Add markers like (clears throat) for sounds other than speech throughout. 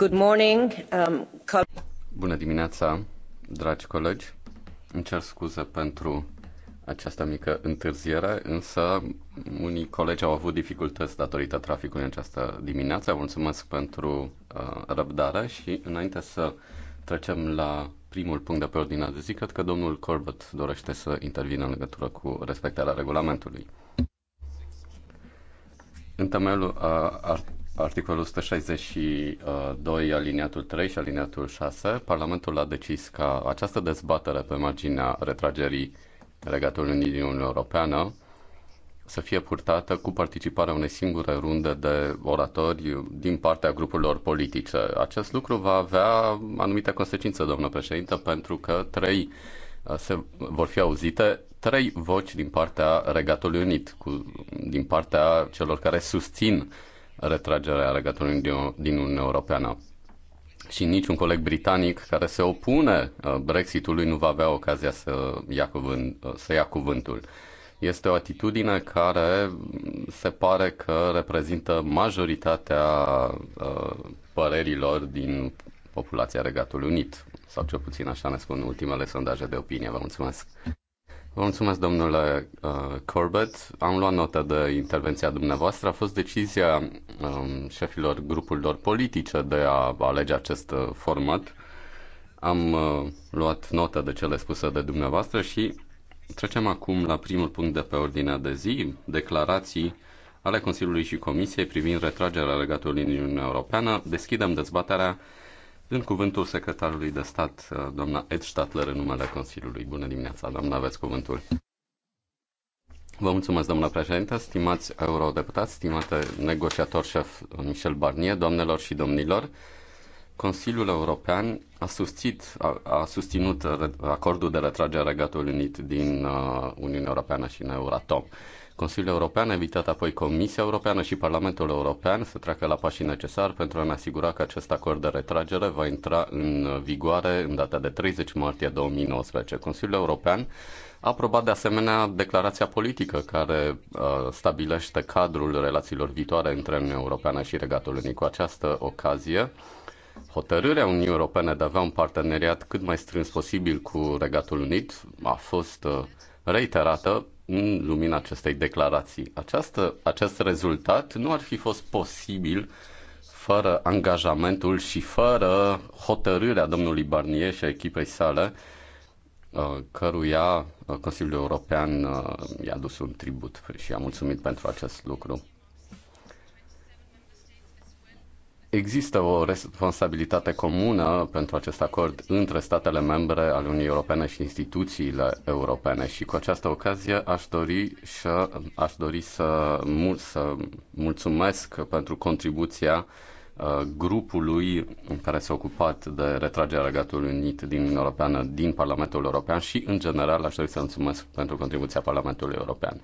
Good morning. Um, Bună dimineața, dragi colegi. Îmi cer scuze pentru această mică întârziere, însă unii colegi au avut dificultăți datorită traficului în această dimineață. Vă mulțumesc pentru uh, răbdare și înainte să trecem la primul punct de pe ordinea de zi, cred că domnul Corbett dorește să intervină în legătură cu respectarea regulamentului. În temelul uh, art- articolul 162, aliniatul 3 și aliniatul 6, Parlamentul a decis ca această dezbatere pe marginea retragerii Regatului Unii din Uniunea Europeană să fie purtată cu participarea unei singure runde de oratori din partea grupurilor politice. Acest lucru va avea anumite consecințe, doamnă președintă, pentru că trei uh, se vor fi auzite trei voci din partea Regatului Unit, cu, din partea celor care susțin uh, retragerea Regatului din Uniunea Europeană. Și niciun coleg britanic care se opune uh, Brexitului nu va avea ocazia să ia, cuvânt, uh, să ia cuvântul. Este o atitudine care mm, se pare că reprezintă majoritatea uh, părerilor din populația Regatului Unit, sau cel puțin așa ne spun ultimele sondaje de opinie. Vă mulțumesc! Vă mulțumesc, domnule uh, Corbett. Am luat notă de intervenția dumneavoastră. A fost decizia um, șefilor grupurilor politice de a alege acest uh, format. Am uh, luat notă de cele spuse de dumneavoastră și trecem acum la primul punct de pe ordinea de zi, declarații ale Consiliului și Comisiei privind retragerea legatului din Uniunea Europeană. Deschidem dezbaterea din cuvântul secretarului de stat, uh, doamna Ed Stadler, în numele Consiliului. Bună dimineața, doamna, aveți cuvântul. Vă mulțumesc, doamna președintă, stimați eurodeputați, stimate negociator șef uh, Michel Barnier, doamnelor și domnilor. Consiliul European a, susțit, a, a susținut acordul de retragere a Regatului Unit din uh, Uniunea Europeană și în Euratom. Consiliul European a invitat apoi Comisia Europeană și Parlamentul European să treacă la pașii necesari pentru a ne asigura că acest acord de retragere va intra în vigoare în data de 30 martie 2019. Consiliul European a aprobat de asemenea declarația politică care uh, stabilește cadrul relațiilor viitoare între Uniunea Europeană și Regatul Unic. Cu această ocazie, hotărârea Uniunii Europene de a avea un parteneriat cât mai strâns posibil cu Regatul Unit a fost uh, reiterată în lumina acestei declarații. Această, acest rezultat nu ar fi fost posibil fără angajamentul și fără hotărârea domnului Barnier și a echipei sale, uh, căruia uh, Consiliul European uh, i-a dus un tribut și a mulțumit pentru acest lucru. Există o responsabilitate comună pentru acest acord între statele membre ale Uniunii Europene și instituțiile europene și cu această ocazie aș dori, și aș dori să, mul- să mulțumesc pentru contribuția uh, grupului care s-a ocupat de retragerea Regatului Unit din Uniunea Europeană din Parlamentul European și, în general, aș dori să mulțumesc pentru contribuția Parlamentului European.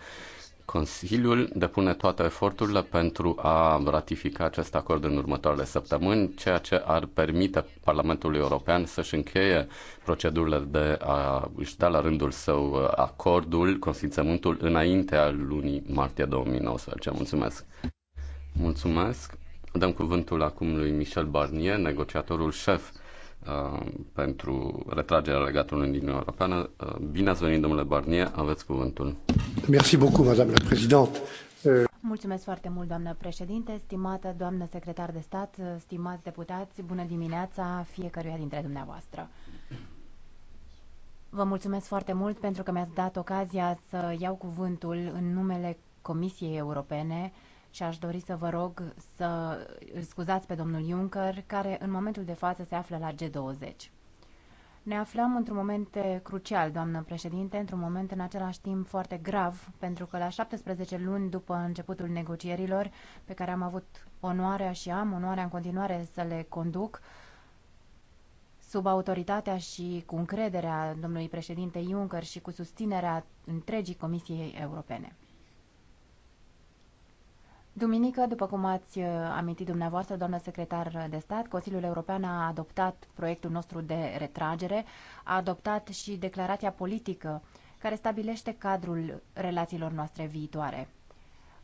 Consiliul depune toate eforturile pentru a ratifica acest acord în următoarele săptămâni, ceea ce ar permite Parlamentului European să-și încheie procedurile de a își da la rândul său acordul, consimțământul, înaintea lunii martie 2019. Mulțumesc! Mulțumesc! Dăm cuvântul acum lui Michel Barnier, negociatorul șef Uh, pentru retragerea legatului din Europeană. Uh, bine ați venit, domnule Barnier, aveți cuvântul. Merci beaucoup, madame la présidente. Euh, mulțumesc foarte mult, doamnă președinte, stimată doamnă secretar de stat, stimați deputați, bună dimineața fiecăruia dintre dumneavoastră. Vă mulțumesc foarte mult pentru că mi-ați dat ocazia să iau cuvântul în numele Comisiei Europene și aș dori să vă rog să îl scuzați pe domnul Juncker, care în momentul de față se află la G20. Ne aflăm într-un moment crucial, doamnă președinte, într-un moment în același timp foarte grav, pentru că la 17 luni după începutul negocierilor, pe care am avut onoarea și am onoarea în continuare să le conduc, sub autoritatea și cu încrederea domnului președinte Juncker și cu susținerea întregii Comisiei Europene. Duminică, după cum ați uh, amintit dumneavoastră, doamnă secretar de stat, Consiliul European a adoptat proiectul nostru de retragere, a adoptat și declarația politică care stabilește cadrul relațiilor noastre viitoare.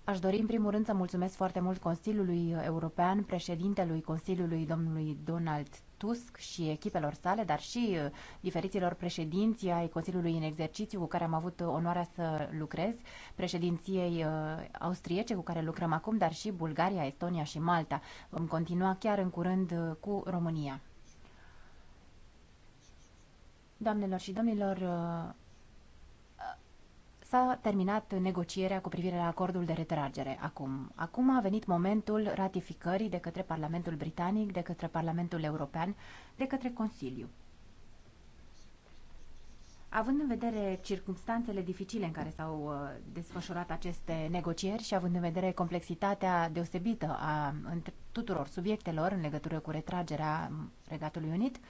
Aș dori în primul rând să mulțumesc foarte mult Consiliului European, președintelui Consiliului, domnului Donald Tusk și echipelor sale, dar și uh, diferiților președinții ai Consiliului în exercițiu cu care am avut onoarea să lucrez, președinției uh, austriece cu care lucrăm acum, dar și Bulgaria, Estonia și Malta. Vom continua chiar în curând uh, cu România. Doamnelor și domnilor, S-a terminat negocierea cu privire la acordul de retragere acum. Acum a venit momentul ratificării de către Parlamentul Britanic, de către Parlamentul European, de către Consiliu. Având în vedere circumstanțele dificile în care s-au uh, desfășurat aceste negocieri și având în vedere complexitatea deosebită a tuturor subiectelor în legătură cu retragerea Regatului Unit,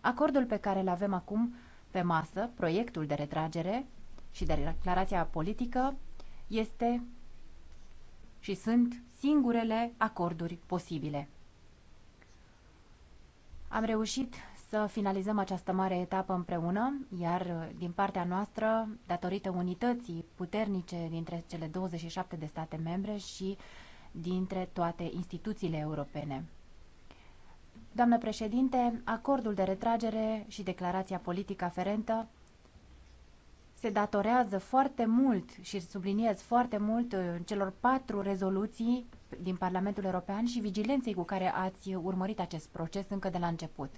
acordul pe care îl avem acum pe masă, proiectul de retragere, și declarația politică este și sunt singurele acorduri posibile. Am reușit să finalizăm această mare etapă împreună, iar din partea noastră, datorită unității puternice dintre cele 27 de state membre și dintre toate instituțiile europene. Doamnă președinte, acordul de retragere și declarația politică aferentă se datorează foarte mult și subliniez foarte mult uh, celor patru rezoluții din Parlamentul European și vigilenței cu care ați urmărit acest proces încă de la început.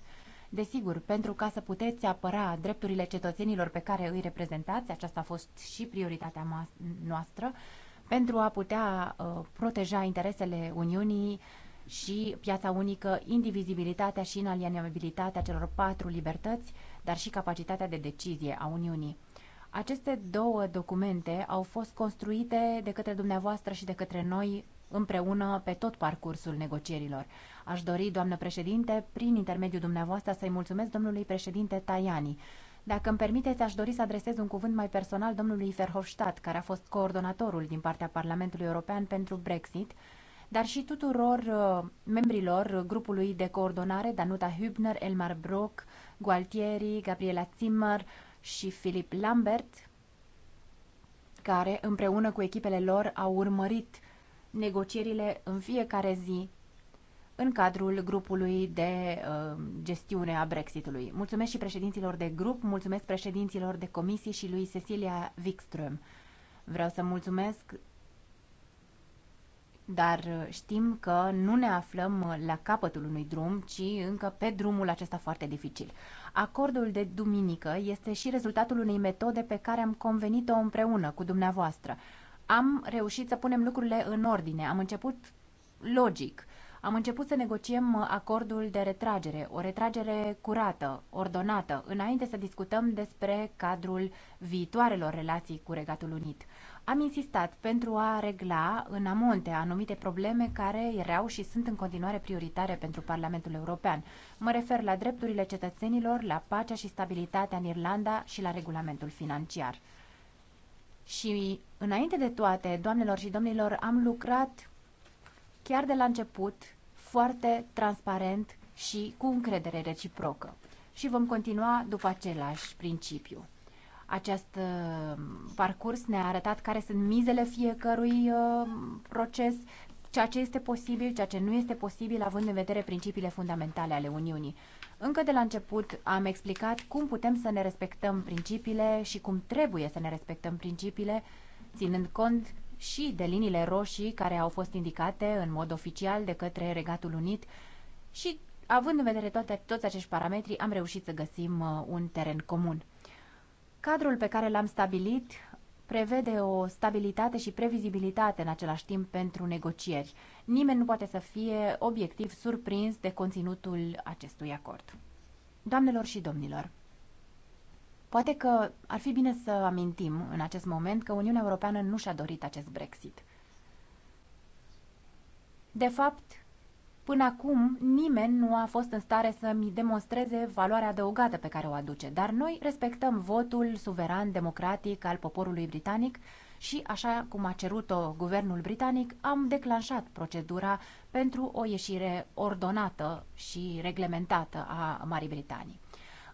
Desigur, pentru ca să puteți apăra drepturile cetățenilor pe care îi reprezentați, aceasta a fost și prioritatea noastră, pentru a putea uh, proteja interesele Uniunii și piața unică, indivizibilitatea și inalienabilitatea celor patru libertăți, dar și capacitatea de decizie a Uniunii. Aceste două documente au fost construite de către dumneavoastră și de către noi împreună pe tot parcursul negocierilor. Aș dori, doamnă președinte, prin intermediul dumneavoastră să-i mulțumesc domnului președinte Tajani. Dacă îmi permiteți, aș dori să adresez un cuvânt mai personal domnului Verhofstadt, care a fost coordonatorul din partea Parlamentului European pentru Brexit, dar și tuturor uh, membrilor grupului de coordonare Danuta Hübner, Elmar Brock, Gualtieri, Gabriela Zimmer, și Philip Lambert, care, împreună cu echipele lor, au urmărit negocierile în fiecare zi în cadrul grupului de uh, gestiune a Brexitului. Mulțumesc și președinților de grup, mulțumesc președinților de comisii și lui Cecilia Wikström. Vreau să mulțumesc, dar știm că nu ne aflăm la capătul unui drum, ci încă pe drumul acesta foarte dificil. Acordul de duminică este și rezultatul unei metode pe care am convenit-o împreună cu dumneavoastră. Am reușit să punem lucrurile în ordine, am început logic. Am început să negociem acordul de retragere, o retragere curată, ordonată, înainte să discutăm despre cadrul viitoarelor relații cu Regatul Unit. Am insistat pentru a regla în amonte anumite probleme care erau și sunt în continuare prioritare pentru Parlamentul European. Mă refer la drepturile cetățenilor, la pacea și stabilitatea în Irlanda și la regulamentul financiar. Și înainte de toate, doamnelor și domnilor, am lucrat chiar de la început foarte transparent și cu încredere reciprocă. Și vom continua după același principiu. Acest uh, parcurs ne-a arătat care sunt mizele fiecărui uh, proces, ceea ce este posibil, ceea ce nu este posibil, având în vedere principiile fundamentale ale Uniunii. Încă de la început am explicat cum putem să ne respectăm principiile și cum trebuie să ne respectăm principiile, ținând cont și de liniile roșii care au fost indicate în mod oficial de către Regatul Unit și având în vedere toate, toți acești parametri, am reușit să găsim uh, un teren comun. Cadrul pe care l-am stabilit prevede o stabilitate și previzibilitate în același timp pentru negocieri. Nimeni nu poate să fie obiectiv surprins de conținutul acestui acord. Doamnelor și domnilor, poate că ar fi bine să amintim în acest moment că Uniunea Europeană nu și-a dorit acest Brexit. De fapt, Până acum, nimeni nu a fost în stare să-mi demonstreze valoarea adăugată pe care o aduce, dar noi respectăm votul suveran democratic al poporului britanic și, așa cum a cerut-o guvernul britanic, am declanșat procedura pentru o ieșire ordonată și reglementată a Marii Britanii.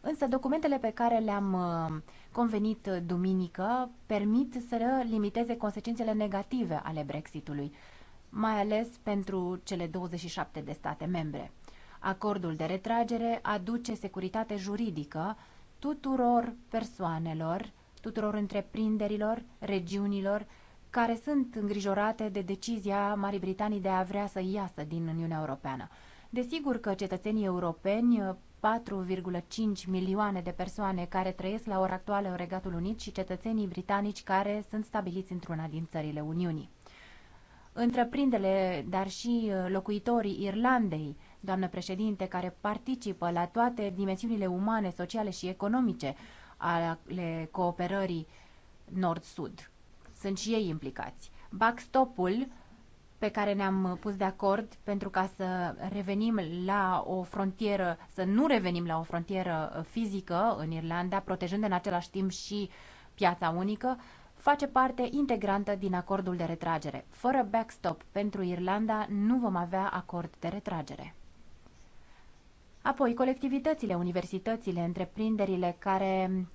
Însă documentele pe care le-am uh, convenit duminică permit să limiteze consecințele negative ale Brexitului mai ales pentru cele 27 de state membre. Acordul de retragere aduce securitate juridică tuturor persoanelor, tuturor întreprinderilor, regiunilor care sunt îngrijorate de decizia Marii Britanii de a vrea să iasă din Uniunea Europeană. Desigur că cetățenii europeni 4,5 milioane de persoane care trăiesc la ora actuală în Regatul Unit și cetățenii britanici care sunt stabiliți într-una din țările Uniunii întreprindele, dar și uh, locuitorii Irlandei, doamnă președinte, care participă la toate dimensiunile umane, sociale și economice ale cooperării Nord-Sud. Sunt și ei implicați. Backstop-ul pe care ne-am pus de acord pentru ca să revenim la o frontieră, să nu revenim la o frontieră uh, fizică în Irlanda, protejând în același timp și piața unică, face parte integrantă din acordul de retragere. Fără backstop pentru Irlanda nu vom avea acord de retragere. Apoi, colectivitățile, universitățile, întreprinderile care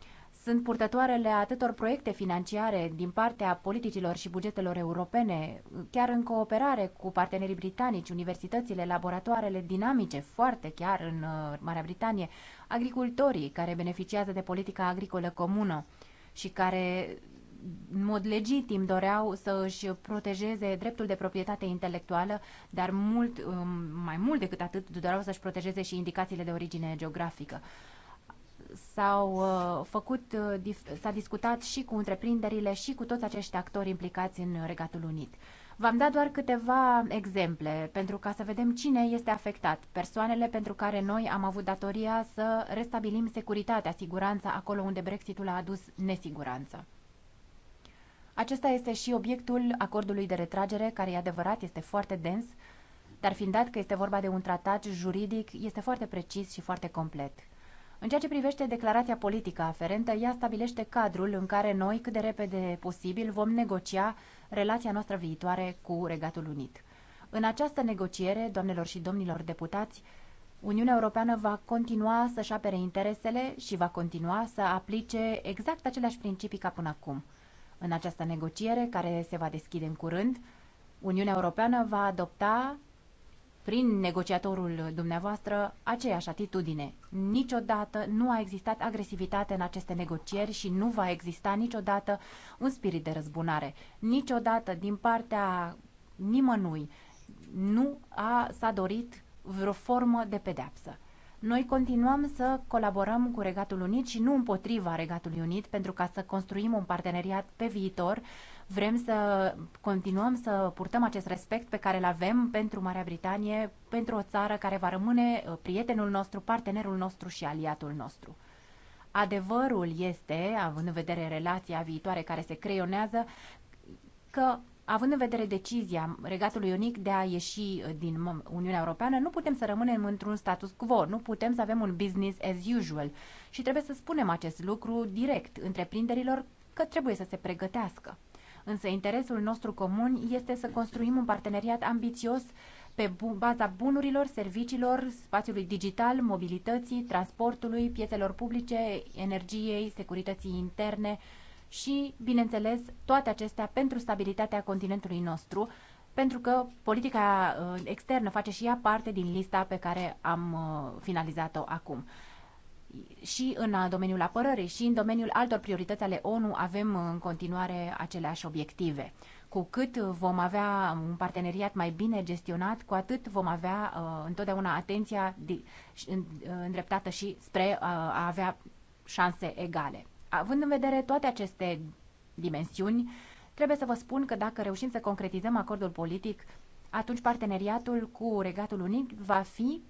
sunt purtătoarele atâtor proiecte financiare din partea politicilor și bugetelor europene, chiar în cooperare cu partenerii britanici, universitățile, laboratoarele dinamice, foarte chiar în uh, Marea Britanie, agricultorii care beneficiază de politica agricolă comună și care în mod legitim doreau să își protejeze dreptul de proprietate intelectuală, dar mult, um, mai mult decât atât doreau să-și protejeze și indicațiile de origine geografică. S-au uh, făcut, uh, s-a discutat și cu întreprinderile și cu toți acești actori implicați în Regatul Unit. V-am dat doar câteva exemple pentru ca să vedem cine este afectat, persoanele pentru care noi am avut datoria să restabilim securitatea, siguranța acolo unde Brexitul a adus nesiguranță. Acesta este și obiectul acordului de retragere, care e adevărat, este foarte dens, dar fiind dat că este vorba de un tratat juridic, este foarte precis și foarte complet. În ceea ce privește declarația politică aferentă, ea stabilește cadrul în care noi, cât de repede posibil, vom negocia relația noastră viitoare cu Regatul Unit. În această negociere, doamnelor și domnilor deputați, Uniunea Europeană va continua să-și apere interesele și va continua să aplice exact aceleași principii ca până acum – în această negociere care se va deschide în curând. Uniunea Europeană va adopta prin negociatorul dumneavoastră aceeași atitudine. Niciodată nu a existat agresivitate în aceste negocieri și nu va exista niciodată un spirit de răzbunare. Niciodată din partea nimănui nu a, s-a dorit vreo formă de pedeapsă. Noi continuăm să colaborăm cu Regatul Unit și nu împotriva Regatului Unit pentru ca să construim un parteneriat pe viitor. Vrem să continuăm să purtăm acest respect pe care îl avem pentru Marea Britanie, pentru o țară care va rămâne uh, prietenul nostru, partenerul nostru și aliatul nostru. Adevărul este, având în vedere relația viitoare care se creionează, că având în vedere decizia Regatului Unic de a ieși uh, din uh, Uniunea Europeană, nu putem să rămânem într-un status quo, nu putem să avem un business as usual și trebuie să spunem acest lucru direct întreprinderilor că trebuie să se pregătească. Însă interesul nostru comun este să construim un parteneriat ambițios pe baza bunurilor, serviciilor, spațiului digital, mobilității, transportului, piețelor publice, energiei, securității interne, și, bineînțeles, toate acestea pentru stabilitatea continentului nostru, pentru că politica uh, externă face și ea parte din lista pe care am uh, finalizat-o acum. Și în domeniul apărării și în domeniul altor priorități ale ONU avem uh, în continuare aceleași obiective. Cu cât vom avea un parteneriat mai bine gestionat, cu atât vom avea uh, întotdeauna atenția îndreptată și spre uh, a avea șanse egale. Având în vedere toate aceste dimensiuni, trebuie să vă spun că dacă reușim să concretizăm acordul politic, atunci parteneriatul cu Regatul Unit va fi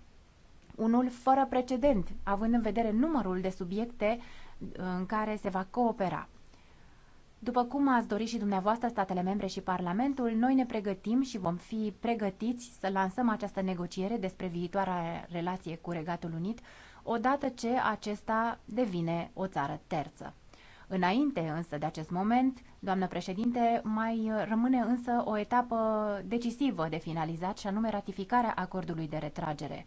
unul fără precedent, având în vedere numărul de subiecte uh, în care se va coopera. După cum ați dorit și dumneavoastră, statele membre și Parlamentul, noi ne pregătim și vom fi pregătiți să lansăm această negociere despre viitoarea relație cu Regatul Unit odată ce acesta devine o țară terță. Înainte însă de acest moment, doamnă președinte, mai rămâne însă o etapă decisivă de finalizat și anume ratificarea acordului de retragere.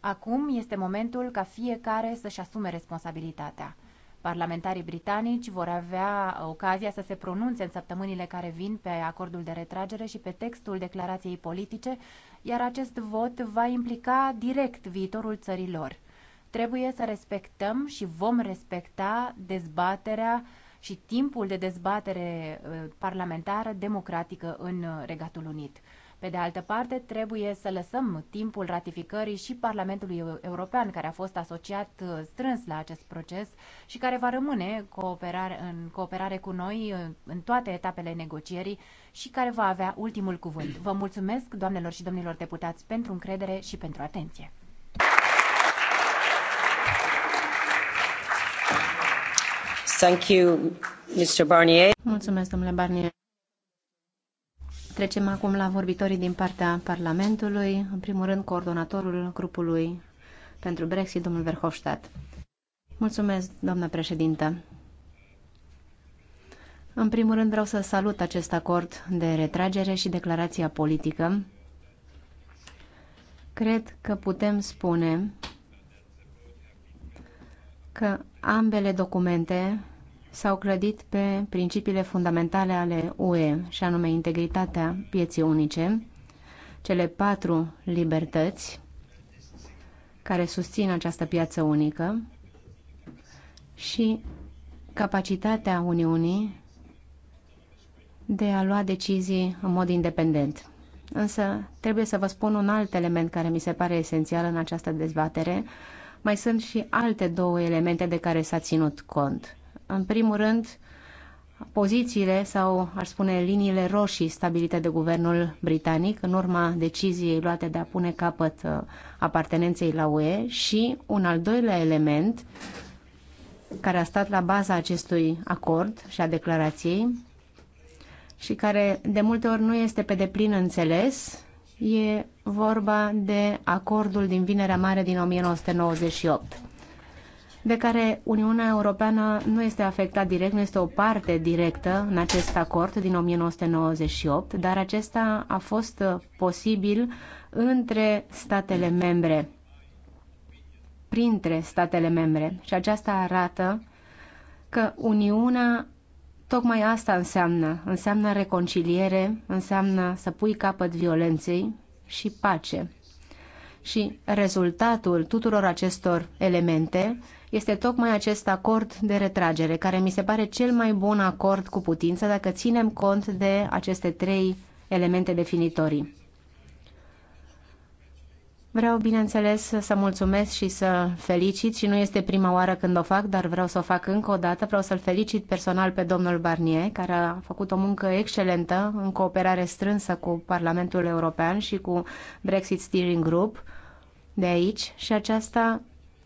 Acum este momentul ca fiecare să-și asume responsabilitatea. Parlamentarii britanici vor avea ocazia să se pronunțe în săptămânile care vin pe acordul de retragere și pe textul declarației politice, iar acest vot va implica direct viitorul țărilor. Trebuie să respectăm și vom respecta dezbaterea și timpul de dezbatere uh, parlamentară democratică în uh, Regatul Unit. Pe de altă parte, trebuie să lăsăm timpul ratificării și Parlamentului European, care a fost asociat uh, strâns la acest proces și care va rămâne cooperare, în cooperare cu noi în toate etapele negocierii și care va avea ultimul cuvânt. Vă mulțumesc, doamnelor și domnilor deputați, pentru încredere și pentru atenție. Mulțumesc, domnule Barnier. Trecem acum la vorbitorii din partea Parlamentului, în primul rând coordonatorul grupului pentru Brexit, domnul Verhofstadt. Mulțumesc, doamnă președintă. În primul rând vreau să salut acest acord de retragere și declarația politică. Cred că putem spune că ambele documente s-au clădit pe principiile fundamentale ale UE, și anume integritatea pieții unice, cele patru libertăți care susțin această piață unică și capacitatea Uniunii de a lua decizii în mod independent. Însă trebuie să vă spun un alt element care mi se pare esențial în această dezbatere, mai sunt și alte două elemente de care s-a ținut cont. În primul rând, pozițiile sau, ar spune, liniile roșii stabilite de guvernul britanic în urma deciziei luate de a pune capăt uh, apartenenței la UE și un al doilea element care a stat la baza acestui acord și a declarației și care de multe ori nu este pe deplin înțeles, e vorba de acordul din Vinerea Mare din 1998 de care Uniunea Europeană nu este afectată direct, nu este o parte directă în acest acord din 1998, dar acesta a fost posibil între statele membre, printre statele membre. Și aceasta arată că Uniunea tocmai asta înseamnă. Înseamnă reconciliere, înseamnă să pui capăt violenței, și pace. Și rezultatul tuturor acestor elemente este tocmai acest acord de retragere, care mi se pare cel mai bun acord cu putință dacă ținem cont de aceste trei elemente definitorii. Vreau, bineînțeles, să mulțumesc și să felicit și nu este prima oară când o fac, dar vreau să o fac încă o dată. Vreau să-l felicit personal pe domnul Barnier, care a făcut o muncă excelentă în cooperare strânsă cu Parlamentul European și cu Brexit Steering Group de aici și aceasta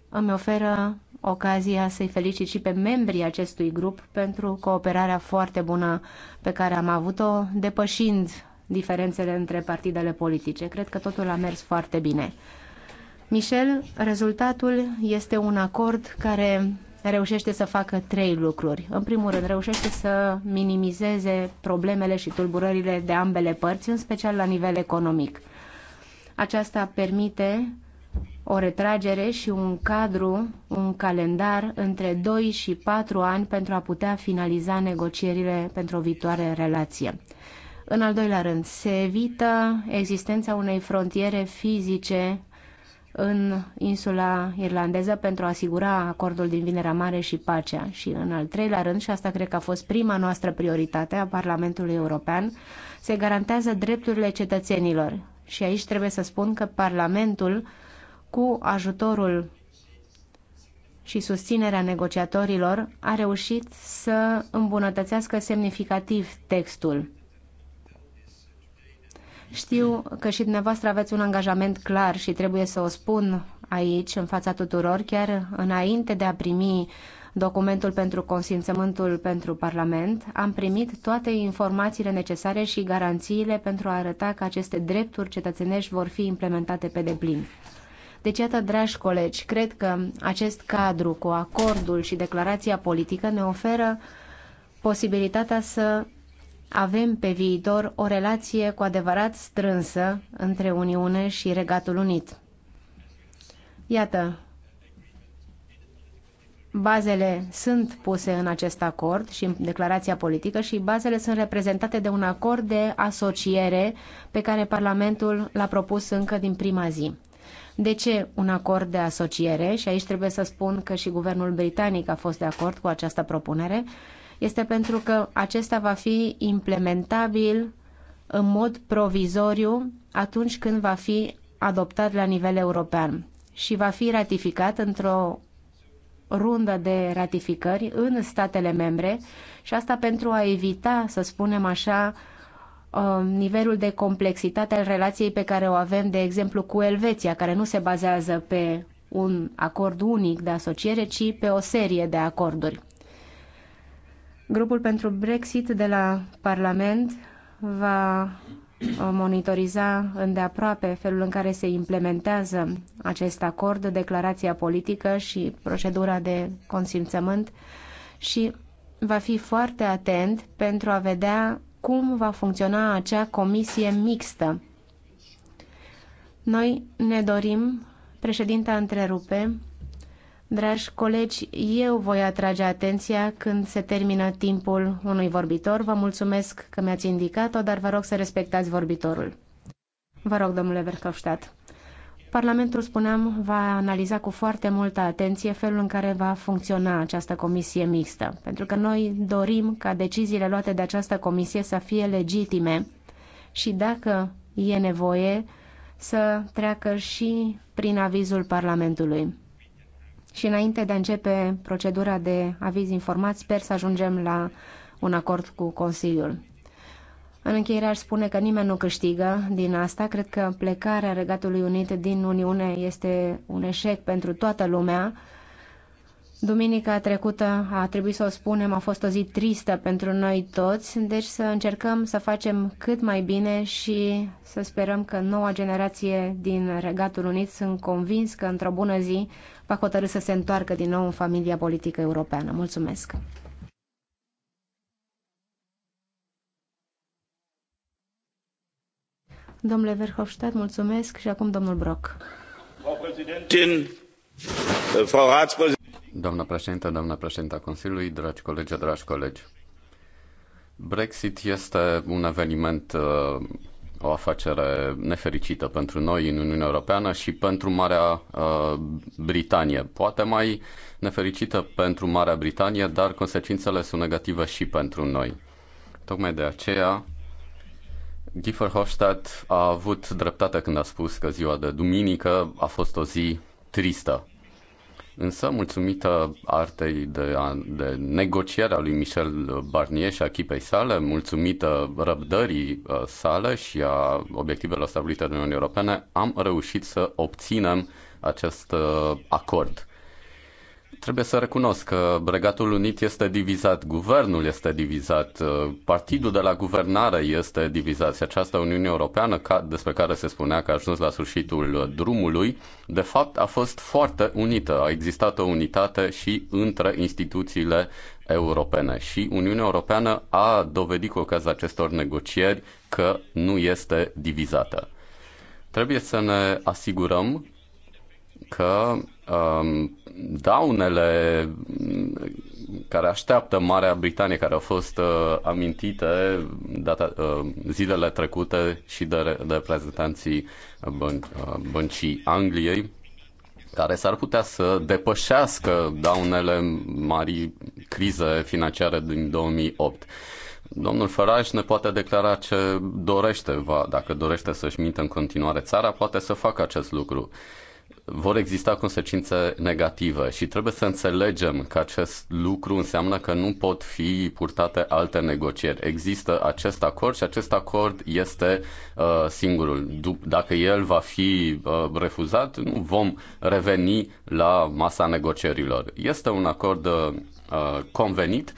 îmi oferă ocazia să-i felicit și pe membrii acestui grup pentru cooperarea foarte bună pe care am avut-o, depășind diferențele între partidele politice. Cred că totul a mers foarte bine. Michel, rezultatul este un acord care reușește să facă trei lucruri. În primul rând, reușește să minimizeze problemele și tulburările de ambele părți, în special la nivel economic. Aceasta permite o retragere și un cadru, un calendar între 2 și 4 ani pentru a putea finaliza negocierile pentru o viitoare relație. În al doilea rând, se evită existența unei frontiere fizice în insula irlandeză pentru a asigura acordul din Vinerea Mare și pacea. Și în al treilea rând, și asta cred că a fost prima noastră prioritate a Parlamentului European, se garantează drepturile cetățenilor. Și aici trebuie să spun că Parlamentul, cu ajutorul și susținerea negociatorilor, a reușit să îmbunătățească semnificativ textul. Știu că și dumneavoastră aveți un angajament clar și trebuie să o spun aici, în fața tuturor, chiar înainte de a primi documentul pentru consimțământul pentru Parlament, am primit toate informațiile necesare și garanțiile pentru a arăta că aceste drepturi cetățenești vor fi implementate pe deplin. Deci, iată, dragi colegi, cred că acest cadru cu acordul și declarația politică ne oferă posibilitatea să avem pe viitor o relație cu adevărat strânsă între Uniune și Regatul Unit. Iată, bazele sunt puse în acest acord și în declarația politică și bazele sunt reprezentate de un acord de asociere pe care Parlamentul l-a propus încă din prima zi. De ce un acord de asociere? Și aici trebuie să spun că și guvernul britanic a fost de acord cu această propunere este pentru că acesta va fi implementabil în mod provizoriu atunci când va fi adoptat la nivel european și va fi ratificat într-o rundă de ratificări în statele membre și asta pentru a evita, să spunem așa, uh, nivelul de complexitate al relației pe care o avem, de exemplu, cu Elveția, care nu se bazează pe un acord unic de asociere, ci pe o serie de acorduri. Grupul pentru Brexit de la Parlament va uh, monitoriza îndeaproape felul în care se implementează acest acord, declarația politică și procedura de consimțământ și va fi foarte atent pentru a vedea cum va funcționa acea comisie mixtă. Noi ne dorim, președinta întrerupe, Dragi colegi, eu voi atrage atenția când se termină timpul unui vorbitor. Vă mulțumesc că mi-ați indicat-o, dar vă rog să respectați vorbitorul. Vă rog, domnule Verhofstadt. Parlamentul, spuneam, va analiza cu foarte multă atenție felul în care va funcționa această comisie mixtă, pentru că noi dorim ca deciziile luate de această comisie să fie legitime și, dacă e nevoie, să treacă și prin avizul Parlamentului. Și înainte de a începe procedura de aviz informat, sper să ajungem la un acord cu Consiliul. În încheiere aș spune că nimeni nu câștigă din asta. Cred că plecarea Regatului Unit din Uniune este un eșec pentru toată lumea. Duminica trecută, a trebuit să o spunem, a fost o zi tristă pentru noi toți, deci să încercăm să facem cât mai bine și să sperăm că noua generație din Regatul Unit sunt convins că într-o bună zi va hotărâ să se întoarcă din nou în familia politică europeană. Mulțumesc! Domnule Verhofstadt, mulțumesc și acum domnul Brock. Äh, doamna președintă, doamna președintă a Consiliului, dragi colegi, dragi colegi. Brexit este un eveniment uh, o afacere nefericită pentru noi în Uniunea Europeană și pentru Marea uh, Britanie. Poate mai nefericită pentru Marea Britanie, dar consecințele sunt negative și pentru noi. Tocmai de aceea, Guy hofstadt a avut dreptate când a spus că ziua de duminică a fost o zi tristă Însă, mulțumită artei de, a, de negociere a lui Michel Barnier și a echipei sale, mulțumită răbdării uh, sale și a obiectivelor stabilite de Uniunea Europeană, am reușit să obținem acest uh, acord. Trebuie să recunosc că Bregatul Unit este divizat, guvernul este divizat, uh, partidul de la guvernare este divizat și această Uniune Europeană, ca, despre care se spunea că a ajuns la sfârșitul drumului, de fapt a fost foarte unită. A existat o unitate și între instituțiile europene și Uniunea Europeană a dovedit cu ocazia acestor negocieri că nu este divizată. Trebuie să ne asigurăm că um, daunele care așteaptă Marea Britanie, care au fost uh, amintite data, uh, zilele trecute și de, reprezentanții uh, băncii Angliei, care s-ar putea să depășească daunele marii crize financiare din 2008. Domnul Farage ne poate declara ce dorește, va, dacă dorește să-și mintă în continuare țara, poate să facă acest lucru. Uh, vor exista consecințe negative și trebuie să înțelegem că acest lucru înseamnă că nu pot fi purtate alte negocieri. Există acest acord și acest acord este uh, singurul. Dacă el va fi uh, refuzat, nu vom reveni la masa negocierilor. Este un acord uh, convenit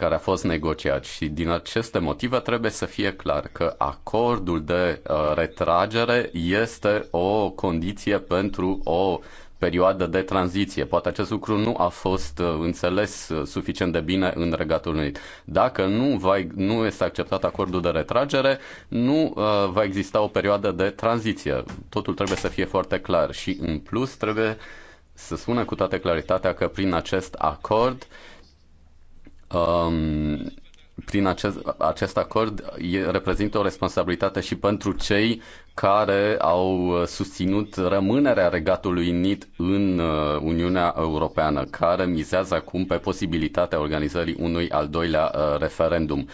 care a fost negociat și din aceste motive trebuie să fie clar că acordul de uh, retragere este o condiție pentru o perioadă de tranziție. Poate acest lucru nu a fost uh, înțeles uh, suficient de bine în Regatul Unit. Dacă nu, va, nu este acceptat acordul de retragere, nu uh, va exista o perioadă de tranziție. Totul trebuie să fie foarte clar și în plus trebuie să spună cu toată claritatea că prin acest acord uh, um, prin acest, acest acord e, reprezintă o responsabilitate și pentru cei care au susținut rămânerea Regatului Unit în uh, Uniunea Europeană, care mizează acum pe posibilitatea organizării unui al doilea uh, referendum.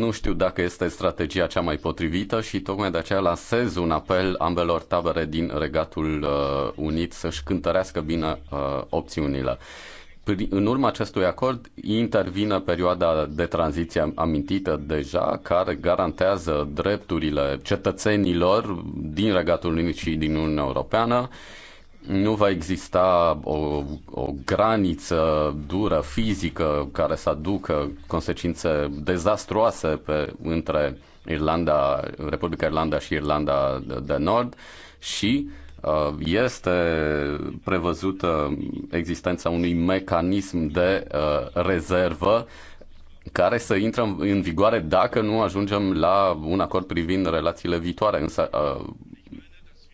Nu știu dacă este strategia cea mai potrivită și tocmai de aceea lansez un apel ambelor tabere din Regatul uh, Unit să-și cântărească bine opțiunile. În urma acestui acord intervine perioada de tranziție amintită deja, care garantează drepturile cetățenilor din Regatul Unit și din Uniunea Europeană. Nu va exista o, o graniță dură fizică care să aducă consecințe dezastruoase pe, între Irlanda, Republica Irlanda și Irlanda de Nord și Uh, este prevăzută existența unui mecanism de uh, rezervă care să intre în vigoare dacă nu ajungem la un acord privind relațiile viitoare. Însă uh,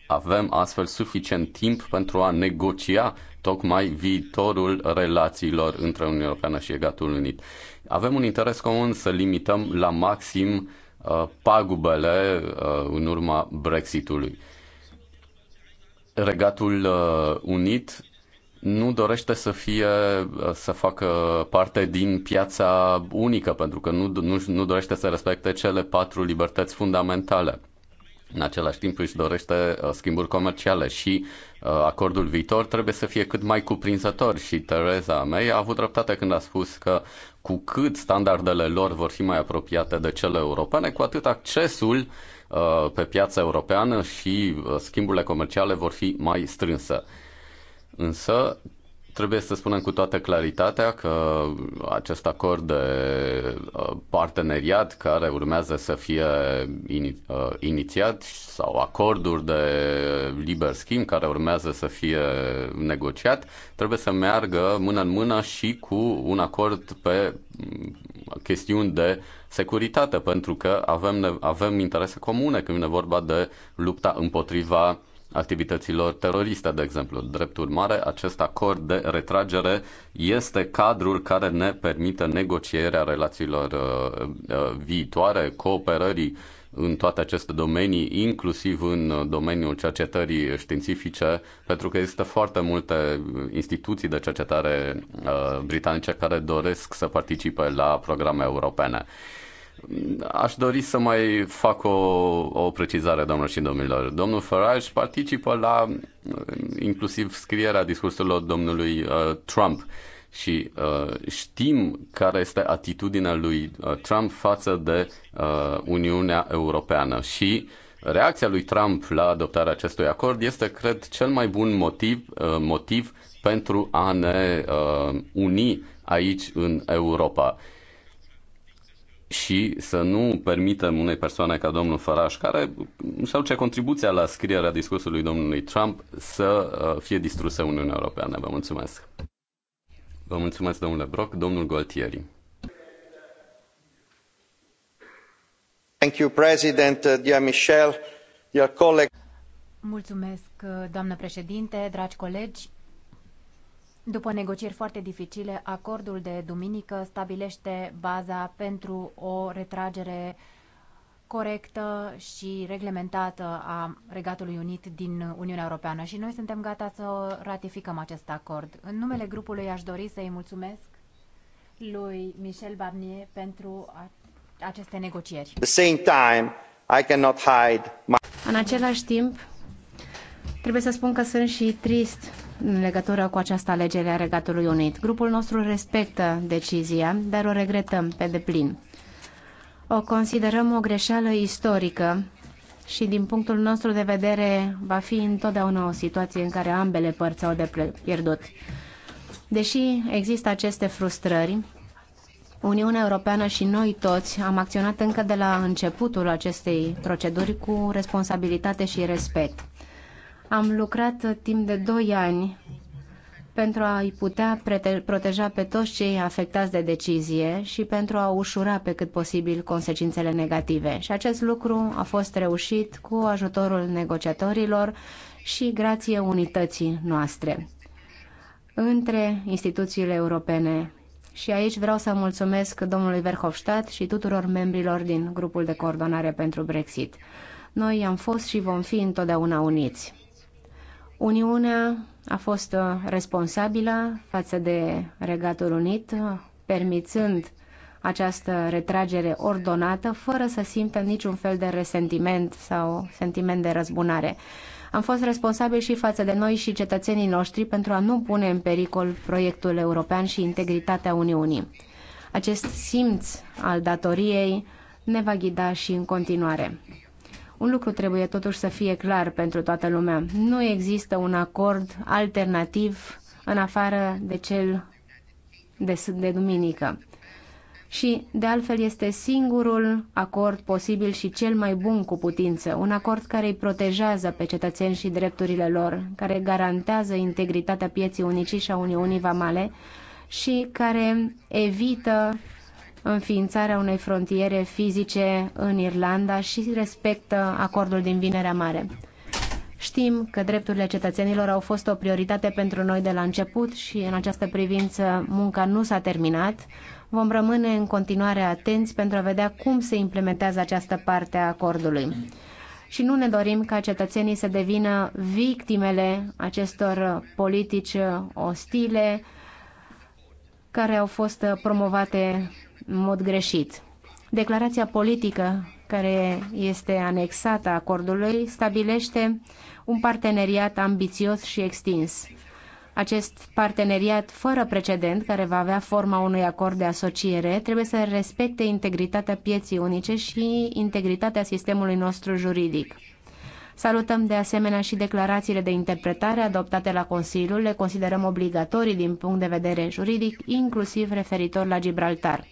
avem astfel suficient timp pentru a negocia tocmai viitorul relațiilor între Uniunea Europeană și Egatul Unit. Avem un interes comun să limităm la maxim pagubele în urma Brexitului. Regatul uh, Unit nu dorește să fie uh, să facă parte din piața unică, pentru că nu, nu, nu dorește să respecte cele patru libertăți fundamentale. În același timp își dorește uh, schimburi comerciale și acordul viitor trebuie să fie cât mai cuprinzător și Tereza May a avut dreptate când a spus că cu cât standardele lor vor fi mai apropiate de cele europene, cu atât accesul uh, Uh, pe piața europeană și uh, schimburile comerciale vor fi mai strânse. Însă, trebuie să spunem cu toată claritatea că acest acord de uh, parteneriat care urmează să fie inițiat sau acorduri de liber schimb care urmează să fie negociat trebuie să meargă mână în mână și cu un acord pe chestiuni de securitate, pentru că avem, avem interese comune când vine vorba de lupta împotriva activităților teroriste, de exemplu. Drept urmare, acest acord de retragere este cadrul care ne permite negocierea relațiilor uh, uh, viitoare, cooperării în toate aceste domenii, inclusiv în uh, domeniul cercetării științifice, pentru că există foarte multe instituții de cercetare uh, britanice care doresc să participe la programe europene. Aș dori să mai fac o, o precizare, domnilor și domnilor. Domnul Farage participă la uh, inclusiv scrierea discursurilor domnului uh, Trump. Uh, și uh, știm care este atitudinea lui uh, Trump față de uh, Uniunea Europeană și reacția lui Trump la adoptarea acestui acord este, cred, cel mai bun motiv, uh, motiv pentru a ne uh, uni aici în Europa și să nu permitem unei persoane ca domnul Farage, care își ce contribuția la scrierea discursului domnului Trump, să uh, fie distrusă Uniunea Europeană. Vă mulțumesc! Vă mulțumesc, domnule Brock. Domnul Gualtieri. Thank you, President, uh, dear Michel, dear colleague. Mulțumesc, uh, doamnă președinte, dragi colegi. După negocieri foarte dificile, acordul de duminică stabilește baza pentru o retragere corectă și reglementată a Regatului Unit din Uniunea Europeană și noi suntem gata să ratificăm acest acord. În numele grupului aș dori să-i mulțumesc lui Michel Barnier pentru aceste negocieri. The same time, I cannot hide my... În același timp, trebuie să spun că sunt și trist în legătură cu această alegere a Regatului Unit. Grupul nostru respectă decizia, dar o regretăm pe deplin o considerăm o greșeală istorică și din punctul nostru de vedere va fi întotdeauna o situație în care ambele părți au de pierdut. Deși există aceste frustrări, Uniunea Europeană și noi toți am acționat încă de la începutul acestei proceduri cu responsabilitate și respect. Am lucrat timp de doi ani pentru a-i putea proteja pe toți cei afectați de decizie și pentru a ușura pe cât posibil consecințele negative. Și acest lucru a fost reușit cu ajutorul negociatorilor și grație unității noastre între instituțiile europene. Și aici vreau să mulțumesc domnului Verhofstadt și tuturor membrilor din grupul de coordonare pentru Brexit. Noi am fost și vom fi întotdeauna uniți. Uniunea a fost uh, responsabilă față de Regatul Unit, uh, permițând această retragere ordonată, fără să simtă niciun fel de resentiment sau sentiment de răzbunare. Am fost responsabili și față de noi și cetățenii noștri pentru a nu pune în pericol proiectul european și integritatea Uniunii. Acest simț al datoriei ne va ghida și în continuare. Un lucru trebuie totuși să fie clar pentru toată lumea. Nu există un acord alternativ în afară de cel de, de duminică. Și, de altfel, este singurul acord posibil și cel mai bun cu putință, un acord care îi protejează pe cetățeni și drepturile lor, care garantează integritatea pieții unicii și a Uniunii Vamale și care evită înființarea unei frontiere fizice în Irlanda și respectă acordul din Vinerea Mare. Știm că drepturile cetățenilor au fost o prioritate pentru noi de la început și în această privință munca nu s-a terminat. Vom rămâne în continuare atenți pentru a vedea cum se implementează această parte a acordului. Și nu ne dorim ca cetățenii să devină victimele acestor politici ostile care au fost promovate în mod greșit. Declarația politică care este anexată acordului stabilește un parteneriat ambițios și extins. Acest parteneriat fără precedent, care va avea forma unui acord de asociere, trebuie să respecte integritatea pieții unice și integritatea sistemului nostru juridic. Salutăm de asemenea și declarațiile de interpretare adoptate la Consiliu, le considerăm obligatorii din punct de vedere juridic, inclusiv referitor la Gibraltar.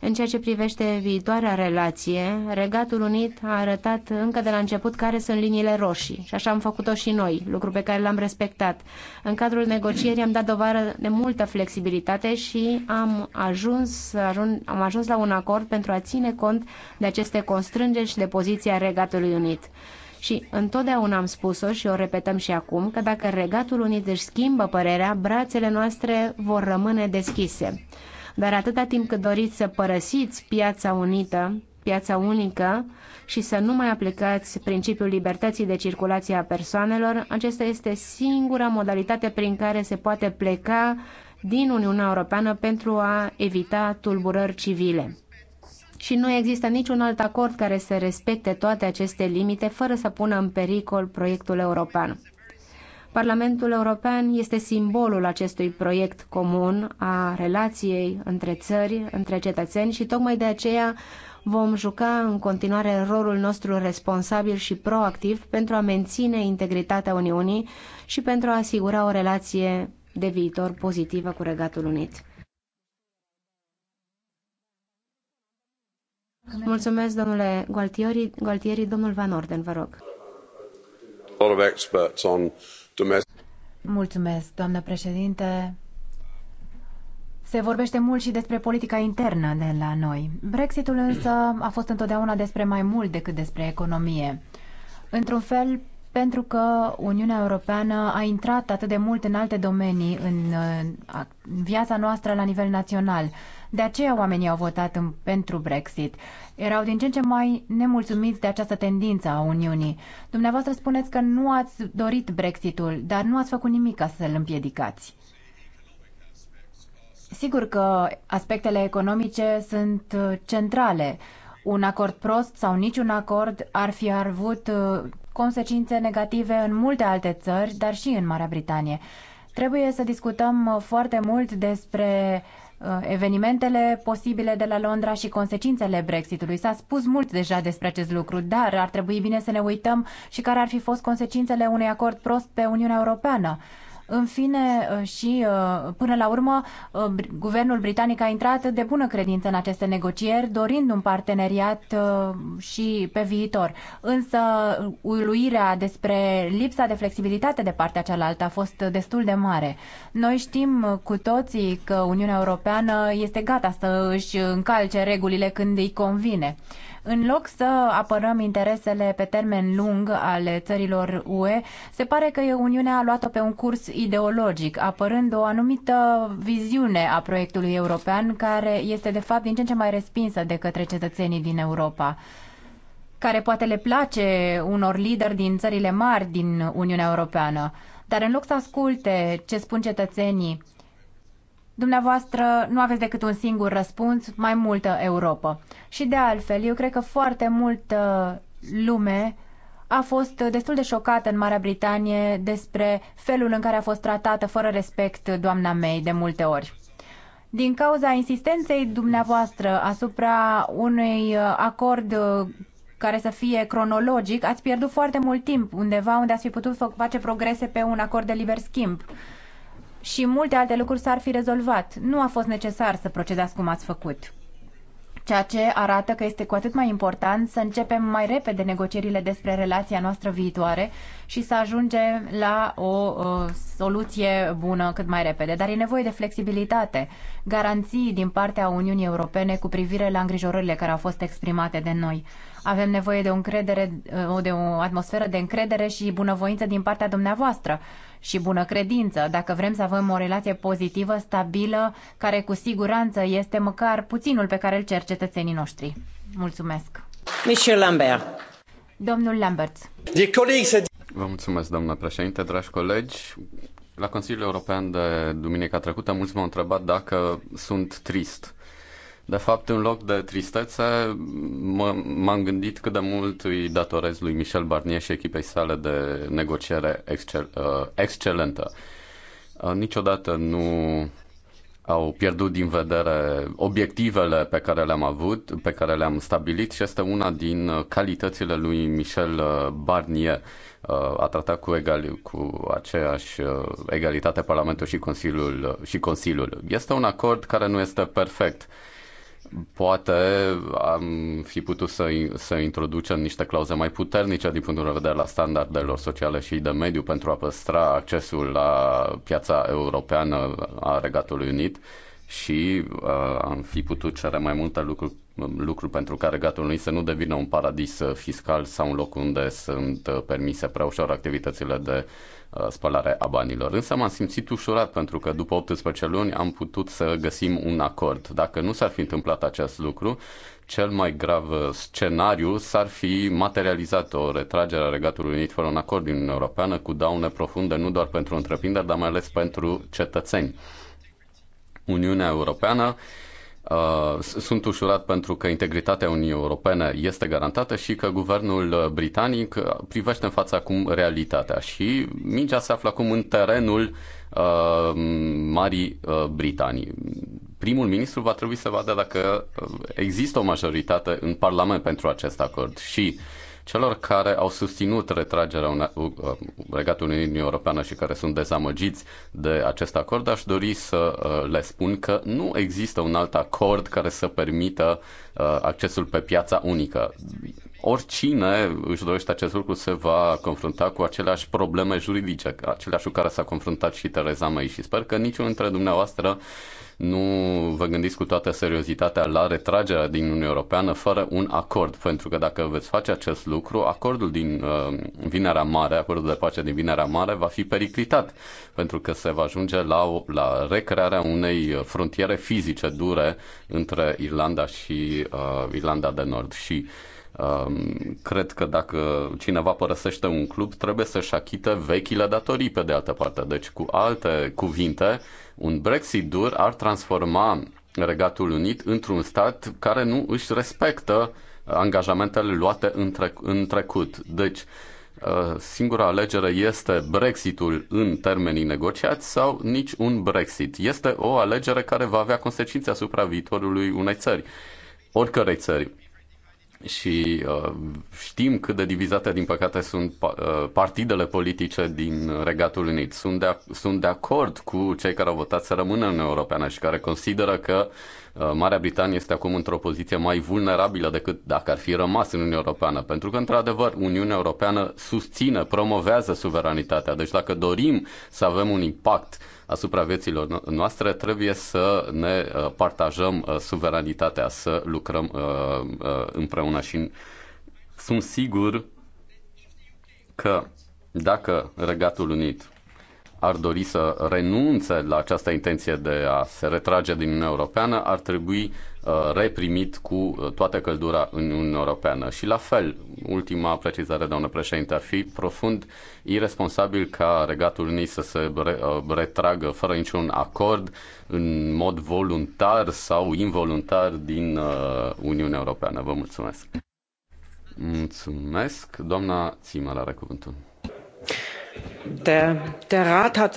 În ceea ce privește viitoarea relație, Regatul Unit a arătat încă de la început care sunt liniile roșii și așa am făcut-o și noi, lucru pe care l-am respectat. În cadrul negocierii am dat dovadă de multă flexibilitate și am ajuns, ajun, am ajuns la un acord pentru a ține cont de aceste constrângeri și de poziția Regatului Unit. Și întotdeauna am spus-o și o repetăm și acum, că dacă Regatul Unit își schimbă părerea, brațele noastre vor rămâne deschise. Dar atâta timp cât doriți să părăsiți piața unită, piața unică și să nu mai aplicați principiul libertății de circulație a persoanelor, acesta este singura modalitate prin care se poate pleca din Uniunea Europeană pentru a evita tulburări civile. Și nu există niciun alt acord care să respecte toate aceste limite fără să pună în pericol proiectul european. Parlamentul European este simbolul acestui proiect comun a relației între țări, între cetățeni și tocmai de aceea vom juca în continuare rolul nostru responsabil și proactiv pentru a menține integritatea Uniunii și pentru a asigura o relație de viitor pozitivă cu Regatul Unit. Mulțumesc, domnule Gualtieri. Gualtieri, domnul Van Orden, vă rog. A lot of experts on Mulțumesc. Mulțumesc, doamnă președinte. Se vorbește mult și despre politica internă de la noi. Brexitul însă a fost întotdeauna despre mai mult decât despre economie. Într-un fel, pentru că Uniunea Europeană a intrat atât de mult în alte domenii în, uh, în viața noastră la nivel național. De aceea oamenii au votat în, pentru Brexit. Erau din ce în ce mai nemulțumiți de această tendință a Uniunii. Dumneavoastră spuneți că nu ați dorit Brexitul, dar nu ați făcut nimic ca să-l împiedicați. Sigur că aspectele economice sunt uh, centrale. Un acord prost sau niciun acord ar fi avut uh, consecințe negative în multe alte țări, dar și în Marea Britanie. Trebuie să discutăm uh, foarte mult despre Uh, evenimentele posibile de la Londra și consecințele Brexitului. S-a spus mult deja despre acest lucru, dar ar trebui bine să ne uităm și care ar fi fost consecințele unui acord prost pe Uniunea Europeană. În fine, uh, și uh, până la urmă, uh, guvernul britanic a intrat de bună credință în aceste negocieri, dorind un parteneriat și pe viitor. Însă, uluirea despre lipsa de flexibilitate de partea cealaltă a fost destul de mare. Noi știm cu toții că Uniunea Europeană este gata să își încalce regulile când îi convine. În loc să apărăm interesele pe termen lung ale țărilor UE, se pare că Uniunea a luat-o pe un curs ideologic, apărând o anumită viziune a proiectului european, care este de fapt din ce în ce mai respinsă de către cetățenii din Europa care poate le place unor lideri din țările mari din Uniunea Europeană. Dar în loc să asculte ce spun cetățenii Dumneavoastră nu aveți decât un singur răspuns, mai multă Europa. Și de altfel, eu cred că foarte multă lume a fost destul de șocată în Marea Britanie despre felul în care a fost tratată fără respect doamna May de multe ori. Din cauza insistenței dumneavoastră asupra unui acord care să fie cronologic, ați pierdut foarte mult timp undeva unde ați fi putut face progrese pe un acord de liber schimb și multe alte lucruri s-ar fi rezolvat. Nu a fost necesar să procedați cum ați făcut. Ceea ce arată că este cu atât mai important să începem mai repede negocierile despre relația noastră viitoare și să ajungem la o, o soluție bună cât mai repede. Dar e nevoie de flexibilitate, garanții din partea Uniunii Europene cu privire la îngrijorările care au fost exprimate de noi. Avem nevoie de o, încredere, de o atmosferă de încredere și bunăvoință din partea dumneavoastră și bună credință, dacă vrem să avem o relație pozitivă, stabilă, care cu siguranță este măcar puținul pe care îl cer cetățenii noștri. Mulțumesc! Michel Lambert. Domnul Lambert. Vă mulțumesc, doamna președinte, dragi colegi. La Consiliul European de duminica trecută, mulți m-au întrebat dacă sunt trist. De fapt, în loc de tristețe, m-am gândit cât de mult îi datorez lui Michel Barnier și echipei sale de negociere excel, uh, excelentă. Uh, niciodată nu au pierdut din vedere obiectivele pe care le-am avut, pe care le-am stabilit și este una din calitățile lui Michel uh, Barnier. Uh, a tratat cu, egal cu aceeași uh, egalitate Parlamentul și Consiliul, și Consiliul. Este un acord care nu este perfect poate am fi putut să, să introducem niște clauze mai puternice din punctul de vedere la standardelor sociale și de mediu pentru a păstra accesul la piața europeană a Regatului Unit și uh, am fi putut cere mai multe lucruri, lucruri pentru ca Regatul Unit să nu devină un paradis fiscal sau un loc unde sunt permise prea ușor activitățile de uh, Uh, spălare a banilor. Însă m-am simțit ușurat pentru că după 18 luni am putut să găsim un acord. Dacă nu s-ar fi întâmplat acest lucru, cel mai grav uh, scenariu s-ar fi materializat o retragere a Regatului Unit fără un acord din Uniunea Europeană cu daune profunde nu doar pentru întreprinderi, dar mai ales pentru cetățeni. Uniunea Europeană Uh, sunt ușurat pentru că integritatea Uniunii Europene este garantată și că guvernul uh, britanic uh, privește în fața acum realitatea și mingea se află acum în terenul uh, Marii uh, Britanii. Primul ministru va trebui să vadă dacă există o majoritate în Parlament pentru acest acord și uh, celor care au susținut retragerea uh, Regatului Uniunii Europeană și care sunt dezamăgiți de acest acord, aș dori să uh, le spun că nu există un alt acord care să permită uh, accesul pe piața unică. Oricine își dorește acest lucru se va confrunta cu aceleași probleme juridice, aceleași cu care s-a confruntat și Tereza May și sper că niciunul dintre dumneavoastră uh, nu vă gândiți cu toată seriozitatea la retragerea din Uniunea Europeană fără un acord, pentru că dacă veți face acest lucru, acordul din uh, Vinerea Mare, acordul de pace din Vinerea Mare va fi periclitat, pentru că se va ajunge la, la recrearea unei frontiere fizice dure între Irlanda și uh, Irlanda de Nord și um, cred că dacă cineva părăsește un club, trebuie să-și achite vechile datorii pe de altă parte. Deci, cu alte cuvinte, un Brexit dur ar transforma Regatul Unit într-un stat care nu își respectă angajamentele luate în, tre- în trecut. Deci, uh, singura alegere este Brexitul în termenii negociați sau nici un Brexit. Este o alegere care va avea consecințe asupra viitorului unei țări, oricărei țări și uh, știm cât de divizate, din păcate, sunt uh, partidele politice din Regatul Unit. Sunt de, sunt de acord cu cei care au votat să rămână în Europeană și care consideră că uh, Marea Britanie este acum într-o poziție mai vulnerabilă decât dacă ar fi rămas în Uniunea Europeană. Pentru că, într-adevăr, Uniunea Europeană susține, promovează suveranitatea. Deci, dacă dorim să avem un impact uh, asupra vieților noastre, trebuie să ne uh, partajăm uh, suveranitatea, să lucrăm uh, împreună și sunt sigur că dacă Regatul Unit ar dori să renunțe la această intenție de a se retrage din Uniunea Europeană, ar trebui Uh, reprimit cu uh, toată căldura în Uniunea Europeană. Și la fel, ultima precizare, doamnă președinte, ar fi profund irresponsabil ca Regatul Unii să se uh, retragă fără niciun acord, în mod voluntar sau involuntar din Uniunea Europeană. Vă mulțumesc! Mulțumesc. Doamna Țimă are cuvântul. Der, der Rat hat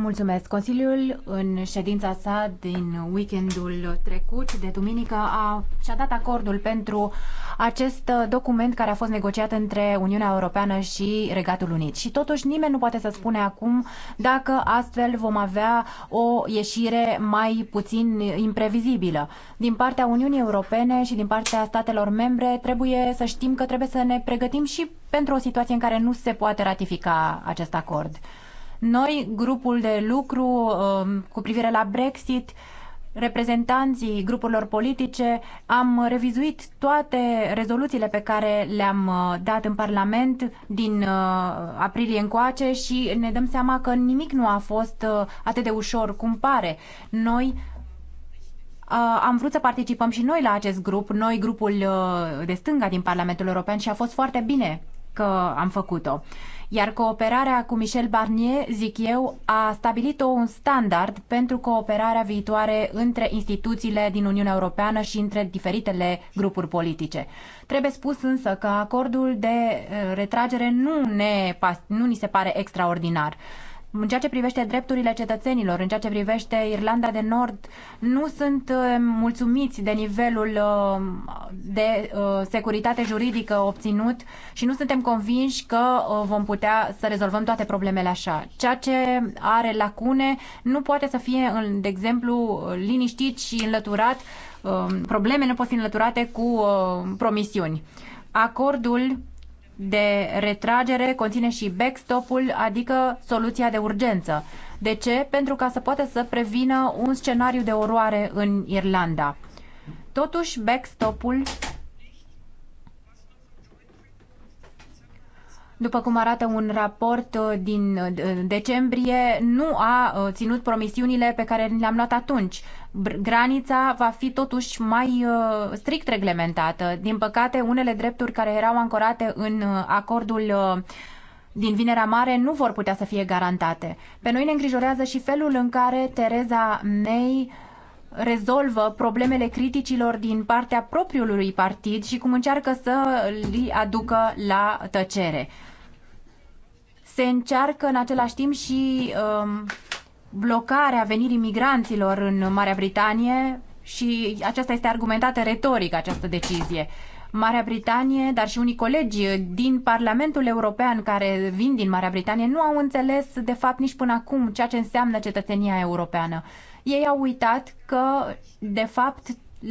Mulțumesc. Consiliul, în ședința sa din weekendul trecut, de duminică, a, și-a dat acordul pentru acest document care a fost negociat între Uniunea Europeană și Regatul Unit. Și totuși nimeni nu poate să spune acum dacă astfel vom avea o ieșire mai puțin imprevizibilă. Din partea Uniunii Europene și din partea statelor membre trebuie să știm că trebuie să ne pregătim și pentru o situație în care nu se poate ratifica acest acord. Noi, grupul de lucru um, cu privire la Brexit, reprezentanții grupurilor politice, am revizuit toate rezoluțiile pe care le-am uh, dat în Parlament din uh, aprilie încoace și ne dăm seama că nimic nu a fost uh, atât de ușor cum pare. Noi am vrut să participăm și noi la acest grup, noi grupul de stânga din Parlamentul European și a fost foarte bine că am făcut-o. Iar cooperarea cu Michel Barnier, zic eu, a stabilit un standard pentru cooperarea viitoare între instituțiile din Uniunea Europeană și între diferitele grupuri politice. Trebuie spus însă că acordul de eh, retragere nu, ne, nu ni se pare extraordinar în ceea ce privește drepturile cetățenilor, în ceea ce privește Irlanda de Nord, nu sunt uh, mulțumiți de nivelul uh, de uh, securitate juridică obținut și nu suntem convinși că vom putea să rezolvăm toate problemele așa. Ceea ce are lacune nu poate să fie, de exemplu, liniștit și înlăturat, um, problemele nu pot fi înlăturate cu promisiuni. Acordul de retragere conține și backstop-ul, adică soluția de urgență. De ce? Pentru ca să poată să prevină un scenariu de oroare în Irlanda. Totuși, backstop-ul după cum arată un raport uh, din uh, decembrie, nu a uh, ținut promisiunile pe care le-am luat atunci. Granița va fi totuși mai strict reglementată. Din păcate, unele drepturi care erau ancorate în acordul din Vinerea Mare nu vor putea să fie garantate. Pe noi ne îngrijorează și felul în care Tereza May rezolvă problemele criticilor din partea propriului partid și cum încearcă să li aducă la tăcere se încearcă în același timp și um, blocarea venirii migranților în Marea Britanie și aceasta este argumentată retoric, această decizie. Marea Britanie, dar și unii colegi din Parlamentul European care vin din Marea Britanie nu au înțeles de fapt nici până acum ceea ce înseamnă cetățenia europeană. Ei au uitat că de fapt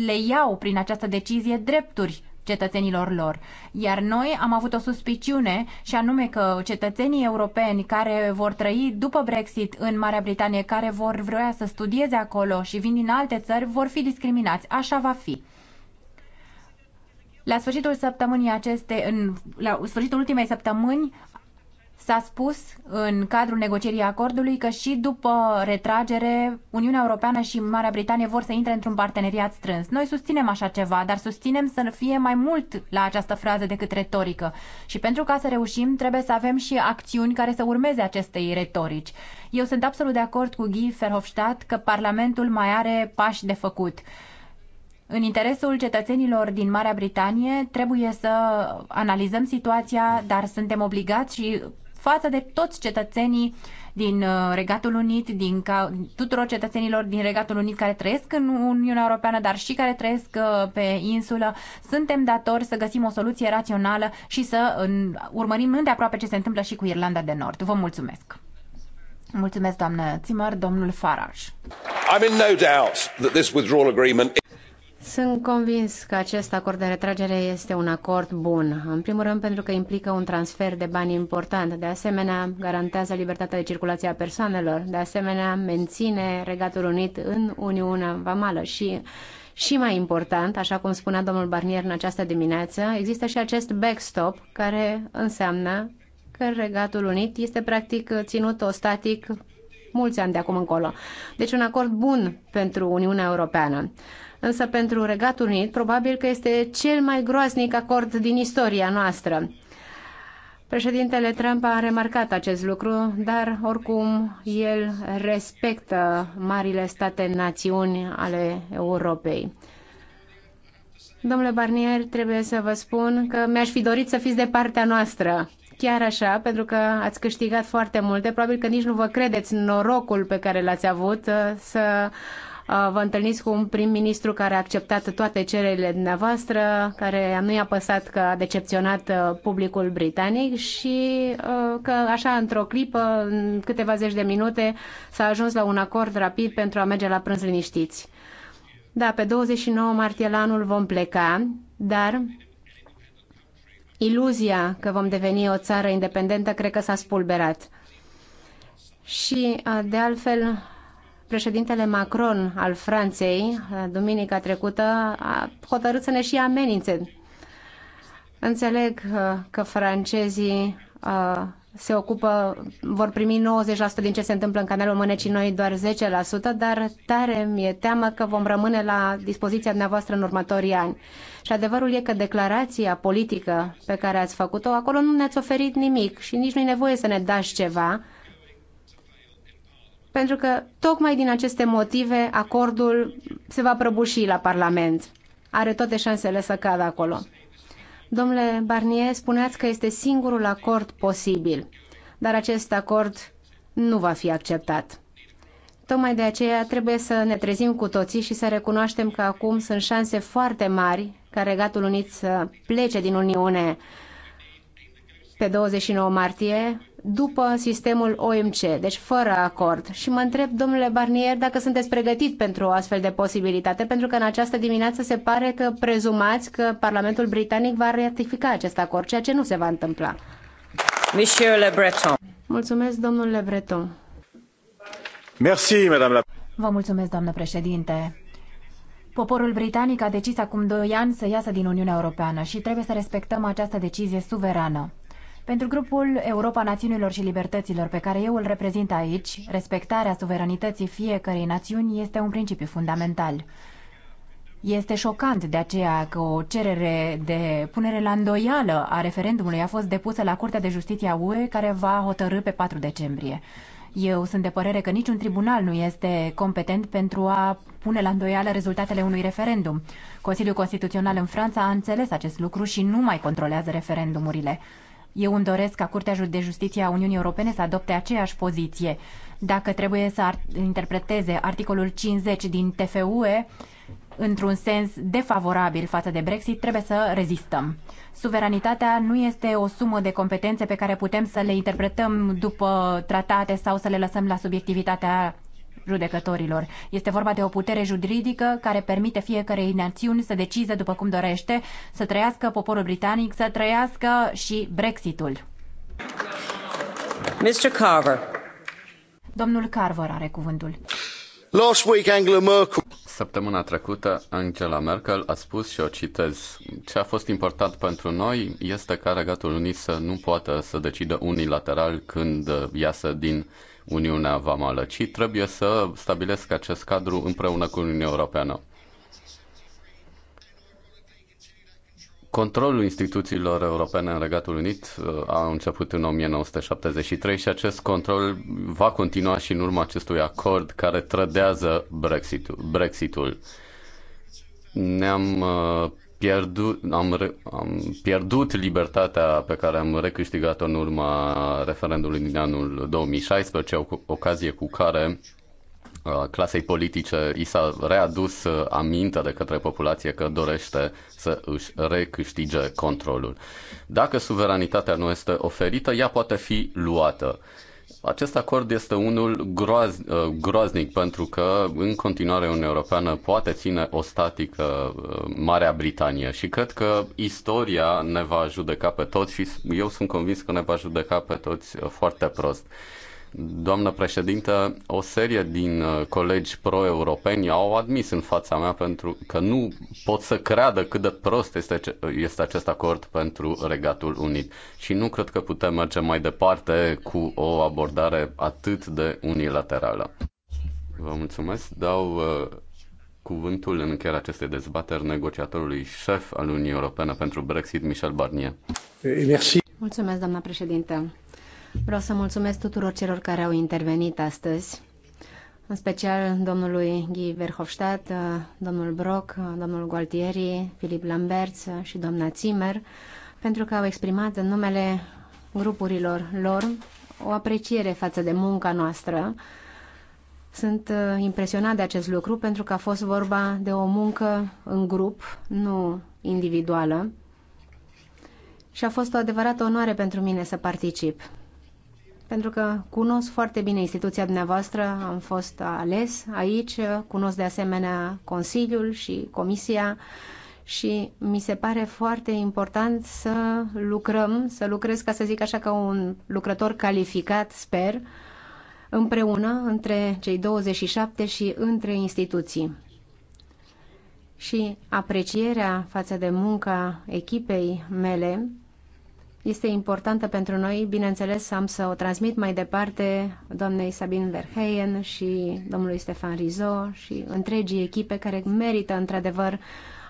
le iau prin această decizie drepturi cetățenilor lor. Iar noi am avut o suspiciune și anume că cetățenii europeni care vor trăi după Brexit în Marea Britanie, care vor vrea să studieze acolo și vin din alte țări, vor fi discriminați. Așa va fi. La sfârșitul săptămânii aceste, în, la sfârșitul ultimei săptămâni S-a spus în cadrul negocierii acordului că și după retragere, Uniunea Europeană și Marea Britanie vor să intre într-un parteneriat strâns. Noi susținem așa ceva, dar susținem să fie mai mult la această frază decât retorică. Și pentru ca să reușim, trebuie să avem și acțiuni care să urmeze acestei retorici. Eu sunt absolut de acord cu Guy Verhofstadt că Parlamentul mai are pași de făcut. În interesul cetățenilor din Marea Britanie trebuie să analizăm situația, dar suntem obligați și față de toți cetățenii din uh, Regatul Unit, din ca, tuturor cetățenilor din Regatul Unit care trăiesc în Uniunea Europeană, dar și care trăiesc uh, pe insulă. Suntem datori să găsim o soluție rațională și să urmărim îndeaproape ce se întâmplă și cu Irlanda de Nord. Vă mulțumesc! Mulțumesc, doamnă Țimăr, domnul Farage. Sunt convins că acest acord de retragere este un acord bun. În primul rând pentru că implică un transfer de bani important. De asemenea, garantează libertatea de circulație a persoanelor. De asemenea, menține Regatul Unit în Uniunea Vamală și și mai important, așa cum spunea domnul Barnier în această dimineață, există și acest backstop care înseamnă că Regatul Unit este practic ținut ostatic mulți ani de acum încolo. Deci un acord bun pentru Uniunea Europeană însă pentru Regatul Unit probabil că este cel mai groaznic acord din istoria noastră. Președintele Trump a remarcat acest lucru, dar oricum el respectă marile state-națiuni ale Europei. Domnule Barnier, trebuie să vă spun că mi-aș fi dorit să fiți de partea noastră. Chiar așa, pentru că ați câștigat foarte multe, probabil că nici nu vă credeți norocul pe care l-ați avut uh, să Uh, vă întâlniți cu un prim-ministru care a acceptat toate cererile dumneavoastră, care nu i-a păsat că a decepționat uh, publicul britanic și uh, că așa într-o clipă, în câteva zeci de minute, s-a ajuns la un acord rapid pentru a merge la prânz liniștiți. Da, pe 29 martie la anul vom pleca, dar iluzia că vom deveni o țară independentă cred că s-a spulberat. Și, de altfel, președintele Macron al Franței, duminica trecută, a hotărât să ne și amenințe. Înțeleg uh, că francezii uh, se ocupă, vor primi 90% din ce se întâmplă în canalul Mânecii Noi, doar 10%, dar tare mi-e teamă că vom rămâne la dispoziția dumneavoastră în următorii ani. Și adevărul e că declarația politică pe care ați făcut-o, acolo nu ne-ați oferit nimic și nici nu e nevoie să ne dați ceva, pentru că tocmai din aceste motive acordul se va prăbuși la Parlament. Are toate șansele să cadă acolo. Domnule Barnier, spuneați că este singurul acord posibil, dar acest acord nu va fi acceptat. Tocmai de aceea trebuie să ne trezim cu toții și să recunoaștem că acum sunt șanse foarte mari ca Regatul Unit să plece din Uniune pe 29 martie, după sistemul OMC, deci fără acord. Și mă întreb, domnule Barnier, dacă sunteți pregătit pentru o astfel de posibilitate, pentru că în această dimineață se pare că prezumați că Parlamentul Britanic va ratifica acest acord, ceea ce nu se va întâmpla. Monsieur Le Breton. Mulțumesc, domnule Le Breton. Merci, madame la... Vă mulțumesc, doamnă președinte. Poporul britanic a decis acum doi ani să iasă din Uniunea Europeană și trebuie să respectăm această decizie suverană. Pentru grupul Europa Națiunilor și Libertăților pe care eu îl reprezint aici, respectarea suveranității fiecărei națiuni este un principiu fundamental. Este șocant de aceea că o cerere de punere la îndoială a referendumului a fost depusă la Curtea de Justiție a UE, care va hotărâ pe 4 decembrie. Eu sunt de părere că niciun tribunal nu este competent pentru a pune la îndoială rezultatele unui referendum. Consiliul Constituțional în Franța a înțeles acest lucru și nu mai controlează referendumurile. Eu îmi doresc ca Curtea de Justiție a Uniunii Europene să adopte aceeași poziție. Dacă trebuie să interpreteze articolul 50 din TFUE într-un sens defavorabil față de Brexit, trebuie să rezistăm. Suveranitatea nu este o sumă de competențe pe care putem să le interpretăm după tratate sau să le lăsăm la subiectivitatea judecătorilor. Este vorba de o putere juridică care permite fiecarei națiuni să decize după cum dorește, să trăiască poporul britanic, să trăiască și Brexitul. Mr. Carver. Domnul Carver are cuvântul. Last week, Angela Merkel. Săptămâna trecută, Angela Merkel a spus și o citez. Ce a fost important pentru noi este ca Regatul Unit să nu poată să decidă unilateral când iasă din Uniunea Vamală, ci trebuie să stabilesc acest cadru împreună cu Uniunea Europeană. Controlul instituțiilor europene în Regatul Unit uh, a început în 1973 și acest control va continua și în urma acestui acord care trădează Brexit-ul. brexit Ne-am uh, pierdut, am, am pierdut libertatea pe care am recâștigat-o în urma referendului din anul 2016, o ocazie cu care clasei politice i s-a readus aminte de către populație că dorește să își recâștige controlul. Dacă suveranitatea nu este oferită, ea poate fi luată. Acest acord este unul groaz, uh, groaznic pentru că în continuare Uniunea Europeană poate ține o statică uh, Marea Britanie și cred că istoria ne va judeca pe toți și eu sunt convins că ne va judeca pe toți uh, foarte prost. Doamnă președintă, o serie din uh, colegi pro-europeni au admis în fața mea pentru că nu pot să creadă cât de prost este, este acest acord pentru Regatul Unit. Și nu cred că putem merge mai departe cu o abordare atât de unilaterală. Vă mulțumesc. Dau uh, cuvântul în încheierea acestei dezbateri negociatorului șef al Uniunii Europene pentru Brexit, Michel Barnier. Mulțumesc, doamna președintă. Vreau să mulțumesc tuturor celor care au intervenit astăzi, în special domnului Guy Verhofstadt, domnul Brock, domnul Gualtieri, Filip Lamberts și doamna Zimmer, pentru că au exprimat în numele grupurilor lor o apreciere față de munca noastră. Sunt uh, impresionat de acest lucru pentru că a fost vorba de o muncă în grup, nu individuală. Și a fost o adevărată onoare pentru mine să particip pentru că cunosc foarte bine instituția dumneavoastră, am fost ales aici, cunosc de asemenea Consiliul și Comisia și mi se pare foarte important să lucrăm, să lucrez, ca să zic așa, ca un lucrător calificat, sper, împreună între cei 27 și între instituții. Și aprecierea față de munca echipei mele este importantă pentru noi. Bineînțeles, am să o transmit mai departe doamnei Sabine Verheyen și domnului Stefan Rizo și întregii echipe care merită într-adevăr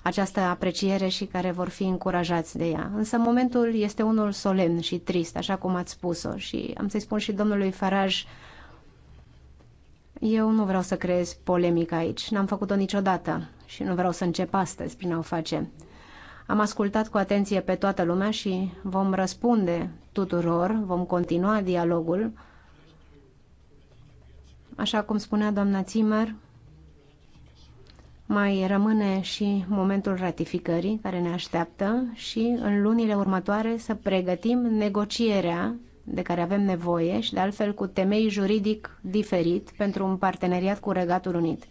această apreciere și care vor fi încurajați de ea. Însă momentul este unul solemn și trist, așa cum ați spus-o și am să-i spun și domnului Faraj, eu nu vreau să creez polemică aici, n-am făcut-o niciodată și nu vreau să încep astăzi prin a o face. Am ascultat cu atenție pe toată lumea și vom răspunde tuturor, vom continua dialogul. Așa cum spunea doamna Zimmer, mai rămâne și momentul ratificării care ne așteaptă și în lunile următoare să pregătim negocierea de care avem nevoie și de altfel cu temei juridic diferit pentru un parteneriat cu Regatul Unit.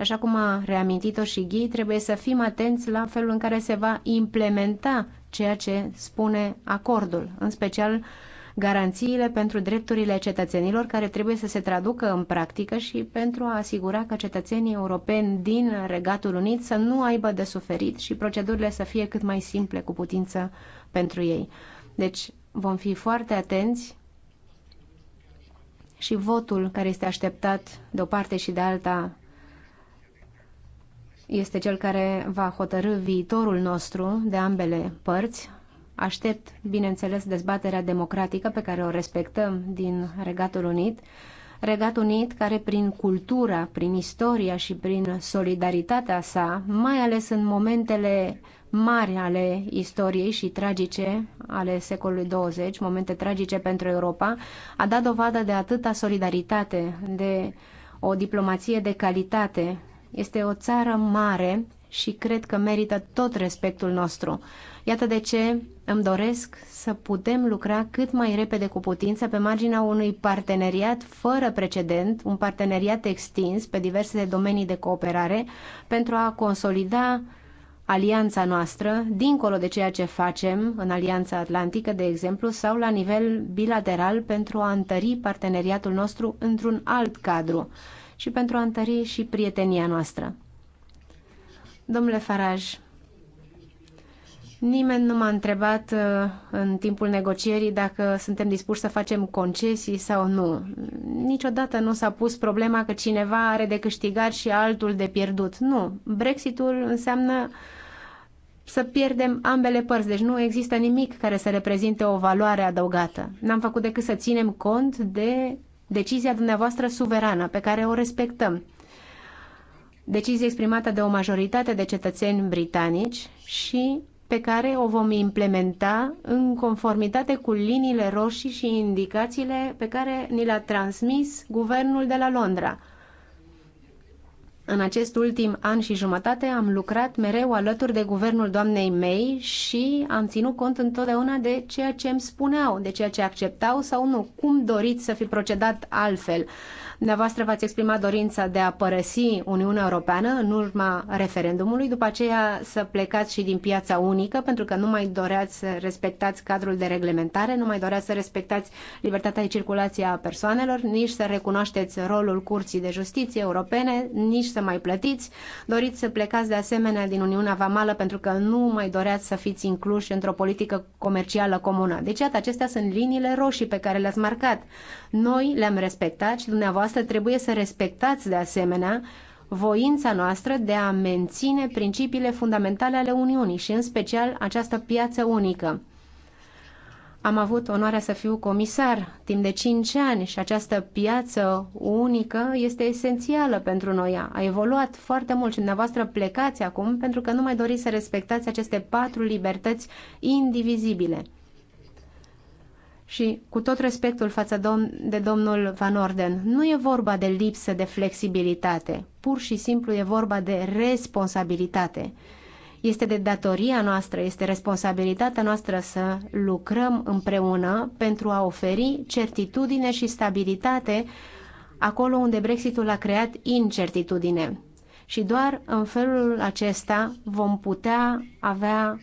Așa cum a reamintit-o și Ghi, trebuie să fim atenți la felul în care se va implementa ceea ce spune acordul, în special garanțiile pentru drepturile cetățenilor care trebuie să se traducă în practică și pentru a asigura că cetățenii europeni din Regatul Unit să nu aibă de suferit și procedurile să fie cât mai simple cu putință pentru ei. Deci vom fi foarte atenți și votul care este așteptat de o parte și de alta este cel care va hotărâ viitorul nostru de ambele părți. Aștept, bineînțeles, dezbaterea democratică pe care o respectăm din Regatul Unit, Regat Unit care prin cultura, prin istoria și prin solidaritatea sa, mai ales în momentele mari ale istoriei și tragice ale secolului 20, momente tragice pentru Europa, a dat dovadă de atâta solidaritate, de o diplomație de calitate este o țară mare și cred că merită tot respectul nostru. Iată de ce îmi doresc să putem lucra cât mai repede cu putință pe marginea unui parteneriat fără precedent, un parteneriat extins pe diverse domenii de cooperare pentru a consolida alianța noastră, dincolo de ceea ce facem în Alianța Atlantică, de exemplu, sau la nivel bilateral pentru a întări parteneriatul nostru într-un alt cadru și pentru a întări și prietenia noastră. Domnule Faraj, nimeni nu m-a întrebat uh, în timpul negocierii dacă suntem dispuși să facem concesii sau nu. Niciodată nu s-a pus problema că cineva are de câștigat și altul de pierdut. Nu. Brexitul înseamnă să pierdem ambele părți, deci nu există nimic care să reprezinte o valoare adăugată. N-am făcut decât să ținem cont de decizia dumneavoastră suverană pe care o respectăm. Decizie exprimată de o majoritate de cetățeni britanici și pe care o vom implementa în conformitate cu liniile roșii și indicațiile pe care ni le-a transmis guvernul de la Londra. În acest ultim an și jumătate am lucrat mereu alături de guvernul doamnei May și am ținut cont întotdeauna de ceea ce îmi spuneau, de ceea ce acceptau sau nu. Cum doriți să fi procedat altfel? Dumneavoastră v-ați exprimat dorința de a părăsi Uniunea Europeană în urma referendumului, după aceea să plecați și din piața unică, pentru că nu mai doreați să respectați cadrul de reglementare, nu mai doreați să respectați libertatea de circulație a persoanelor, nici să recunoașteți rolul Curții de Justiție Europene, nici să să mai plătiți, doriți să plecați de asemenea din Uniunea Vamală pentru că nu mai doreați să fiți incluși într-o politică comercială comună. Deci, iată, acestea sunt liniile roșii pe care le-ați marcat. Noi le-am respectat și dumneavoastră trebuie să respectați de asemenea voința noastră de a menține principiile fundamentale ale Uniunii și în special această piață unică. Am avut onoarea să fiu comisar timp de 5 ani și această piață unică este esențială pentru noi. A evoluat foarte mult și dumneavoastră plecați acum pentru că nu mai doriți să respectați aceste patru libertăți indivizibile. Și cu tot respectul față de domnul Van Orden, nu e vorba de lipsă de flexibilitate, pur și simplu e vorba de responsabilitate. Este de datoria noastră, este responsabilitatea noastră să lucrăm împreună pentru a oferi certitudine și stabilitate acolo unde Brexitul a creat incertitudine. Și doar în felul acesta vom putea avea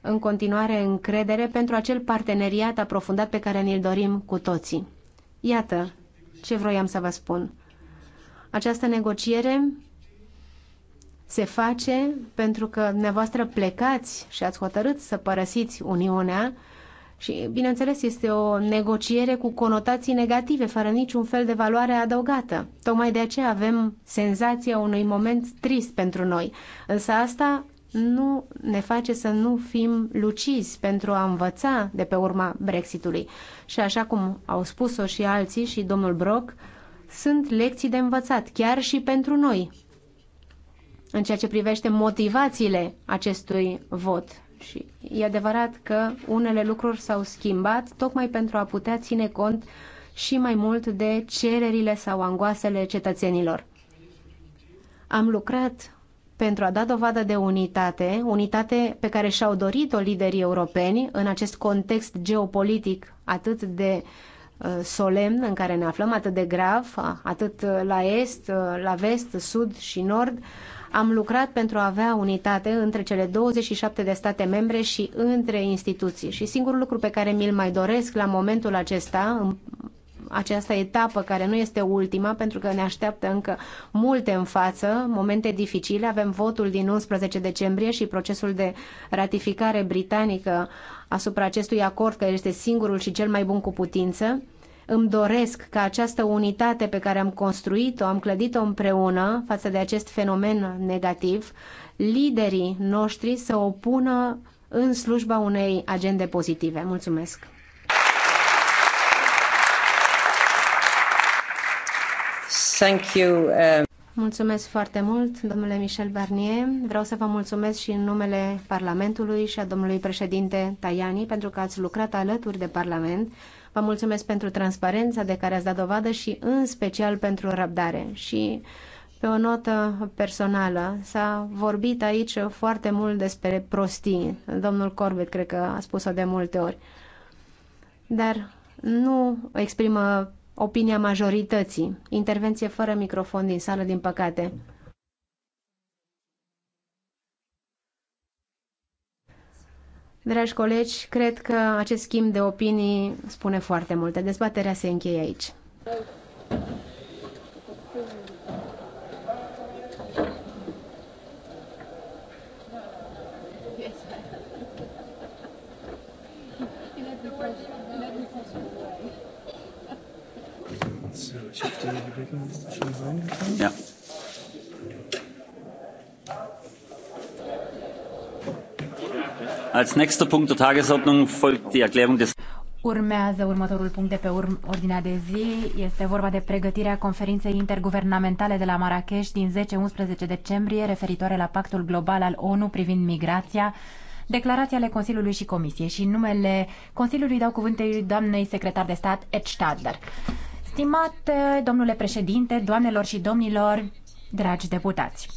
în continuare încredere pentru acel parteneriat aprofundat pe care ne-l dorim cu toții. Iată ce vroiam să vă spun. Această negociere se face pentru că dumneavoastră plecați și ați hotărât să părăsiți Uniunea și, bineînțeles, este o negociere cu conotații negative, fără niciun fel de valoare adăugată. Tocmai de aceea avem senzația unui moment trist pentru noi. Însă asta nu ne face să nu fim lucizi pentru a învăța de pe urma Brexitului. Și așa cum au spus-o și alții și domnul Brock, sunt lecții de învățat, chiar și pentru noi, în ceea ce privește motivațiile acestui vot. Și e adevărat că unele lucruri s-au schimbat tocmai pentru a putea ține cont și mai mult de cererile sau angoasele cetățenilor. Am lucrat pentru a da dovadă de unitate, unitate pe care și-au dorit-o liderii europeni în acest context geopolitic atât de uh, solemn în care ne aflăm, atât de grav, atât la est, uh, la vest, sud și nord, am lucrat pentru a avea unitate între cele 27 de state membre și între instituții. Și singurul lucru pe care mi-l mai doresc la momentul acesta, în această etapă care nu este ultima, pentru că ne așteaptă încă multe în față, momente dificile. Avem votul din 11 decembrie și procesul de ratificare britanică asupra acestui acord, care este singurul și cel mai bun cu putință. Îmi doresc ca această unitate pe care am construit-o, am clădit-o împreună față de acest fenomen negativ, liderii noștri să o pună în slujba unei agende pozitive. Mulțumesc! Thank you. Uh... Mulțumesc foarte mult, domnule Michel Barnier. Vreau să vă mulțumesc și în numele Parlamentului și a domnului președinte Tajani pentru că ați lucrat alături de Parlament Vă mulțumesc pentru transparența de care ați dat dovadă și în special pentru răbdare. Și pe o notă personală, s-a vorbit aici foarte mult despre prostii. Domnul Corbett cred că a spus-o de multe ori. Dar nu exprimă opinia majorității. Intervenție fără microfon din sală, din păcate. Dragi colegi, cred că acest schimb de opinii spune foarte multe. Dezbaterea se încheie aici. Ja. Urmează următorul punct de pe ordinea de zi. Este vorba de pregătirea conferinței interguvernamentale de la Marrakesh din 10-11 decembrie referitoare la Pactul Global al ONU privind migrația, Declarația ale Consiliului și Comisiei și numele Consiliului dau cuvântul doamnei secretar de stat Ed Stadler. Stimate domnule președinte, doamnelor și domnilor, dragi deputați,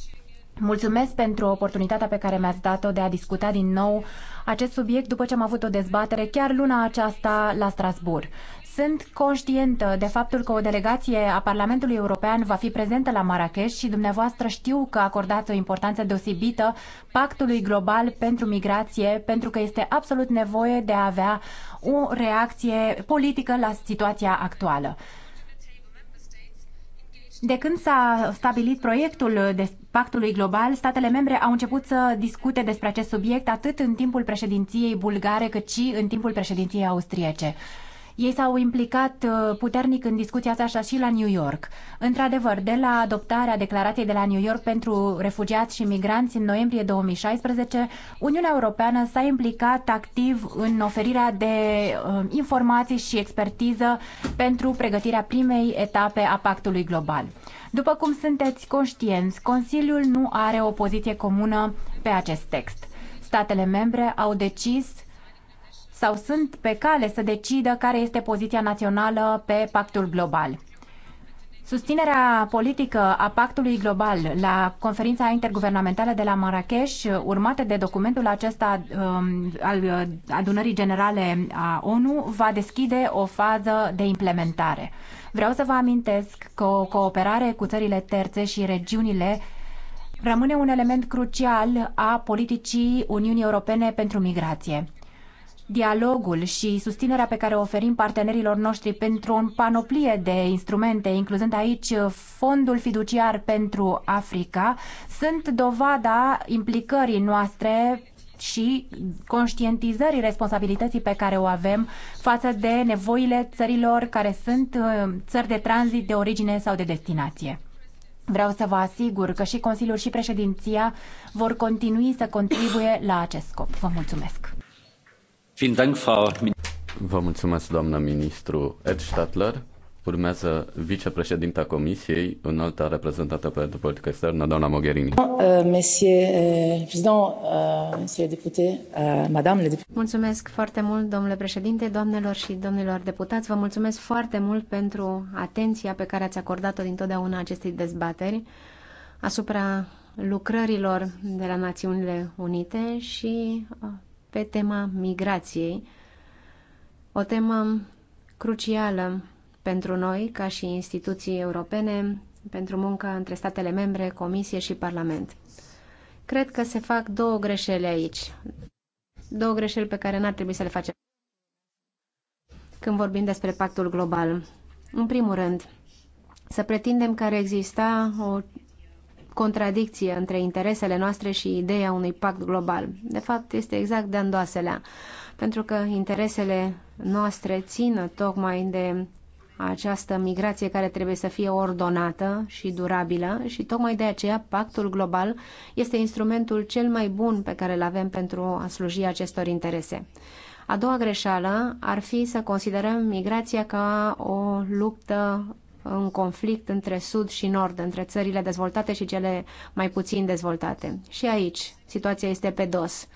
Mulțumesc pentru oportunitatea pe care mi-ați dat-o de a discuta din nou acest subiect după ce am avut o dezbatere chiar luna aceasta la Strasbourg. Sunt conștientă de faptul că o delegație a Parlamentului European va fi prezentă la Marrakesh și dumneavoastră știu că acordați o importanță deosebită pactului global pentru migrație, pentru că este absolut nevoie de a avea o reacție politică la situația actuală. De când s-a stabilit proiectul de pactului global, statele membre au început să discute despre acest subiect atât în timpul președinției bulgare cât și în timpul președinției austriece. Ei s-au implicat uh, puternic în discuția asta și la New York. Într-adevăr, de la adoptarea declarației de la New York pentru refugiați și migranți în noiembrie 2016, Uniunea Europeană s-a implicat activ în oferirea de uh, informații și expertiză pentru pregătirea primei etape a pactului global. După cum sunteți conștienți, Consiliul nu are o poziție comună pe acest text. Statele membre au decis sau sunt pe cale să decidă care este poziția națională pe pactul global. Susținerea politică a pactului global la conferința interguvernamentală de la Marrakesh, urmată de documentul acesta um, al uh, adunării generale a ONU, va deschide o fază de implementare. Vreau să vă amintesc că o cooperare cu țările terțe și regiunile rămâne un element crucial a politicii Uniunii Europene pentru migrație dialogul și susținerea pe care o oferim partenerilor noștri pentru o panoplie de instrumente, incluzând aici Fondul Fiduciar pentru Africa, sunt dovada implicării noastre și conștientizării responsabilității pe care o avem față de nevoile țărilor care sunt uh, țări de tranzit, de origine sau de destinație. Vreau să vă asigur că și Consiliul și președinția vor continui să contribuie la acest scop. Vă mulțumesc! Vă mulțumesc, doamnă ministru Ed Stadler. Urmează vicepreședinta Comisiei, înalta reprezentată pentru politică externă, doamna Mogherini. Uh, uh, uh, mulțumesc foarte mult, domnule președinte, doamnelor și domnilor deputați. Vă mulțumesc foarte mult pentru atenția pe care ați acordat-o dintotdeauna acestei dezbateri asupra lucrărilor de la Națiunile Unite și pe tema migrației, o temă crucială pentru noi ca și instituții europene, pentru munca între statele membre, Comisie și Parlament. Cred că se fac două greșeli aici. Două greșeli pe care n-ar trebui să le facem când vorbim despre pactul global. În primul rând, să pretindem că ar exista o contradicție între interesele noastre și ideea unui pact global. De fapt, este exact de îndoaselea, pentru că interesele noastre țin tocmai de această migrație care trebuie să fie ordonată și durabilă și tocmai de aceea pactul global este instrumentul cel mai bun pe care îl avem pentru a sluji acestor interese. A doua greșeală ar fi să considerăm migrația ca o luptă un conflict între sud și nord, între țările dezvoltate și cele mai puțin dezvoltate. Și aici situația este pe dos.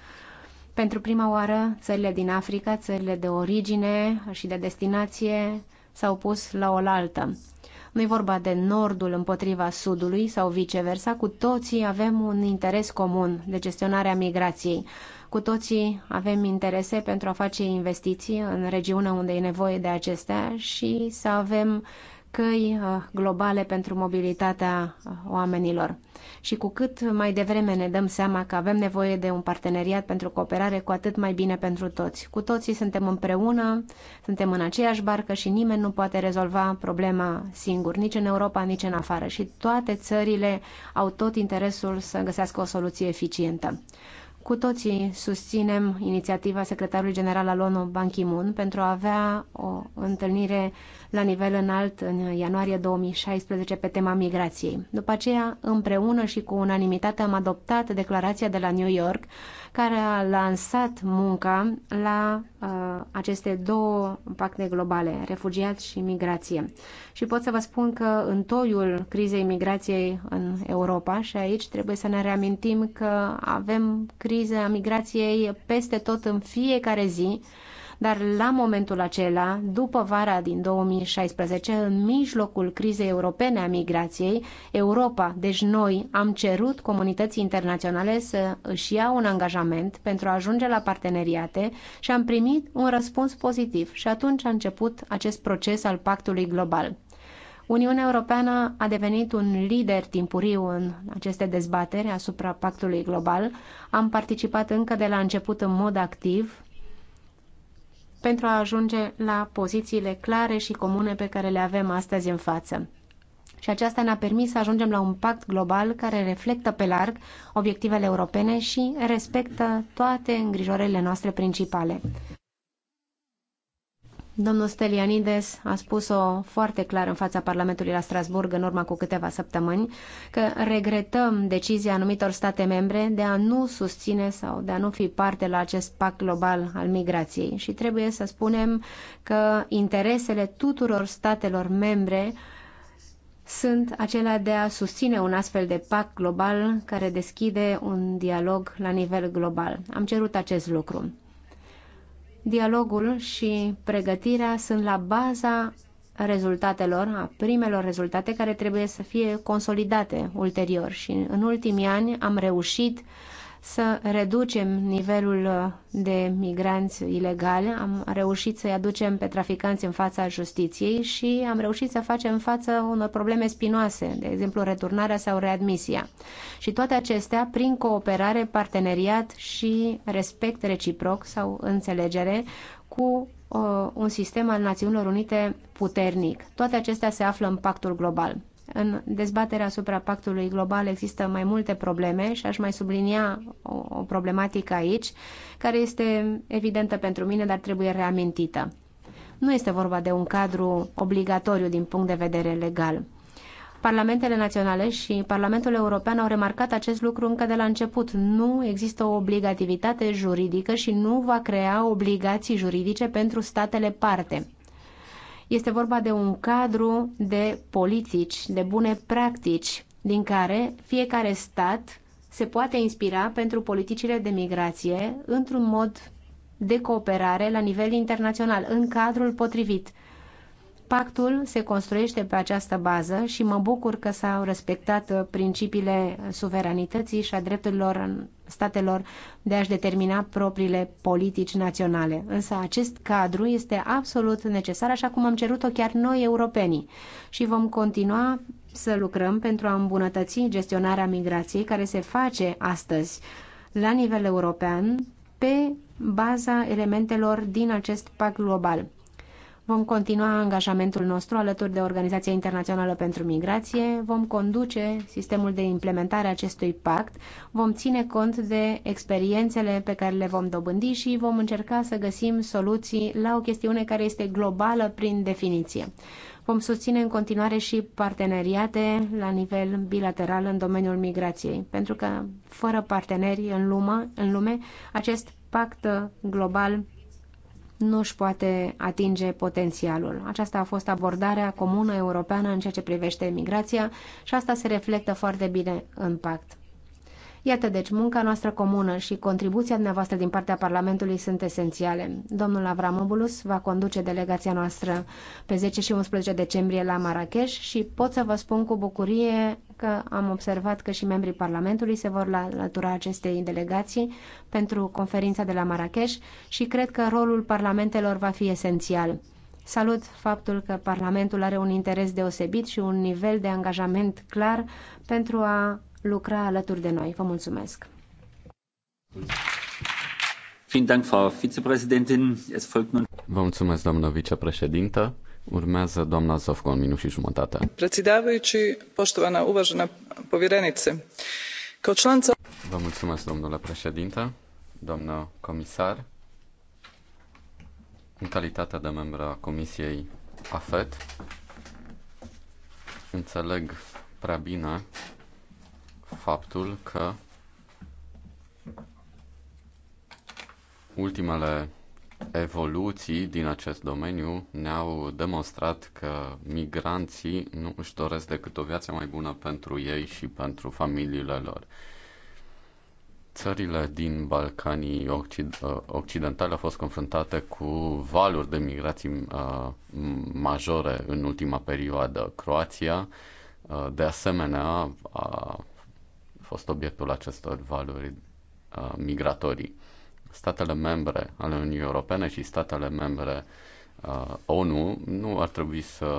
Pentru prima oară, țările din Africa, țările de origine și de destinație s-au pus la oaltă. Nu e vorba de nordul împotriva sudului sau viceversa, cu toții avem un interes comun de gestionarea migrației. Cu toții avem interese pentru a face investiții în regiunea unde e nevoie de acestea și să avem căi uh, globale pentru mobilitatea uh, oamenilor. Și cu cât mai devreme ne dăm seama că avem nevoie de un parteneriat pentru cooperare, cu atât mai bine pentru toți. Cu toții suntem împreună, suntem în aceeași barcă și nimeni nu poate rezolva problema singur, nici în Europa, nici în afară. Și toate țările au tot interesul să găsească o soluție eficientă. Cu toții susținem inițiativa secretarului general al ONU, Ban Ki-moon, pentru a avea o întâlnire uh, la nivel înalt în ianuarie 2016 pe tema migrației. După aceea, împreună și cu unanimitate, am adoptat declarația de la New York, care a lansat munca la uh, aceste două pacte globale, refugiați și migrație. Și pot să vă spun că în toiul crizei migrației în Europa, și aici trebuie să ne reamintim că avem criza migrației peste tot în fiecare zi, dar la momentul acela, după vara din 2016, în mijlocul crizei europene a migrației, Europa, deci noi, am cerut comunității internaționale să își ia un angajament pentru a ajunge la parteneriate și am primit un răspuns pozitiv și atunci a început acest proces al pactului global. Uniunea Europeană a devenit un lider timpuriu în aceste dezbateri asupra pactului global. Am participat încă de la început în mod activ pentru a ajunge la pozițiile clare și comune pe care le avem astăzi în față. Și aceasta ne-a permis să ajungem la un pact global care reflectă pe larg obiectivele europene și respectă toate îngrijorările noastre principale. Domnul Stelianides a spus-o foarte clar în fața Parlamentului la Strasburg în urma cu câteva săptămâni că regretăm decizia anumitor state membre de a nu susține sau de a nu fi parte la acest pact global al migrației și trebuie să spunem că interesele tuturor statelor membre sunt acelea de a susține un astfel de pact global care deschide un dialog la nivel global. Am cerut acest lucru. Dialogul și pregătirea sunt la baza rezultatelor, a primelor rezultate care trebuie să fie consolidate ulterior și în ultimii ani am reușit uh, să reducem nivelul uh, de migranți ilegali, am reușit să-i aducem pe traficanți în fața justiției și am reușit să facem față unor probleme spinoase, de exemplu returnarea sau readmisia. Și toate acestea prin cooperare, parteneriat și respect reciproc sau înțelegere cu uh, un sistem al Națiunilor Unite puternic. Toate acestea se află în pactul global. În dezbaterea asupra pactului global există mai multe probleme și aș mai sublinia o, o problematică aici, care este evidentă pentru mine, dar trebuie reamintită. Nu este vorba de un cadru obligatoriu din punct de vedere legal. Parlamentele naționale și Parlamentul European au remarcat acest lucru încă de la început. Nu există o obligativitate juridică și nu va crea obligații juridice pentru statele parte. Este vorba de un cadru de politici, de bune practici, din care fiecare stat se poate inspira pentru politicile de migrație într-un mod de cooperare la nivel internațional, în cadrul potrivit. Pactul se construiește pe această bază și mă bucur că s-au respectat principiile suveranității și a drepturilor statelor de a-și determina propriile politici naționale. Însă acest cadru este absolut necesar, așa cum am cerut-o chiar noi, europenii. Și vom continua să lucrăm pentru a îmbunătăți gestionarea migrației care se face astăzi la nivel european pe baza elementelor din acest pact global. Vom continua angajamentul nostru alături de Organizația Internațională pentru Migrație, vom conduce sistemul de implementare a acestui pact, vom ține cont de experiențele pe care le vom dobândi și vom încerca să găsim soluții la o chestiune care este globală prin definiție. Vom susține în continuare și parteneriate la nivel bilateral în domeniul migrației, pentru că fără parteneri în lume, în lume acest pact global nu își poate atinge potențialul. Aceasta a fost abordarea comună europeană în ceea ce privește migrația și asta se reflectă foarte bine în pact. Iată deci, munca noastră comună și contribuția dumneavoastră din partea Parlamentului sunt esențiale. Domnul Avramobulus va conduce delegația noastră pe 10 și 11 decembrie la Marrakeș și pot să vă spun cu bucurie că am observat că și membrii Parlamentului se vor alătura acestei delegații pentru conferința de la Marrakeș și cred că rolul parlamentelor va fi esențial. Salut faptul că Parlamentul are un interes deosebit și un nivel de angajament clar pentru a lucra alături de noi. Vă mulțumesc! Vă mulțumesc, doamnă vicepreședintă. Urmează doamna Zofco, un minut și jumătate. Predsjedavajući, poštovana uvažena povjerenice, kao Vă mulțumesc, domnule președinte, doamnă comisar. În calitate de membră Comisiei AFET, înțeleg prea bine faptul că ultimele evoluții din acest domeniu ne-au demonstrat că migranții nu își doresc decât o viață mai bună pentru ei și pentru familiile lor. Țările din Balcanii Occid- uh, Occidentale au fost confruntate cu valuri de migrații uh, majore în ultima perioadă. Croația, uh, de asemenea, a fost obiectul acestor valuri uh, migratorii. Statele membre ale Uniunii Europene și statele membre uh, ONU nu ar trebui să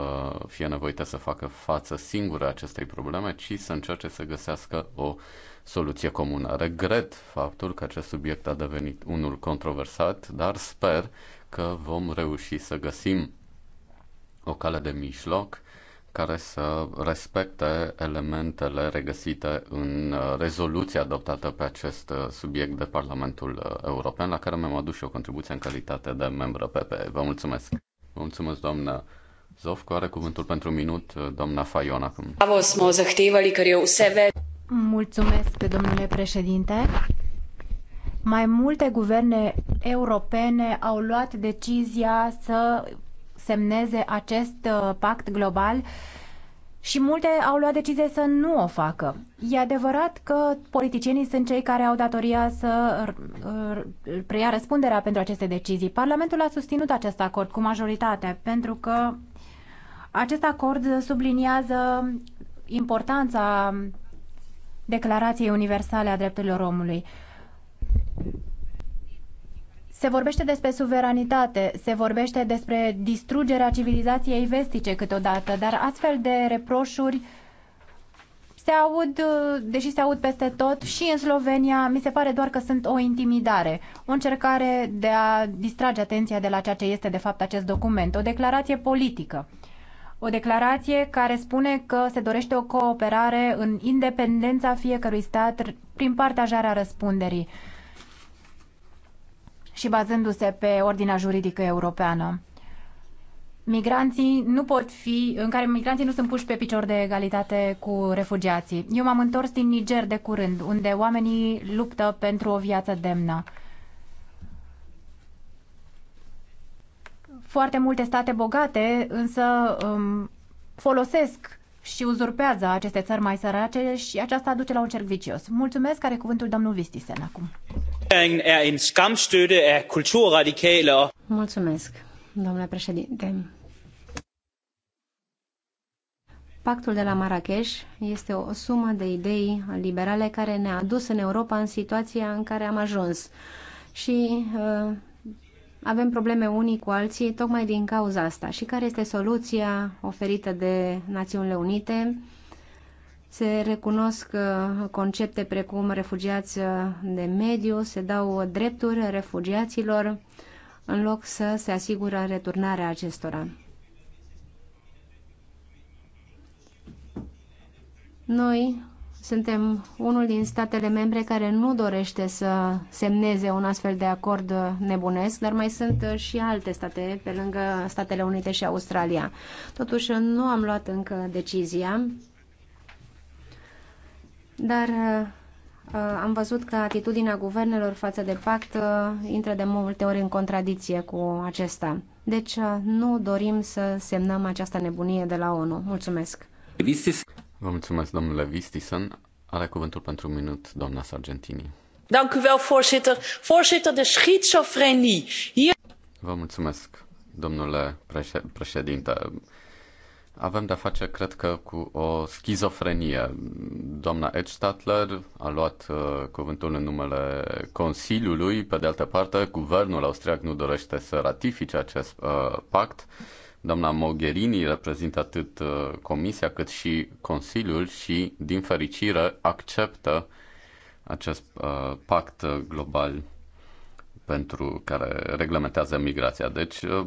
fie nevoite să facă față singure acestei probleme, ci să încerce să găsească o soluție comună. Regret faptul că acest subiect a devenit unul controversat, dar sper că vom reuși să găsim o cale de mijloc care să respecte elementele regăsite în uh, rezoluția adoptată pe acest uh, subiect de Parlamentul uh, European, la care mi-am adus și o contribuție în calitate de membră PPE. Vă mulțumesc! Vă mulțumesc, doamnă Zovco. Are cuvântul pentru un minut doamna Fajon acum. Mulțumesc, domnule președinte. Mai multe guverne europene au luat decizia să semneze acest uh, pact global și multe au luat decizie să nu o facă. E adevărat că politicienii sunt cei care au datoria să uh, preia răspunderea pentru aceste decizii. Parlamentul a susținut acest acord cu majoritate pentru că acest acord subliniază importanța Declarației Universale a Drepturilor Omului. Se vorbește despre suveranitate, se vorbește despre distrugerea civilizației vestice câteodată, dar astfel de reproșuri se aud, deși se aud peste tot, și în Slovenia, mi se pare doar că sunt o intimidare, o încercare de a distrage atenția de la ceea ce este de fapt acest document, o declarație politică. O declarație care spune că se dorește o cooperare în independența fiecărui stat prin partajarea răspunderii și bazându-se pe ordinea juridică europeană. Migranții nu pot fi, în care migranții nu sunt puși pe picior de egalitate cu refugiații. Eu m-am întors din Niger de curând, unde oamenii luptă pentru o viață demnă. Foarte multe state bogate însă um, folosesc și uzurpează aceste țări mai sărace și aceasta duce la un cerc vicios. Mulțumesc, care cuvântul domnul Vistisen acum. Er Mulțumesc, domnule președinte. Pactul de la Marrakesh este o sumă de idei liberale care ne-a dus în Europa în situația în care am ajuns. Și uh, avem probleme unii cu alții tocmai din cauza asta. Și care este soluția oferită de Națiunile Unite? Se recunosc uh, concepte precum refugiați uh, de mediu, se dau drepturi refugiaților în loc să se asigură returnarea acestora. Noi suntem unul din statele membre care nu dorește să semneze un astfel de acord nebunesc, dar mai sunt și alte state, pe lângă Statele Unite și Australia. Totuși, nu am luat încă decizia, dar uh, am văzut că atitudinea guvernelor față de pact uh, intră de multe ori în contradicție cu acesta. Deci uh, nu dorim să semnăm această nebunie de la ONU. Mulțumesc! Vă mulțumesc, domnule Vistisen. Are cuvântul pentru un minut, doamna Sargentini. Dank u wel, voorzitter. Voorzitter, de schizofrenie. Hier... Vă mulțumesc, domnule președinte. Avem de-a face, cred că, cu o schizofrenie. Doamna Edstadler a luat uh, cuvântul în numele Consiliului, pe de altă parte, guvernul austriac nu dorește să ratifice acest uh, pact. Uh, Doamna Mogherini reprezintă atât uh, Comisia cât și Consiliul și, din fericire, acceptă acest uh, pact global pentru care reglementează migrația. Deci uh,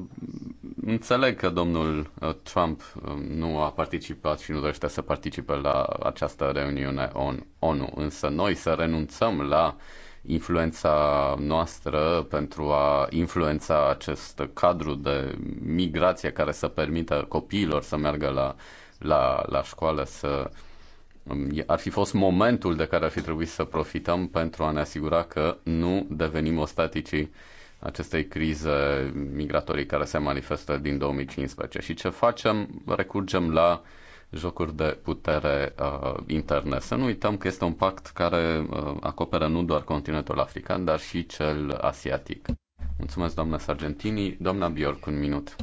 înțeleg că domnul uh, Trump um, nu a participat și nu dorește să participe la această reuniune ONU, însă noi să renunțăm la uh, influența noastră pentru a influența acest cadru de migrație care să permită copiilor să meargă la, la, la școală, să ar fi fost momentul de care ar fi trebuit să profităm pentru a ne asigura că nu devenim ostaticii acestei crize migratorii care se manifestă din 2015. Și ce facem? Recurgem la uh, jocuri de putere uh, interne. Să nu uităm că este un pact care uh, acoperă nu doar continentul african, dar și cel asiatic. Mulțumesc, doamna Sargentini. Doamna Bjork, un minut.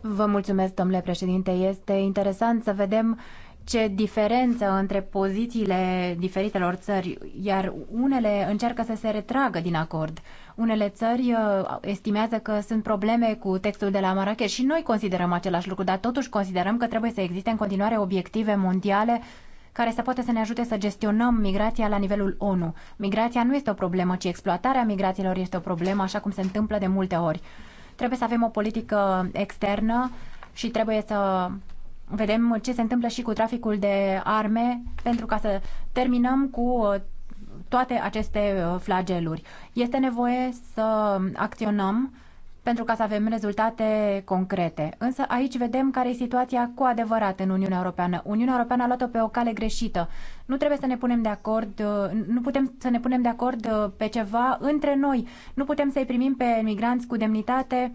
Vă mulțumesc, domnule președinte. Este interesant să vedem ce diferență între pozițiile diferitelor țări, iar unele încearcă să se retragă din acord. Unele țări uh, estimează că sunt probleme cu textul de la Marrakech și noi considerăm același lucru, dar totuși considerăm că trebuie să existe în continuare obiective mondiale care să poată să ne ajute să gestionăm migrația la nivelul ONU. Migrația nu este o problemă, ci exploatarea migrațiilor este o problemă, așa cum se întâmplă de multe ori. Trebuie să avem o politică externă și trebuie să vedem ce se întâmplă și cu traficul de arme pentru ca să terminăm cu uh, toate aceste uh, flageluri. Este nevoie să acționăm pentru ca să avem rezultate concrete. Însă aici vedem care e situația cu adevărat în Uniunea Europeană. Uniunea Europeană a luat-o pe o cale greșită. Nu trebuie să ne punem de acord, uh, nu putem să ne punem de acord uh, pe ceva între noi. Nu putem să-i primim pe migranți cu demnitate,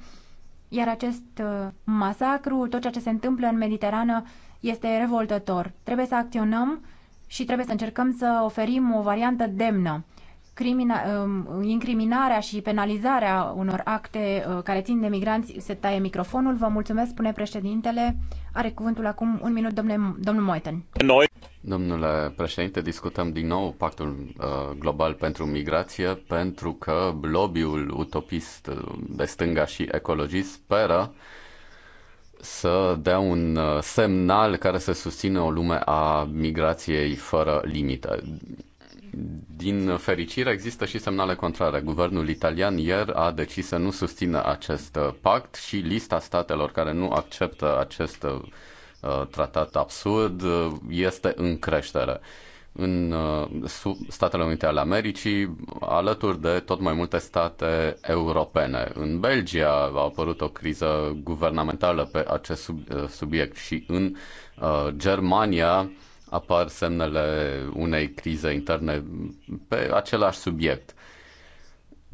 iar acest masacru, tot ceea ce se întâmplă în Mediterană, este revoltător. Trebuie să acționăm și trebuie să încercăm să oferim o variantă demnă. Crimina, um, incriminarea și penalizarea unor acte uh, care țin de migranți se taie microfonul. Vă mulțumesc, spune președintele. Are cuvântul acum un minut, domnule, domnul Moiten. Noi. Domnule președinte, discutăm din nou pactul uh, global pentru migrație pentru că lobby-ul utopist uh, de stânga și ecologist speră să dea un uh, semnal care să susțină o lume a migrației fără limită. Din fericire, există și semnale contrare. Guvernul italian ieri a decis să nu susțină acest uh, pact și lista statelor care nu acceptă acest uh, tratat absurd este în creștere în uh, Statele Unite ale Americii, alături de tot mai multe state europene. În Belgia a apărut o criză guvernamentală pe acest uh, subiect și în uh, Germania apar semnele unei crize interne pe același subiect.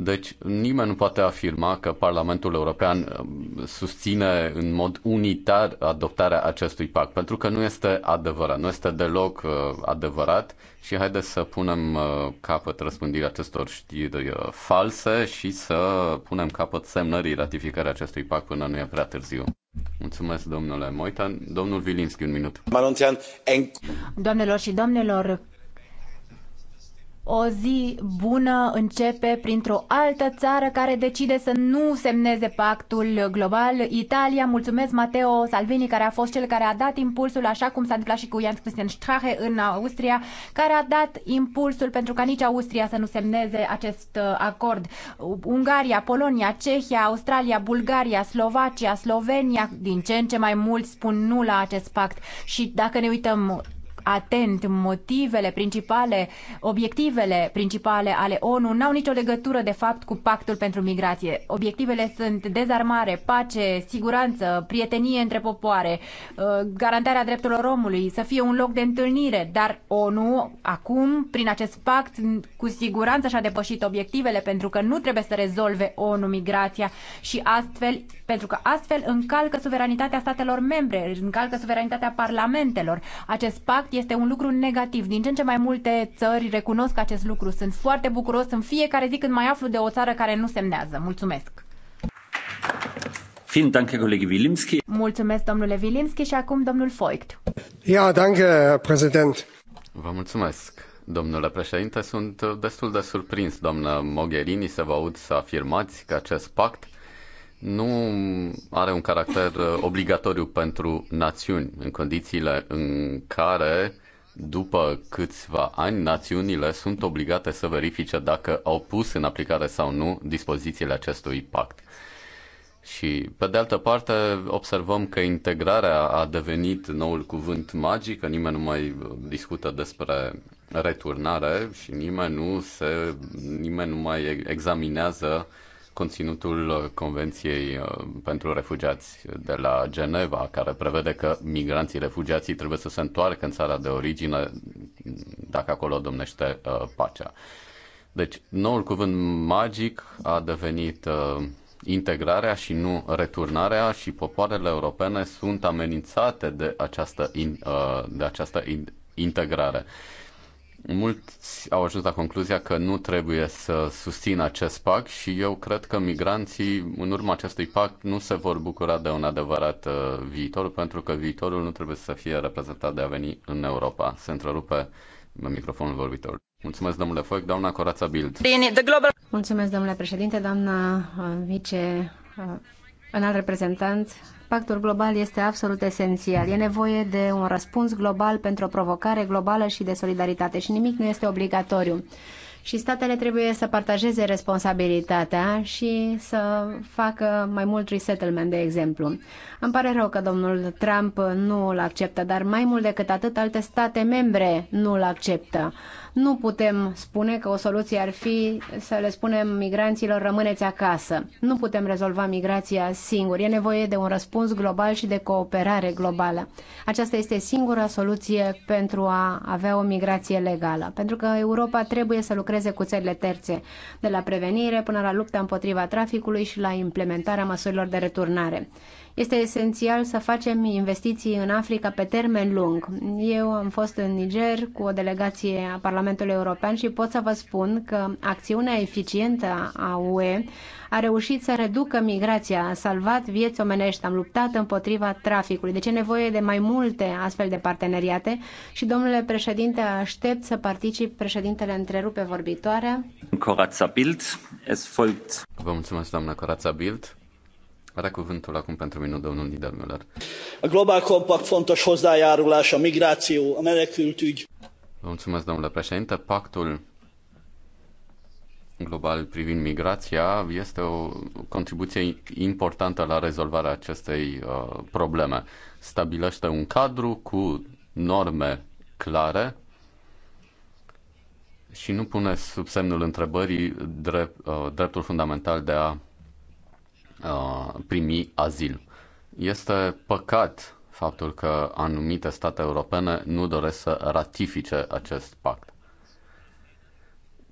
Deci nimeni nu poate afirma că Parlamentul European um, susține în mod unitar adoptarea acestui pact, pentru că nu este adevărat, nu este deloc uh, adevărat și haideți să punem uh, capăt răspândirea acestor știri uh, false și să punem capăt semnării ratificării acestui pact până nu e prea târziu. Mulțumesc, domnule Moitan. Domnul Vilinski, un minut. Doamnelor și domnilor, o zi bună începe printr-o altă țară care decide să nu semneze pactul global. Italia, mulțumesc Matteo Salvini, care a fost cel care a dat impulsul, așa cum s-a întâmplat și cu Jens Christian Strache în Austria, care a dat impulsul pentru ca nici Austria să nu semneze acest uh, acord. Ungaria, Polonia, Cehia, Australia, Bulgaria, Slovacia, Slovenia, din ce în ce mai mulți spun nu la acest pact. Și dacă ne uităm atent motivele principale, obiectivele principale ale ONU n-au nicio legătură de fapt cu pactul pentru migrație. Obiectivele sunt dezarmare, pace, siguranță, prietenie între popoare, uh, garantarea drepturilor omului, să fie un loc de întâlnire, dar ONU acum, prin acest pact, cu siguranță și-a depășit obiectivele pentru că nu trebuie să rezolve ONU migrația și astfel, pentru că astfel încalcă suveranitatea statelor membre, încalcă suveranitatea parlamentelor. Acest pact fapt este un lucru negativ. Din ce în ce mai multe țări recunosc acest lucru. Sunt foarte bucuros în fiecare zi când mai aflu de o țară care nu semnează. Mulțumesc! Mulțumesc, domnule Wilimski, și acum domnul Voigt. Ja, danke, prezident. Vă mulțumesc, domnule președinte. Sunt destul de surprins, doamnă Mogherini, să vă aud să afirmați că acest pact nu are un caracter uh, obligatoriu pentru națiuni, în condițiile în care, după câțiva ani, națiunile sunt obligate să verifice dacă au pus în aplicare sau nu dispozițiile acestui pact. Și, pe de altă parte, observăm că integrarea a devenit noul cuvânt magic, că nimeni nu mai discută despre returnare și nimeni nu, se, nimeni nu mai examinează uh, conținutul uh, Convenției uh, pentru Refugiați de la Geneva, care prevede că migranții refugiații trebuie să se întoarcă în țara de origine dacă acolo domnește uh, pacea. Deci, noul cuvânt magic a devenit integrarea și nu returnarea și popoarele europene sunt amenințate de această, de această integrare. Mulți au ajuns la concluzia că nu trebuie să susțină acest pact și eu cred că migranții, în urma acestui pact, nu se vor bucura de un adevărat uh, viitor, pentru că viitorul nu trebuie să fie reprezentat de a veni în Europa. Se întrerupe microfonul vorbitor. Mulțumesc, domnule Foic, doamna Corața Bild. Mulțumesc, domnule președinte, doamna uh, vice uh, înalt reprezentant, pactul global este absolut esențial. E nevoie de un răspuns global pentru o provocare globală și de solidaritate și nimic nu este obligatoriu. Și statele trebuie să partajeze responsabilitatea și să facă mai mult resettlement, de exemplu. Îmi pare rău că domnul Trump nu îl acceptă, dar mai mult decât atât, alte state membre nu îl acceptă. Nu putem spune că o soluție ar fi să le spunem migranților rămâneți acasă. Nu putem rezolva migrația singuri. E nevoie de un răspuns global și de cooperare globală. Aceasta este singura soluție pentru a avea o migrație legală. Pentru că Europa trebuie să lucreze cu țările terțe, de la prevenire până la lupta împotriva traficului și la implementarea măsurilor de returnare. Este esențial să facem investiții în Africa pe termen lung. Eu am fost în Niger cu o delegație a Parlamentului European și pot să vă spun că acțiunea eficientă a UE a reușit să reducă migrația, a salvat vieți omenești, am luptat împotriva traficului. Deci e nevoie de mai multe astfel de parteneriate și, domnule președinte, aștept să particip. Președintele întrerupe vorbitoarea. Corața Bild, es folgt. Vă mulțumesc, doamna Corața Bild. Are cuvântul acum pentru minut domnul Niedermüller. A Global Compact fontos hozzájárulás a migráció, a menekültügy. Vă mulțumesc, domnule președinte. Pactul global privind migrația este o contribuție importantă la rezolvarea acestei uh, probleme. Stabilește un cadru cu norme clare și nu pune sub semnul întrebării drept, uh, dreptul fundamental de a Uh, primi azil. Este păcat faptul că anumite state europene nu doresc să ratifice acest pact.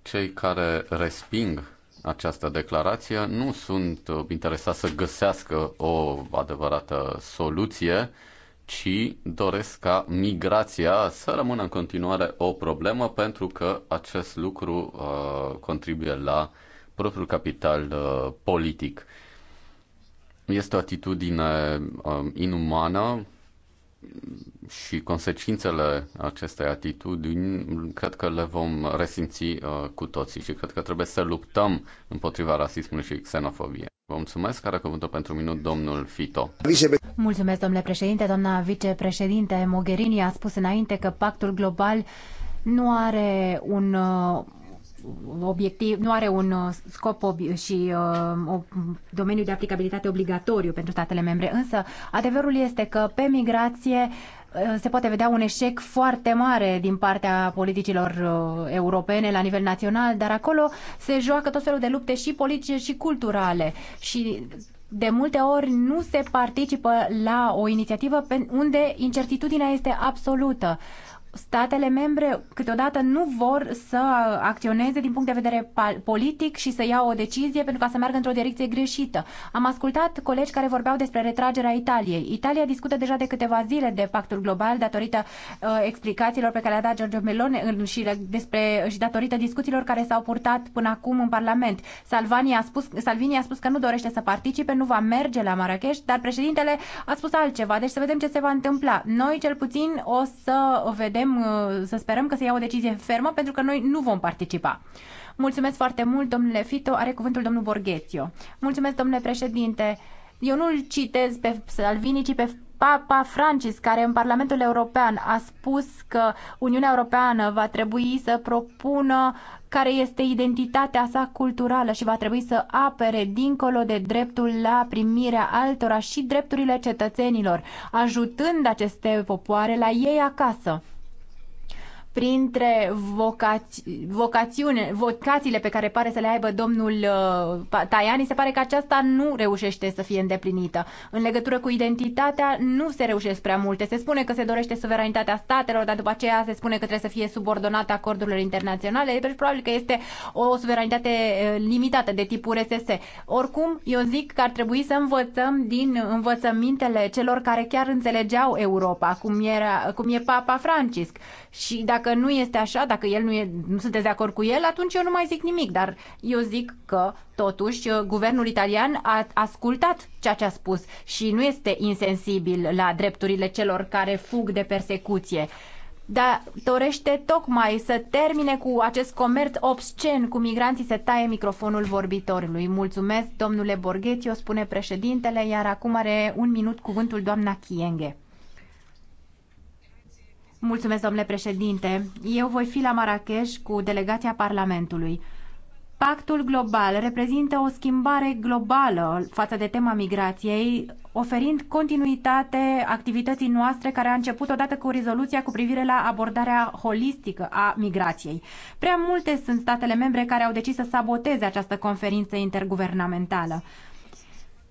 Cei care resping această declarație nu sunt interesați să găsească o adevărată soluție, ci doresc ca migrația să rămână în continuare o problemă pentru că acest lucru uh, contribuie la propriul capital uh, politic. Este o atitudine um, inumană și consecințele acestei atitudini cred că le vom resimți uh, cu toții și cred că trebuie să luptăm împotriva rasismului și xenofobiei. Vă mulțumesc. care cuvântul pentru minut domnul Fito. Mulțumesc, domnule președinte. Doamna vicepreședinte Mogherini a spus înainte că pactul global nu are un, uh, obiectiv, nu are un uh, scop ob- și uh, o domeniu de aplicabilitate obligatoriu pentru statele membre, însă adevărul este că pe migrație uh, se poate vedea un eșec foarte mare din partea politicilor uh, europene la nivel național, dar acolo se joacă tot felul de lupte și politice și culturale și de multe ori nu se participă la o inițiativă unde incertitudinea este absolută statele membre câteodată nu vor să acționeze din punct de vedere politic și să ia o decizie pentru ca să meargă într-o direcție greșită. Am ascultat colegi care vorbeau despre retragerea Italiei. Italia discută deja de câteva zile de pactul global datorită uh, explicațiilor pe care le-a dat Giorgio Melone uh, și, despre, și datorită discuțiilor care s-au purtat până acum în Parlament. Salvini a, spus, Salvini a spus că nu dorește să participe, nu va merge la Marrakech, dar președintele a spus altceva. Deci să vedem ce se va întâmpla. Noi cel puțin o să vedem vedem, uh, să sperăm că se ia o decizie fermă, pentru că noi nu vom participa. Mulțumesc foarte mult, domnule Fito. Are cuvântul domnul Borghețiu. Mulțumesc, domnule președinte. Eu nu-l citez pe Salvini, ci pe Papa Francis, care în Parlamentul European a spus că Uniunea Europeană va trebui să propună care este identitatea sa culturală și va trebui să apere dincolo de dreptul la primirea altora și drepturile cetățenilor, ajutând aceste popoare la ei acasă printre vocați, vocațiune, vocațiile pe care pare să le aibă domnul uh, Tajani, se pare că aceasta nu reușește să fie îndeplinită. În legătură cu identitatea, nu se reușesc prea multe. Se spune că se dorește suveranitatea statelor, dar după aceea se spune că trebuie să fie subordonată acordurilor internaționale, deci probabil că este o suveranitate uh, limitată de tipul RSS. Oricum, eu zic că ar trebui să învățăm din învățămintele celor care chiar înțelegeau Europa, cum, era, cum e Papa Francisc și dacă nu este așa, dacă el nu, e, nu sunteți de acord cu el, atunci eu nu mai zic nimic. Dar eu zic că, totuși, uh, guvernul italian a ascultat ceea ce a spus și nu este insensibil la drepturile celor care fug de persecuție dar dorește tocmai să termine cu acest comerț obscen cu migranții se taie microfonul vorbitorului. Mulțumesc, domnule o spune președintele, iar acum are un minut cuvântul doamna Chienghe. Mulțumesc, domnule președinte. Eu voi fi la Marrakech cu delegația Parlamentului. Pactul global reprezintă o schimbare globală față de tema migrației, oferind continuitate activității noastre care a început odată cu rezoluția cu privire la abordarea holistică a migrației. Prea multe sunt statele membre care au decis să saboteze această conferință interguvernamentală.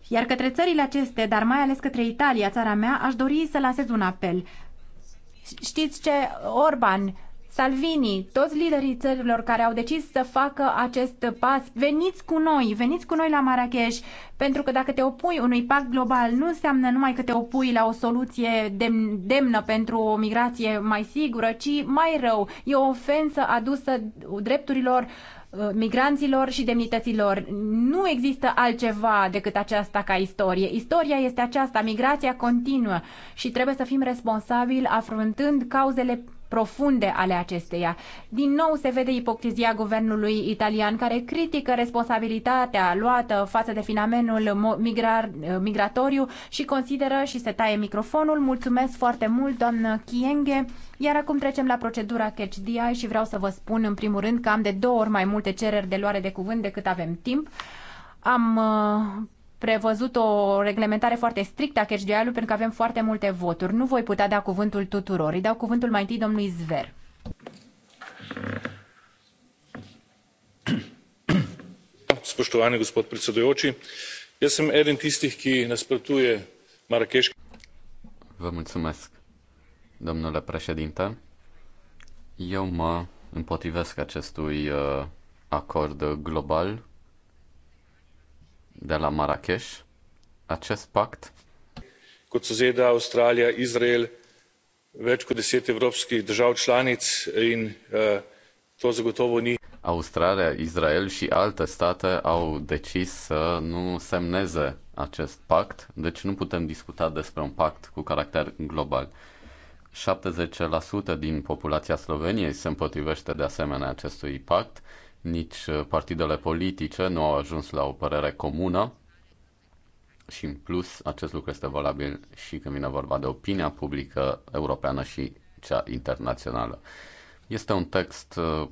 Iar către țările acestea, dar mai ales către Italia, țara mea, aș dori să lasez un apel. Știți ce? Orban, Salvini, toți liderii țărilor care au decis să facă acest pas, veniți cu noi, veniți cu noi la Marrakesh, pentru că dacă te opui unui pact global, nu înseamnă numai că te opui la o soluție demnă pentru o migrație mai sigură, ci mai rău, e o ofensă adusă drepturilor uh, Uh, migranților și demnităților. Nu există altceva decât aceasta ca istorie. Istoria este aceasta, migrația continuă și trebuie să fim responsabili afruntând cauzele profunde ale acesteia. Din nou se vede ipocrizia guvernului italian care critică responsabilitatea luată față de fenomenul migrar, migratoriu și consideră și se taie microfonul. Mulțumesc foarte mult, doamnă Chienghe. Iar acum trecem la procedura Catch și vreau să vă spun în primul rând că am de două ori mai multe cereri de luare de cuvânt decât avem timp. Am uh, prevăzut o reglementare foarte strictă a catch pentru că avem foarte multe voturi. Nu voi putea da cuvântul tuturor. Îi dau cuvântul mai întâi domnului Zver. (coughs) Spoštovani gospod predsedujoči, jaz sem eden tistih, ki nasprotuje Marrakeš. Vă mulțumesc, domnule președinte. Eu mă împotrivesc acestui uh, acord global de la Marrakesh. Acest pact kot zeda Avstralija, Izrael, več kot deset evropskih držav članic in eh, to zagotovo ni. Australia, Israel și alte state au decis să nu semneze acest pact, deci nu putem discuta despre un pact cu caracter global. 70% din populația Sloveniei se împotrivește de asemenea acestui pact nici uh, partidele politice nu au ajuns la o părere comună și în plus acest lucru este valabil și când vine vorba de opinia publică europeană și cea internațională. Este un text uh,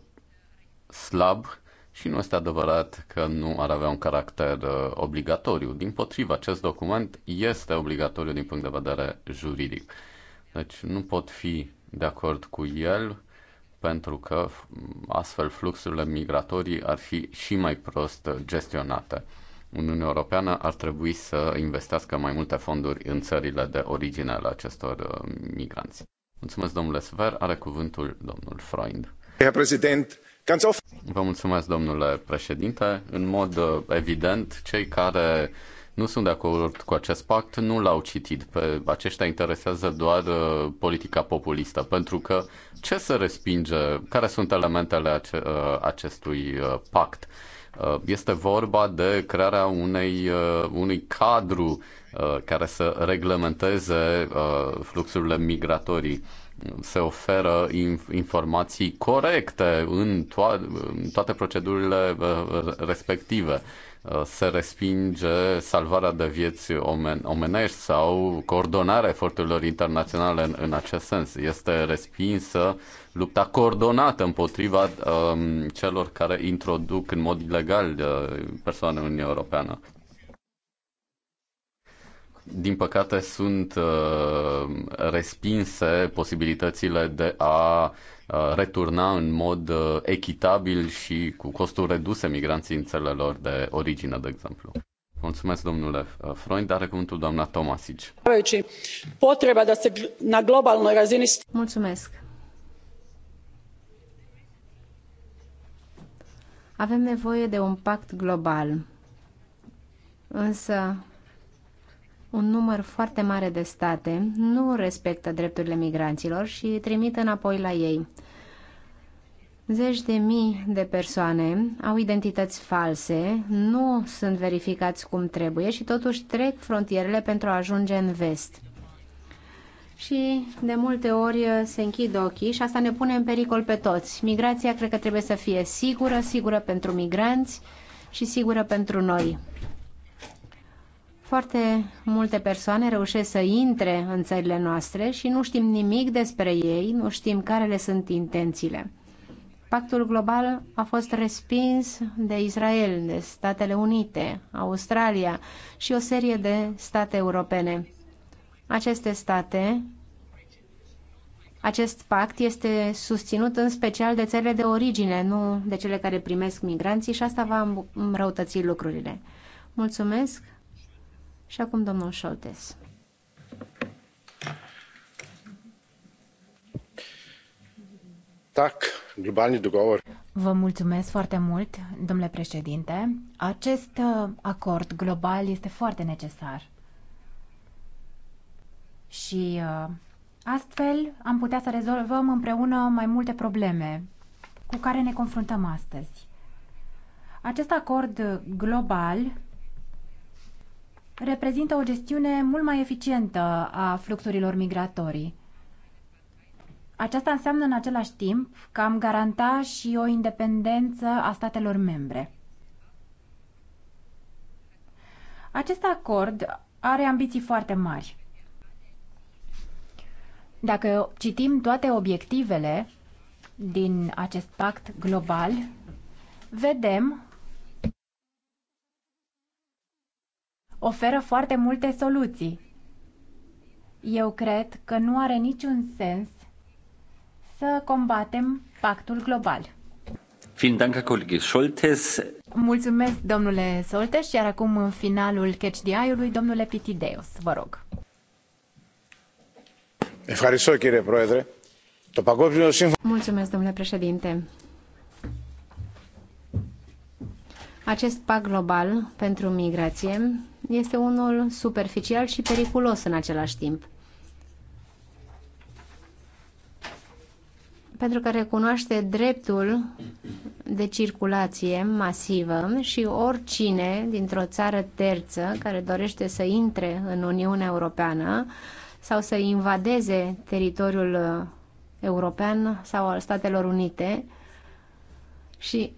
slab și nu este adevărat că nu ar avea un caracter uh, obligatoriu. Din potrivă, acest document este obligatoriu din punct de vedere juridic. Deci nu pot fi de acord cu el pentru că astfel fluxurile migratorii ar fi și mai prost gestionate. Uniunea Europeană ar trebui să investească mai multe fonduri în țările de origine ale acestor uh, migranți. Mulțumesc, domnule Sver. Are cuvântul domnul Freund. Vă mulțumesc, domnule președinte. În mod uh, evident, cei care nu sunt de acord cu acest pact, nu l-au citit. Pe aceștia interesează doar uh, politica populistă, pentru că ce se respinge, care sunt elementele ace- uh, acestui uh, pact? Uh, este vorba de crearea unei, uh, unui cadru uh, care să reglementeze fluxurile migratorii se oferă informații corecte în, to- în toate procedurile respective. Uh, se respinge salvarea de vieți omen- omenești sau coordonarea eforturilor internaționale în, în acest sens. Este respinsă lupta coordonată împotriva um, celor care introduc în mod ilegal uh, persoane în Uniunea Europeană. Din păcate sunt uh, respinse posibilitățile de a uh, Uh, returna în mod uh, echitabil și cu costuri reduse migranții în țările lor de origine, de exemplu. Mulțumesc, domnule uh, Freund. Are cuvântul doamna Tomasic. Potreba da se na globalnoj razini... Mulțumesc. Avem nevoie de un pact global. Însă un număr foarte mare de state nu respectă drepturile migranților și îi trimit înapoi la ei. Zeci de mii de persoane au identități false, nu sunt verificați cum trebuie și totuși trec frontierele pentru a ajunge în vest. Și de multe ori se închid ochii și asta ne pune în pericol pe toți. Migrația cred că trebuie să fie sigură, sigură pentru migranți și sigură pentru noi. Foarte multe persoane reușesc să intre în țările noastre și nu știm nimic despre ei, nu știm care le sunt intențiile. Pactul global a fost respins de Israel, de Statele Unite, Australia și o serie de state europene. Aceste state, acest pact este susținut în special de țările de origine, nu de cele care primesc migranții și asta va înrăutăți lucrurile. Mulțumesc! Și acum domnul Scholtes. Vă mulțumesc foarte mult, domnule președinte. Acest uh, acord global este foarte necesar. Și uh, astfel am putea să rezolvăm împreună mai multe probleme cu care ne confruntăm astăzi. Acest acord global reprezintă o gestiune mult mai eficientă a fluxurilor migratorii. Aceasta înseamnă în același timp că am garanta și o independență a statelor membre. Acest acord are ambiții foarte mari. Dacă citim toate obiectivele din acest pact global, vedem oferă foarte multe soluții. Eu cred că nu are niciun sens să combatem pactul global. Mulțumesc, domnule Soltes, iar acum în finalul catch the ului domnule Pitideos, vă rog. Mulțumesc, domnule președinte. Acest pact global pentru migrație este unul superficial și periculos în același timp. pentru că recunoaște dreptul de circulație masivă și oricine dintr-o țară terță care dorește să intre în Uniunea Europeană sau să invadeze teritoriul european sau al Statelor Unite și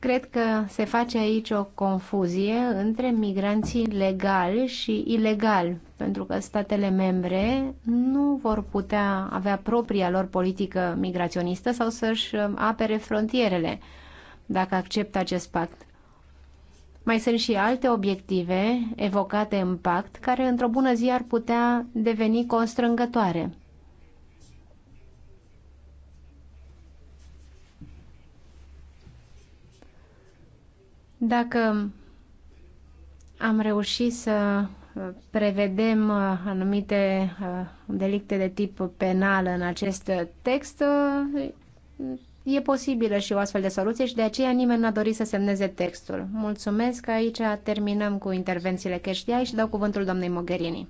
Cred că se face aici o confuzie între migranții legali și ilegali, pentru că statele membre nu vor putea avea propria lor politică migraționistă sau să-și apere frontierele dacă acceptă acest pact. Mai sunt și alte obiective evocate în pact care într-o bună zi ar putea deveni constrângătoare. Dacă am reușit să uh, prevedem uh, anumite uh, delicte de tip penal în acest text, e posibilă și o astfel de soluție și de aceea nimeni n-a dorit să semneze textul. Mulțumesc, aici terminăm cu intervențiile CashDI și dau cuvântul doamnei Mogherini.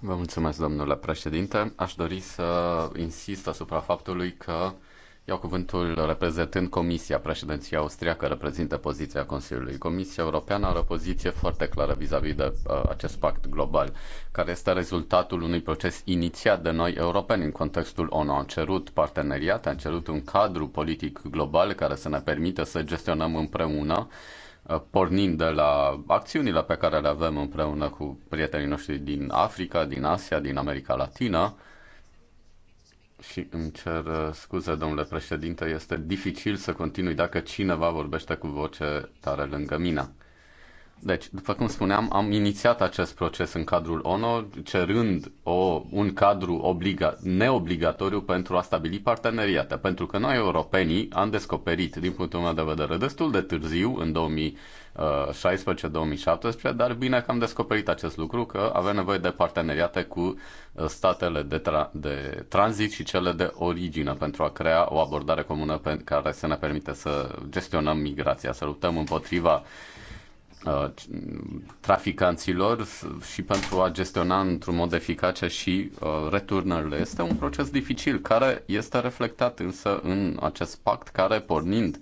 Vă mulțumesc, domnule președinte. Aș dori să insist asupra faptului că Iau cuvântul reprezentând Comisia, președinția austriacă reprezintă poziția Consiliului. Comisia Europeană are o poziție foarte clară vis-a-vis -vis de uh, acest pact global, care este rezultatul unui proces inițiat de noi europeni în contextul ONU. Am cerut parteneriat, am cerut un cadru politic global care să ne permită să gestionăm împreună uh, pornind de la acțiunile pe care le avem împreună cu prietenii noștri din Africa, din Asia, din America Latină, și îmi cer uh, scuze, domnule președinte, este dificil să continui dacă cineva vorbește cu voce tare lângă mine. Deci, după cum spuneam, am inițiat acest proces în cadrul ONU, cerând o, un cadru obliga, neobligatoriu pentru a stabili parteneriate. Pentru că noi, europenii, am descoperit, din punctul meu de vedere, destul de târziu, în 2000 2016-2017, dar bine că am descoperit acest lucru, că avem nevoie de parteneriate cu uh, statele de, tra- de tranzit și cele de origine pentru a crea o abordare comună pe care să ne permite să gestionăm migrația, să luptăm împotriva uh, traficanților și pentru a gestiona într-un mod eficace și uh, returnările. Este un proces dificil care este reflectat însă în acest pact care pornind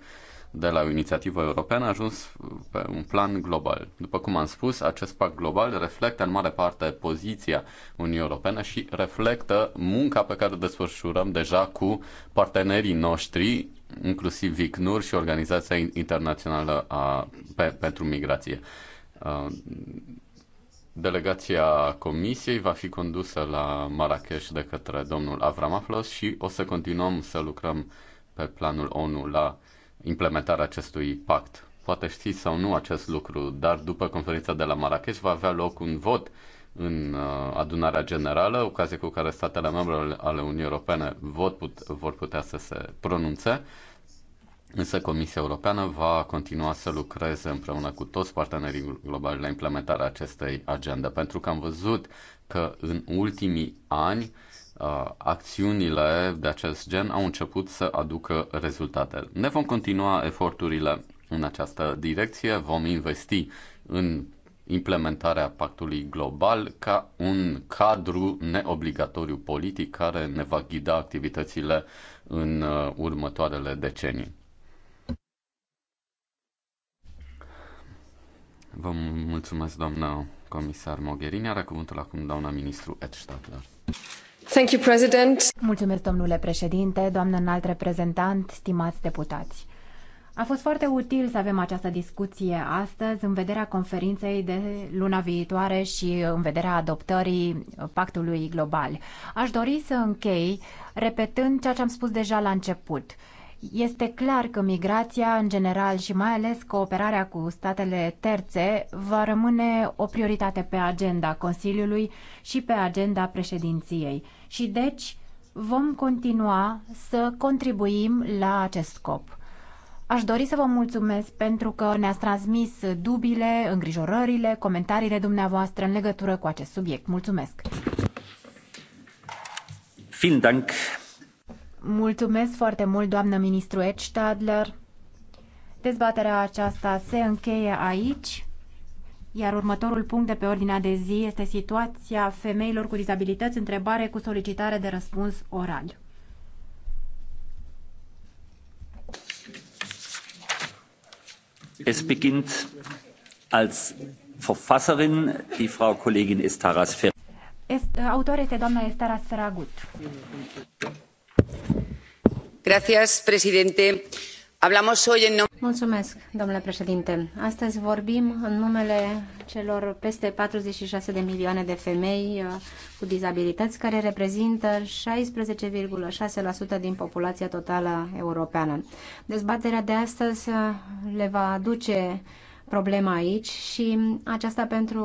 de la o inițiativă europeană a ajuns pe un plan global. După cum am spus, acest pact global reflectă în mare parte poziția Uniunii Europene și reflectă munca pe care o desfășurăm deja cu partenerii noștri, inclusiv VICNUR și Organizația Internațională a, pe, pentru Migrație. Uh, delegația comisiei va fi condusă la Marrakesh de către domnul Avramopoulos și o să continuăm să lucrăm pe planul ONU la implementarea acestui pact. Poate știți sau nu acest lucru, dar după conferința de la Marrakech va avea loc un vot în uh, adunarea generală, ocazie cu care statele membre ale Uniunii Europene vot put, vor putea să se pronunțe. Însă Comisia Europeană va continua să lucreze împreună cu toți partenerii globali la implementarea acestei agende, pentru că am văzut că în ultimii ani uh, Uh, acțiunile de acest gen au început să aducă rezultate. Ne vom continua eforturile în această direcție, vom investi în implementarea pactului global ca un cadru neobligatoriu politic care ne va ghida activitățile în uh, următoarele decenii. Vă mulțumesc, doamna comisar Mogherini. Are cuvântul acum doamna ministru Ed Stadler. Mulțumesc, domnule președinte, doamnă înalt reprezentant, stimați deputați. A fost foarte util să avem această discuție astăzi în vederea conferinței de luna viitoare și în vederea adoptării pactului global. Aș dori să închei repetând ceea ce am spus deja la început. Este clar că migrația în general și mai ales cooperarea cu statele terțe va rămâne o prioritate pe agenda Consiliului și pe agenda președinției și deci vom continua să contribuim la acest scop. Aș dori să vă mulțumesc pentru că ne-ați transmis dubile, îngrijorările, comentariile dumneavoastră în legătură cu acest subiect. Mulțumesc! Vielen Dank. Mulțumesc foarte mult, doamnă ministru Edstadler. Dezbaterea aceasta se încheie aici. Iar următorul punct de pe ordinea de zi este situația femeilor cu dizabilități, întrebare cu solicitare de răspuns oral. Es beginnt als Verfasserin die Frau Kollegin Estaras Fer. Est, autor este doamna Estaras Ferragut. Gracias, presidente domnule președinte. Astăzi vorbim în numele celor peste șase de milioane de femei uh, cu dizabilități, care reprezintă șase din populația totală europeană. Dezbaterea de astăzi uh, le va aduce Problema aici și aceasta pentru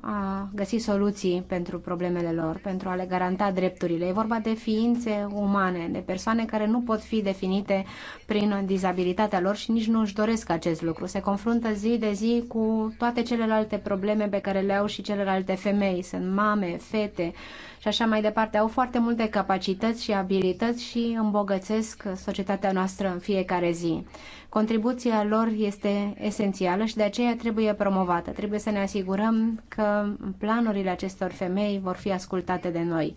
a găsi soluții pentru problemele lor, pentru a le garanta drepturile. E vorba de ființe umane, de persoane care nu pot fi definite prin dizabilitatea lor și nici nu își doresc acest lucru. Se confruntă zi de zi cu toate celelalte probleme pe care le au și celelalte femei. Sunt mame, fete, și așa mai departe. Au foarte multe capacități și abilități și îmbogățesc societatea noastră în fiecare zi. Contribuția lor este esențială și de aceea trebuie promovată. Trebuie să ne asigurăm că planurile acestor femei vor fi ascultate de noi.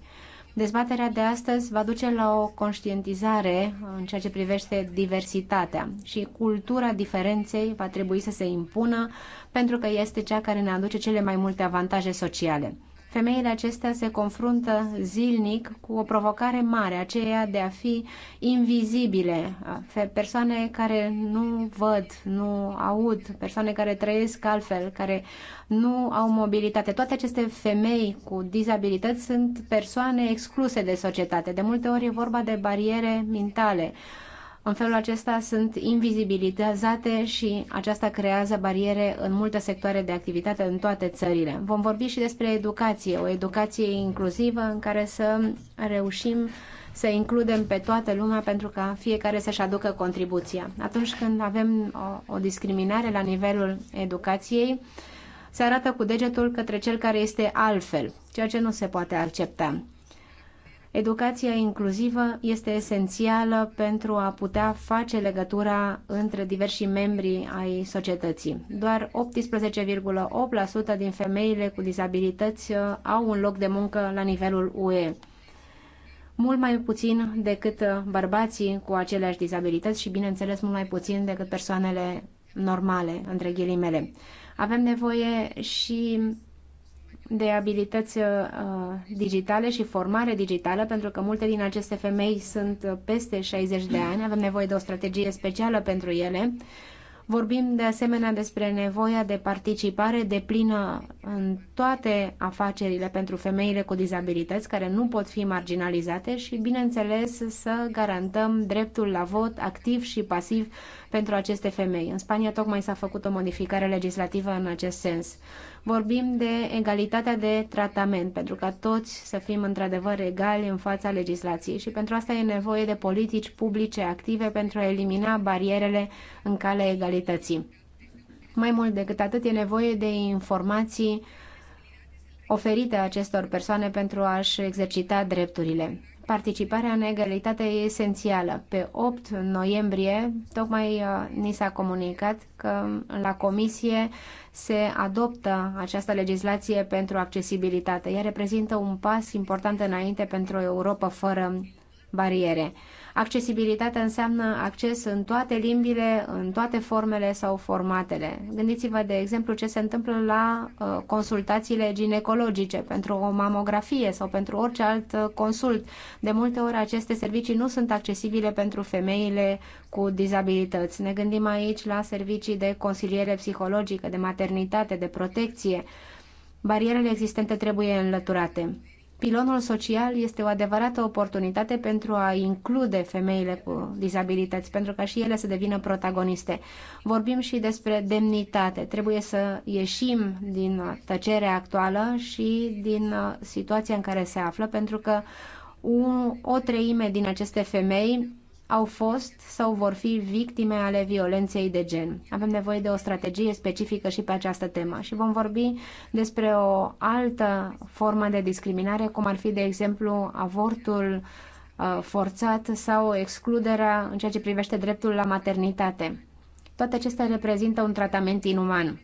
Dezbaterea de astăzi va duce la o conștientizare în ceea ce privește diversitatea și cultura diferenței va trebui să se impună pentru că este cea care ne aduce cele mai multe avantaje sociale. Femeile acestea se confruntă zilnic cu o provocare mare, aceea de a fi invizibile, persoane care nu văd, nu aud, persoane care trăiesc altfel, care nu au mobilitate. Toate aceste femei cu dizabilități sunt persoane excluse de societate. De multe ori e vorba de bariere mentale în felul acesta sunt invizibilizate și aceasta creează bariere în multe sectoare de activitate în toate țările. Vom vorbi și despre educație, o educație inclusivă în care să reușim să includem pe toată lumea pentru ca fiecare să-și aducă contribuția. Atunci când avem o, o discriminare la nivelul educației, se arată cu degetul către cel care este altfel, ceea ce nu se poate accepta. Educația inclusivă este esențială pentru a putea face legătura între diversi membri ai societății. Doar 18,8% din femeile cu dizabilități uh, au un loc de muncă la nivelul UE mult mai puțin decât uh, bărbații cu aceleași dizabilități și, bineînțeles, mult mai puțin decât persoanele normale, între ghilimele. Avem nevoie și de abilități uh, digitale și formare digitală, pentru că multe din aceste femei sunt uh, peste 60 de ani, avem nevoie de o strategie specială pentru ele. Vorbim de asemenea despre nevoia de participare de plină în toate afacerile pentru femeile cu dizabilități care nu pot fi marginalizate și, bineînțeles, să garantăm dreptul la vot activ și pasiv pentru aceste femei. În Spania tocmai s-a făcut o modificare legislativă în acest sens vorbim de egalitatea de tratament, pentru ca toți să fim într-adevăr egali în fața legislației și pentru asta e nevoie de politici publice active pentru a elimina barierele în calea egalității. Mai mult decât atât, e nevoie de informații oferite acestor persoane pentru a-și exercita drepturile participarea în egalitate e esențială. Pe 8 noiembrie, tocmai uh, ni s-a comunicat că la comisie se adoptă această legislație pentru accesibilitate. Ea reprezintă un pas important înainte pentru o Europa fără bariere. Accesibilitatea înseamnă acces în toate limbile, în toate formele sau formatele. Gândiți-vă, de exemplu, ce se întâmplă la uh, consultațiile ginecologice pentru o mamografie sau pentru orice alt uh, consult. De multe ori aceste servicii nu sunt accesibile pentru femeile cu dizabilități. Ne gândim aici la servicii de consiliere psihologică, de maternitate, de protecție. Barierele existente trebuie înlăturate. Pilonul social este o adevărată oportunitate pentru a include femeile cu dizabilități, pentru ca și ele să devină protagoniste. Vorbim și despre demnitate. Trebuie să ieșim din tăcerea actuală și din situația în care se află, pentru că un, o treime din aceste femei au fost sau vor fi victime ale violenței de gen. Avem nevoie de o strategie specifică și pe această temă și vom vorbi despre o altă formă de discriminare, cum ar fi, de exemplu, avortul uh, forțat sau excluderea în ceea ce privește dreptul la maternitate. Toate acestea reprezintă un tratament inuman.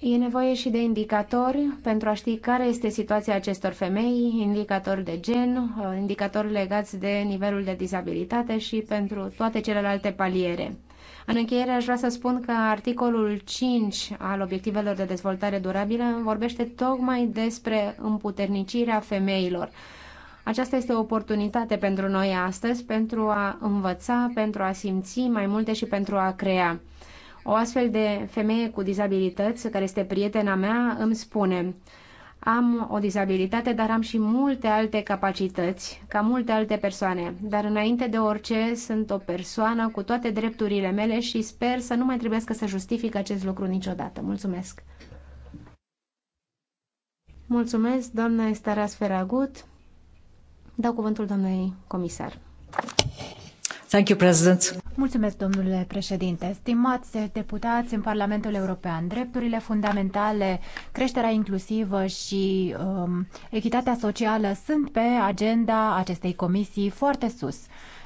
E nevoie și de indicatori pentru a ști care este situația acestor femei, indicatori de gen, uh, indicatori legați de nivelul de dizabilitate și pentru toate celelalte paliere. În încheiere aș vrea să spun că articolul 5 al obiectivelor de dezvoltare durabilă vorbește tocmai despre împuternicirea femeilor. Aceasta este o oportunitate pentru noi astăzi pentru a învăța, pentru a simți mai multe și pentru a crea. O astfel de femeie cu dizabilități, care este prietena mea, îmi spune am o dizabilitate, dar am și multe alte capacități, ca multe alte persoane. Dar înainte de orice, sunt o persoană cu toate drepturile mele și sper să nu mai trebuiască să justific acest lucru niciodată. Mulțumesc! Mulțumesc, doamna Estaras Feragut. Dau cuvântul doamnei comisar. Thank you, President. Mulțumesc, domnule președinte. Stimați deputați în Parlamentul European, drepturile fundamentale, creșterea inclusivă și um, echitatea socială sunt pe agenda acestei comisii foarte sus.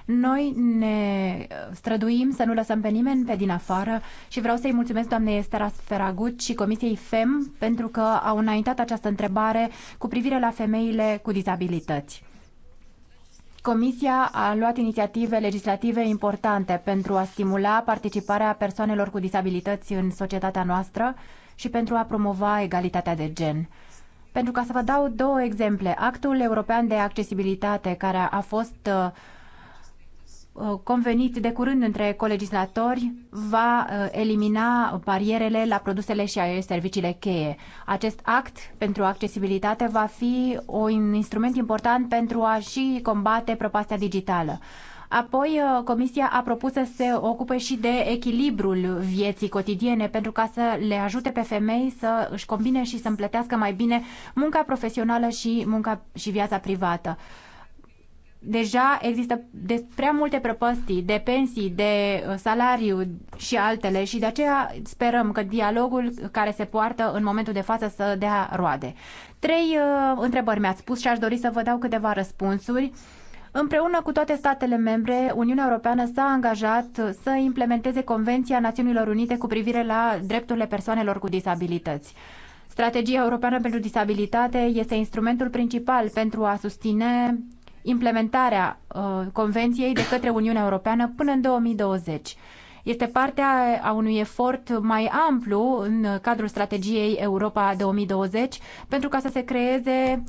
Noi ne străduim să nu lăsăm pe nimeni pe din afară și vreau să-i mulțumesc doamnei Estera Sferagut și Comisiei FEM pentru că au înaintat această întrebare cu privire la femeile cu dizabilități. Comisia a luat inițiative legislative importante pentru a stimula participarea persoanelor cu disabilități în societatea noastră și pentru a promova egalitatea de gen. Pentru ca să vă dau două exemple, actul european de accesibilitate care a fost uh, Uh, convenit de curând între colegislatori va uh, elimina barierele la produsele și serviciile cheie. Acest act pentru accesibilitate va fi un instrument important pentru a și combate propastea digitală. Apoi, uh, Comisia a propus să se ocupe și de echilibrul vieții cotidiene pentru ca să le ajute pe femei să își combine și să împletească mai bine munca profesională și munca și viața privată deja există de prea multe prăpăstii de pensii, de uh, salariu și altele și de aceea sperăm că dialogul care se poartă în momentul de față să dea roade. Trei uh, întrebări mi-ați spus și aș dori să vă dau câteva răspunsuri. Împreună cu toate statele membre, Uniunea Europeană s-a angajat să implementeze Convenția Națiunilor Unite cu privire la drepturile persoanelor cu disabilități. Strategia Europeană pentru Disabilitate este instrumentul principal pentru a susține implementarea uh, convenției de către Uniunea Europeană până în 2020. Este partea a unui efort mai amplu în cadrul strategiei Europa 2020 pentru ca să se creeze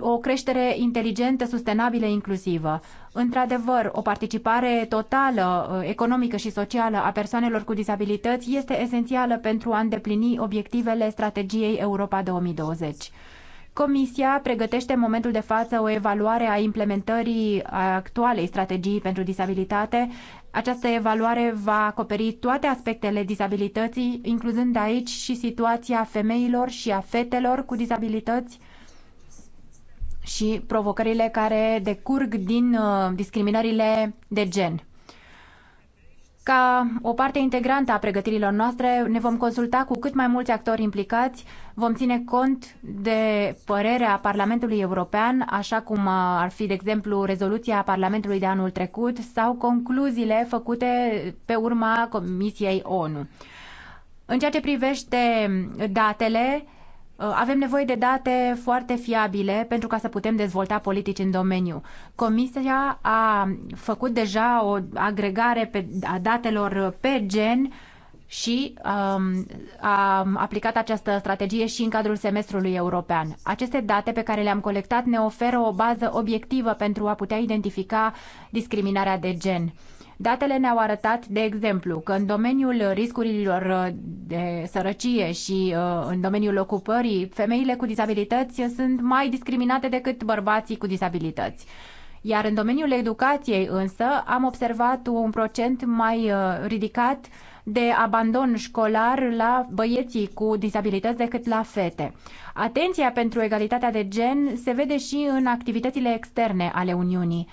o creștere inteligentă, sustenabilă, inclusivă. Într-adevăr, o participare totală, uh, economică și socială a persoanelor cu dizabilități este esențială pentru a îndeplini obiectivele strategiei Europa 2020. Comisia pregătește în momentul de față o evaluare a implementării actualei strategii pentru disabilitate. Această evaluare va acoperi toate aspectele disabilității, incluzând aici și situația femeilor și a fetelor cu disabilități și provocările care decurg din uh, discriminările de gen. Ca o parte integrantă a pregătirilor noastre, ne vom consulta cu cât mai mulți actori implicați, vom ține cont de părerea Parlamentului European, așa cum uh, ar fi, de exemplu, rezoluția Parlamentului de anul trecut sau concluziile făcute pe urma Comisiei ONU. În ceea ce privește datele, Uh, avem nevoie de date foarte fiabile pentru ca să putem dezvolta politici în domeniu. Comisia a făcut deja o agregare pe, a datelor pe gen și um, a aplicat această strategie și în cadrul semestrului european. Aceste date pe care le-am colectat ne oferă o bază obiectivă pentru a putea identifica discriminarea de gen. Datele ne-au arătat, de exemplu, că în domeniul riscurilor uh, de sărăcie și uh, în domeniul ocupării, femeile cu dizabilități sunt mai discriminate decât bărbații cu dizabilități. Iar în domeniul educației însă am observat un procent mai uh, ridicat de abandon școlar la băieții cu dizabilități decât la fete. Atenția pentru egalitatea de gen se vede și în activitățile externe ale Uniunii.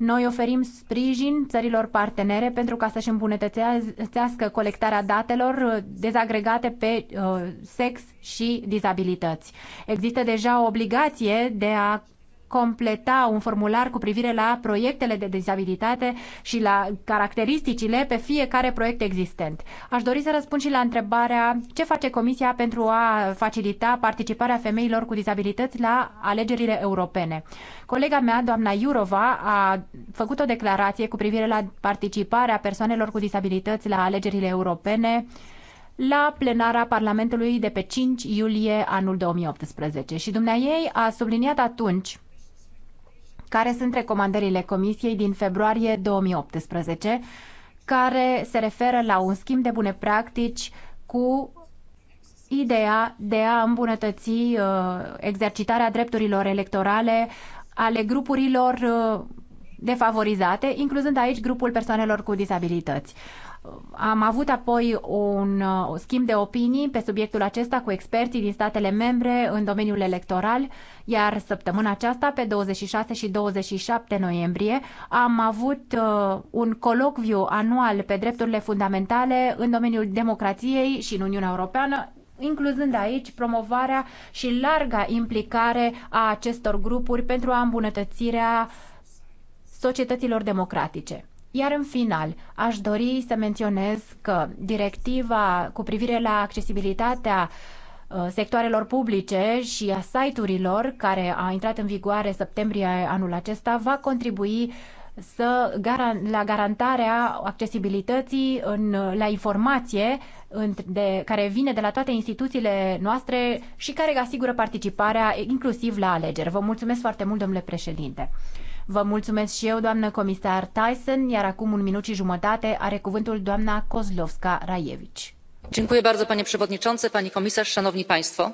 Noi oferim sprijin țărilor partenere pentru ca să-și îmbunătățească colectarea datelor uh, dezagregate pe uh, sex și dizabilități. Există deja o obligație de a completa un formular cu privire la proiectele de dizabilitate și la caracteristicile pe fiecare proiect existent. Aș dori să răspund și la întrebarea ce face Comisia pentru a facilita participarea femeilor cu dizabilități la alegerile europene. Colega mea, doamna Iurova, a făcut o declarație cu privire la participarea persoanelor cu dizabilități la alegerile europene la plenara Parlamentului de pe 5 iulie anul 2018 și dumneai ei a subliniat atunci care sunt recomandările Comisiei din februarie 2018, care se referă la un schimb de bune practici cu ideea de a îmbunătăți uh, exercitarea drepturilor electorale ale grupurilor uh, defavorizate, incluzând aici grupul persoanelor cu dizabilități. Am avut apoi un uh, schimb de opinii pe subiectul acesta cu experții din statele membre în domeniul electoral, iar săptămâna aceasta, pe 26 și 27 noiembrie, am avut uh, un colocviu anual pe drepturile fundamentale în domeniul democrației și în Uniunea Europeană, incluzând aici promovarea și larga implicare a acestor grupuri pentru a îmbunătățirea societăților democratice. Iar în final, aș dori să menționez că directiva cu privire la accesibilitatea uh, sectoarelor publice și a site-urilor, care a intrat în vigoare septembrie anul acesta, va contribui să garan- la garantarea accesibilității în, la informație în, de, care vine de la toate instituțiile noastre și care asigură participarea inclusiv la alegeri. Vă mulțumesc foarte mult, domnule președinte. Vă mulțumesc și eu, doamnă comisar Tyson, iar acum un minut și jumătate are cuvântul doamna Kozlovska-Rajevici. Dziękuję bardzo, panie przewodniczący, pani komisarz, szanowni państwo.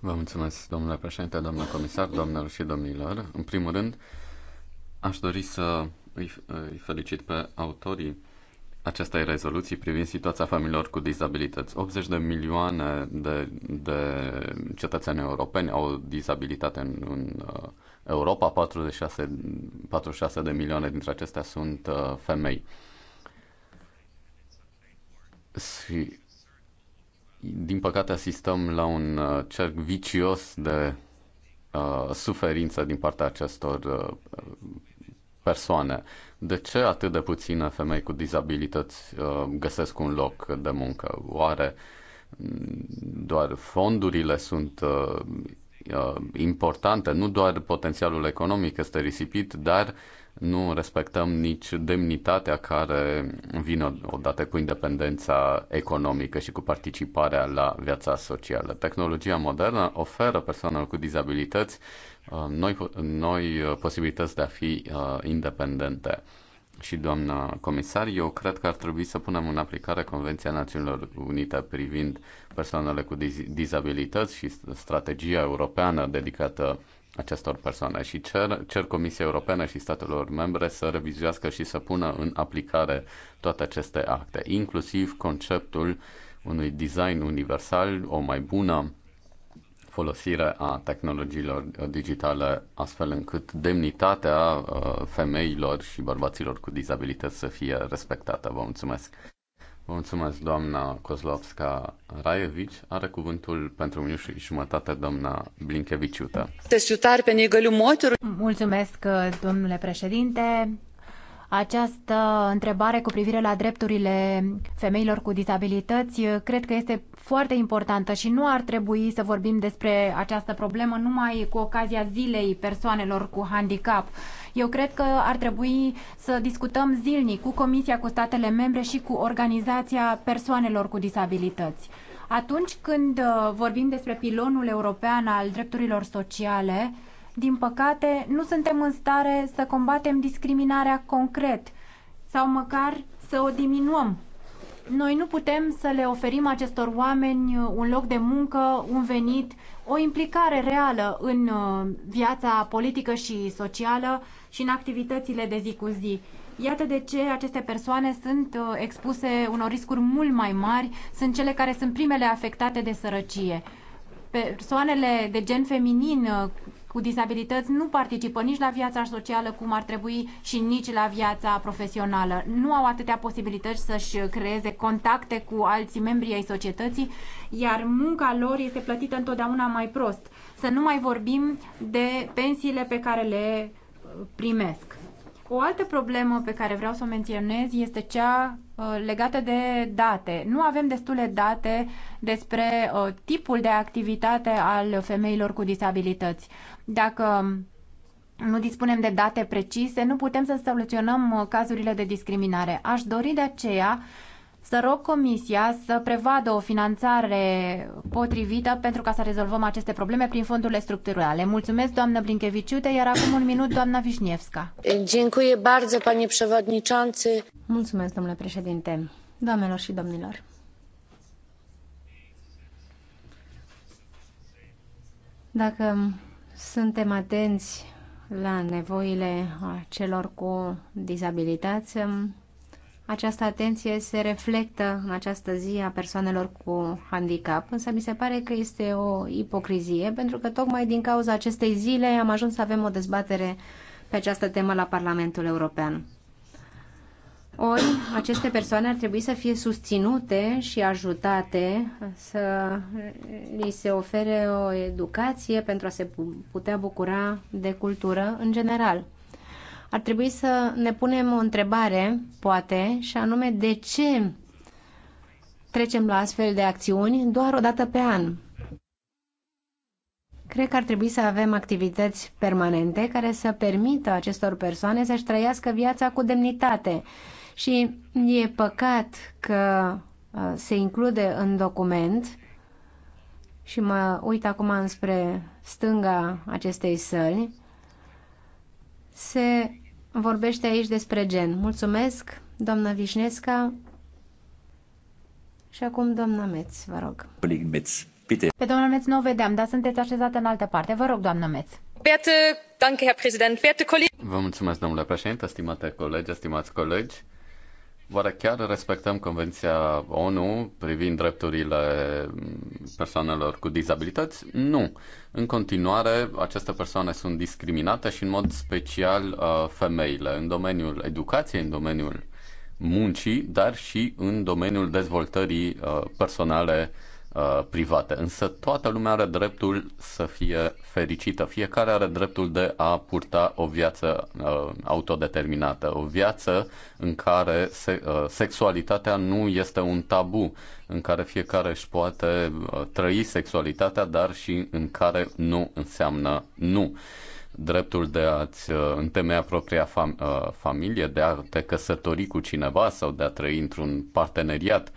Vă mulțumesc, domnule președinte, doamnă comisar, doamnelor și domnilor. În primul rând, aș dori să îi, îi felicit pe autorii acestei rezoluții privind situația familiilor cu dizabilități. 80 de milioane de, de cetățeni europeni au dizabilitate în, în Europa, 46, 46 de milioane dintre acestea sunt uh, femei. Și, din păcate, asistăm la un uh, cerc vicios de uh, suferință din partea acestor uh, persoane. De ce atât de puține femei cu dizabilități uh, găsesc un loc de muncă? Oare mm, doar fondurile sunt uh, Uh, importantă, nu doar potențialul economic este risipit, dar nu respectăm nici demnitatea care vine odată cu independența economică și cu participarea la viața socială. Tehnologia modernă oferă persoanelor cu dizabilități uh, noi, noi uh, posibilități de a fi independente. Și, doamna comisar, eu cred că ar trebui să punem în aplicare Convenția Națiunilor Unite privind persoanele cu dizabilități și strategia europeană dedicată acestor persoane și cer, cer Comisia Europeană și statelor membre să revizuiască și să pună în aplicare toate aceste acte, inclusiv conceptul unui design universal, o mai bună folosire a tehnologiilor digitale, astfel încât demnitatea uh, femeilor și bărbaților cu dizabilități să fie respectată. Vă mulțumesc! Mulțumesc, doamna Kozlovska Raievici. Are cuvântul pentru minut și jumătate, doamna Blinkeviciută. Mulțumesc, domnule președinte. Această întrebare cu privire la drepturile femeilor cu dizabilități cred că este foarte importantă și nu ar trebui să vorbim despre această problemă numai cu ocazia zilei persoanelor cu handicap eu cred că ar trebui să discutăm zilnic cu Comisia, cu statele membre și cu Organizația Persoanelor cu Disabilități. Atunci când uh, vorbim despre pilonul european al drepturilor sociale, din păcate, nu suntem în stare să combatem discriminarea concret sau măcar să o diminuăm. Noi nu putem să le oferim acestor oameni uh, un loc de muncă, un venit, o implicare reală în uh, viața politică și socială și în activitățile de zi cu zi. Iată de ce aceste persoane sunt uh, expuse unor riscuri mult mai mari, sunt cele care sunt primele afectate de sărăcie. Persoanele de gen feminin uh, cu disabilități nu participă nici la viața socială cum ar trebui și nici la viața profesională. Nu au atâtea posibilități să-și creeze contacte cu alții membri ai societății, iar munca lor este plătită întotdeauna mai prost. Să nu mai vorbim de pensiile pe care le primesc. O altă problemă pe care vreau să o menționez este cea uh, legată de date. Nu avem destule date despre uh, tipul de activitate al femeilor cu disabilități. Dacă nu dispunem de date precise, nu putem să soluționăm uh, cazurile de discriminare. Aș dori de aceea să rog Comisia să prevadă o finanțare potrivită pentru ca să rezolvăm aceste probleme prin fondurile structurale. Mulțumesc, doamnă Blinkeviciute, iar acum un minut, doamna Vișnievska. Dziękuję bardzo, panie przewodniczący. Mulțumesc, domnule președinte. Doamnelor și domnilor. Dacă suntem atenți la nevoile celor cu dizabilități, această atenție se reflectă în această zi a persoanelor cu handicap, însă mi se pare că este o ipocrizie, pentru că tocmai din cauza acestei zile am ajuns să avem o dezbatere pe această temă la Parlamentul European. Ori aceste persoane ar trebui să fie susținute și ajutate să li se ofere o educație pentru a se putea bucura de cultură în general ar trebui să ne punem o întrebare, poate, și anume de ce trecem la astfel de acțiuni doar o dată pe an. Cred că ar trebui să avem activități permanente care să permită acestor persoane să-și trăiască viața cu demnitate. Și e păcat că uh, se include în document și mă uit acum înspre stânga acestei săli, se vorbește aici despre gen. Mulțumesc, doamna Vișnesca. Și acum doamna Meț, vă rog. Meț, pite. Pe doamna Meț nu o vedeam, dar sunteți așezată în altă parte. Vă rog, doamna Meț. Vă mulțumesc, domnule președinte, stimate colegi, stimați colegi. Oare chiar respectăm Convenția ONU privind drepturile persoanelor cu dizabilități? Nu. În continuare, aceste persoane sunt discriminate și în mod special uh, femeile în domeniul educației, în domeniul muncii, dar și în domeniul dezvoltării uh, personale Uh, private. Însă toată lumea are dreptul să fie fericită. Fiecare are dreptul de a purta o viață uh, autodeterminată, o viață în care se, uh, sexualitatea nu este un tabu, în care fiecare își poate uh, trăi sexualitatea, dar și în care nu înseamnă nu dreptul de a-ți uh, întemeia propria fam- uh, familie, de a te căsători cu cineva sau de a trăi într-un parteneriat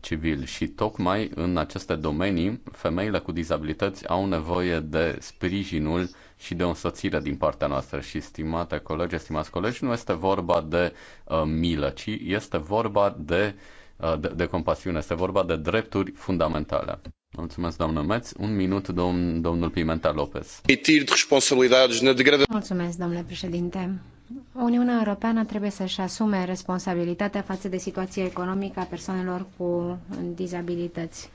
civil și tocmai în aceste domenii femeile cu dizabilități au nevoie de sprijinul și de o însoțire din partea noastră și stimate colegi, stimați colegi, nu este vorba de uh, milă, ci este vorba de, uh, de, de compasiune, este vorba de drepturi fundamentale. Mulțumesc, doamnă Meț. Un minut, domn, domnul Pimenta Lopez. Mulțumesc, domnule președinte. Uniunea Europeană trebuie să-și asume responsabilitatea față de situația economică a persoanelor cu dizabilități.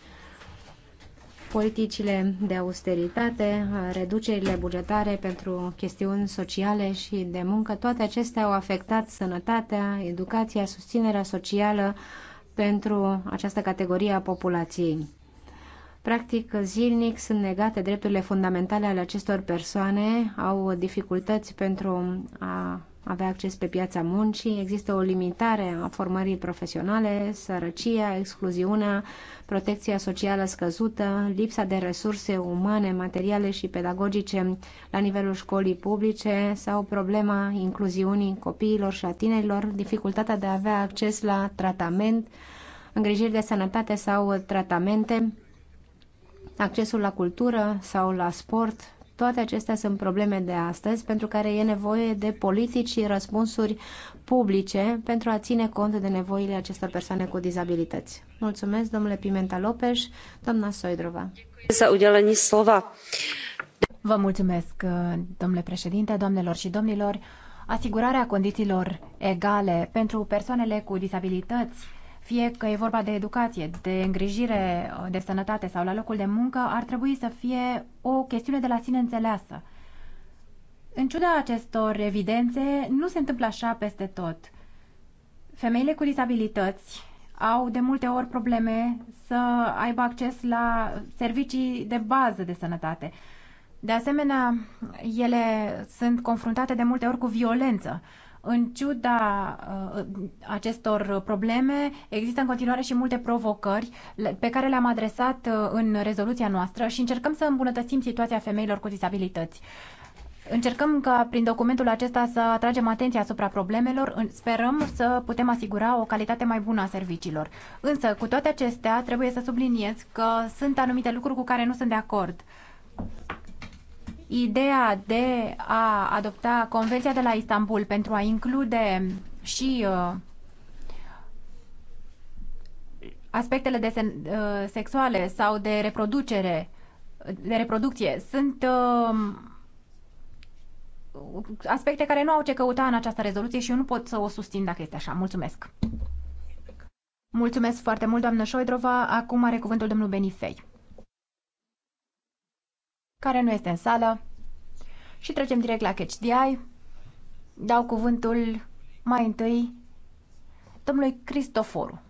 Politicile de austeritate, reducerile bugetare pentru chestiuni sociale și de muncă, toate acestea au afectat sănătatea, educația, susținerea socială pentru această categorie a populației. Practic, zilnic sunt negate drepturile fundamentale ale acestor persoane, au dificultăți pentru a avea acces pe piața muncii, există o limitare a formării profesionale, sărăcia, excluziunea, protecția socială scăzută, lipsa de resurse umane, materiale și pedagogice la nivelul școlii publice sau problema incluziunii copiilor și a tinerilor, dificultatea de a avea acces la tratament, îngrijiri de sănătate sau tratamente, accesul la cultură sau la sport, toate acestea sunt probleme de astăzi pentru care e nevoie de politici și răspunsuri publice pentru a ține cont de nevoile acestor persoane cu dizabilități. Mulțumesc, domnule Pimenta Lopez, doamna Soidrova. Vă mulțumesc, domnule președinte, doamnelor și domnilor. Asigurarea condițiilor egale pentru persoanele cu dizabilități fie că e vorba de educație, de îngrijire de sănătate sau la locul de muncă, ar trebui să fie o chestiune de la sine înțeleasă. În ciuda acestor evidențe, nu se întâmplă așa peste tot. Femeile cu disabilități au de multe ori probleme să aibă acces la servicii de bază de sănătate. De asemenea, ele sunt confruntate de multe ori cu violență. În ciuda uh, acestor probleme, există în continuare și multe provocări pe care le-am adresat uh, în rezoluția noastră și încercăm să îmbunătățim situația femeilor cu disabilități. Încercăm ca prin documentul acesta să atragem atenția asupra problemelor, sperăm să putem asigura o calitate mai bună a serviciilor. Însă, cu toate acestea, trebuie să subliniez că sunt anumite lucruri cu care nu sunt de acord. Ideea de a adopta Convenția de la Istanbul pentru a include și uh, aspectele de sen, uh, sexuale sau de reproducere, de reproducție, sunt uh, aspecte care nu au ce căuta în această rezoluție și eu nu pot să o susțin dacă este așa. Mulțumesc! Mulțumesc foarte mult, doamnă Șoidrova. Acum are cuvântul domnul Benifei care nu este în sală și trecem direct la Catch the Eye. Dau cuvântul mai întâi domnului Cristoforu.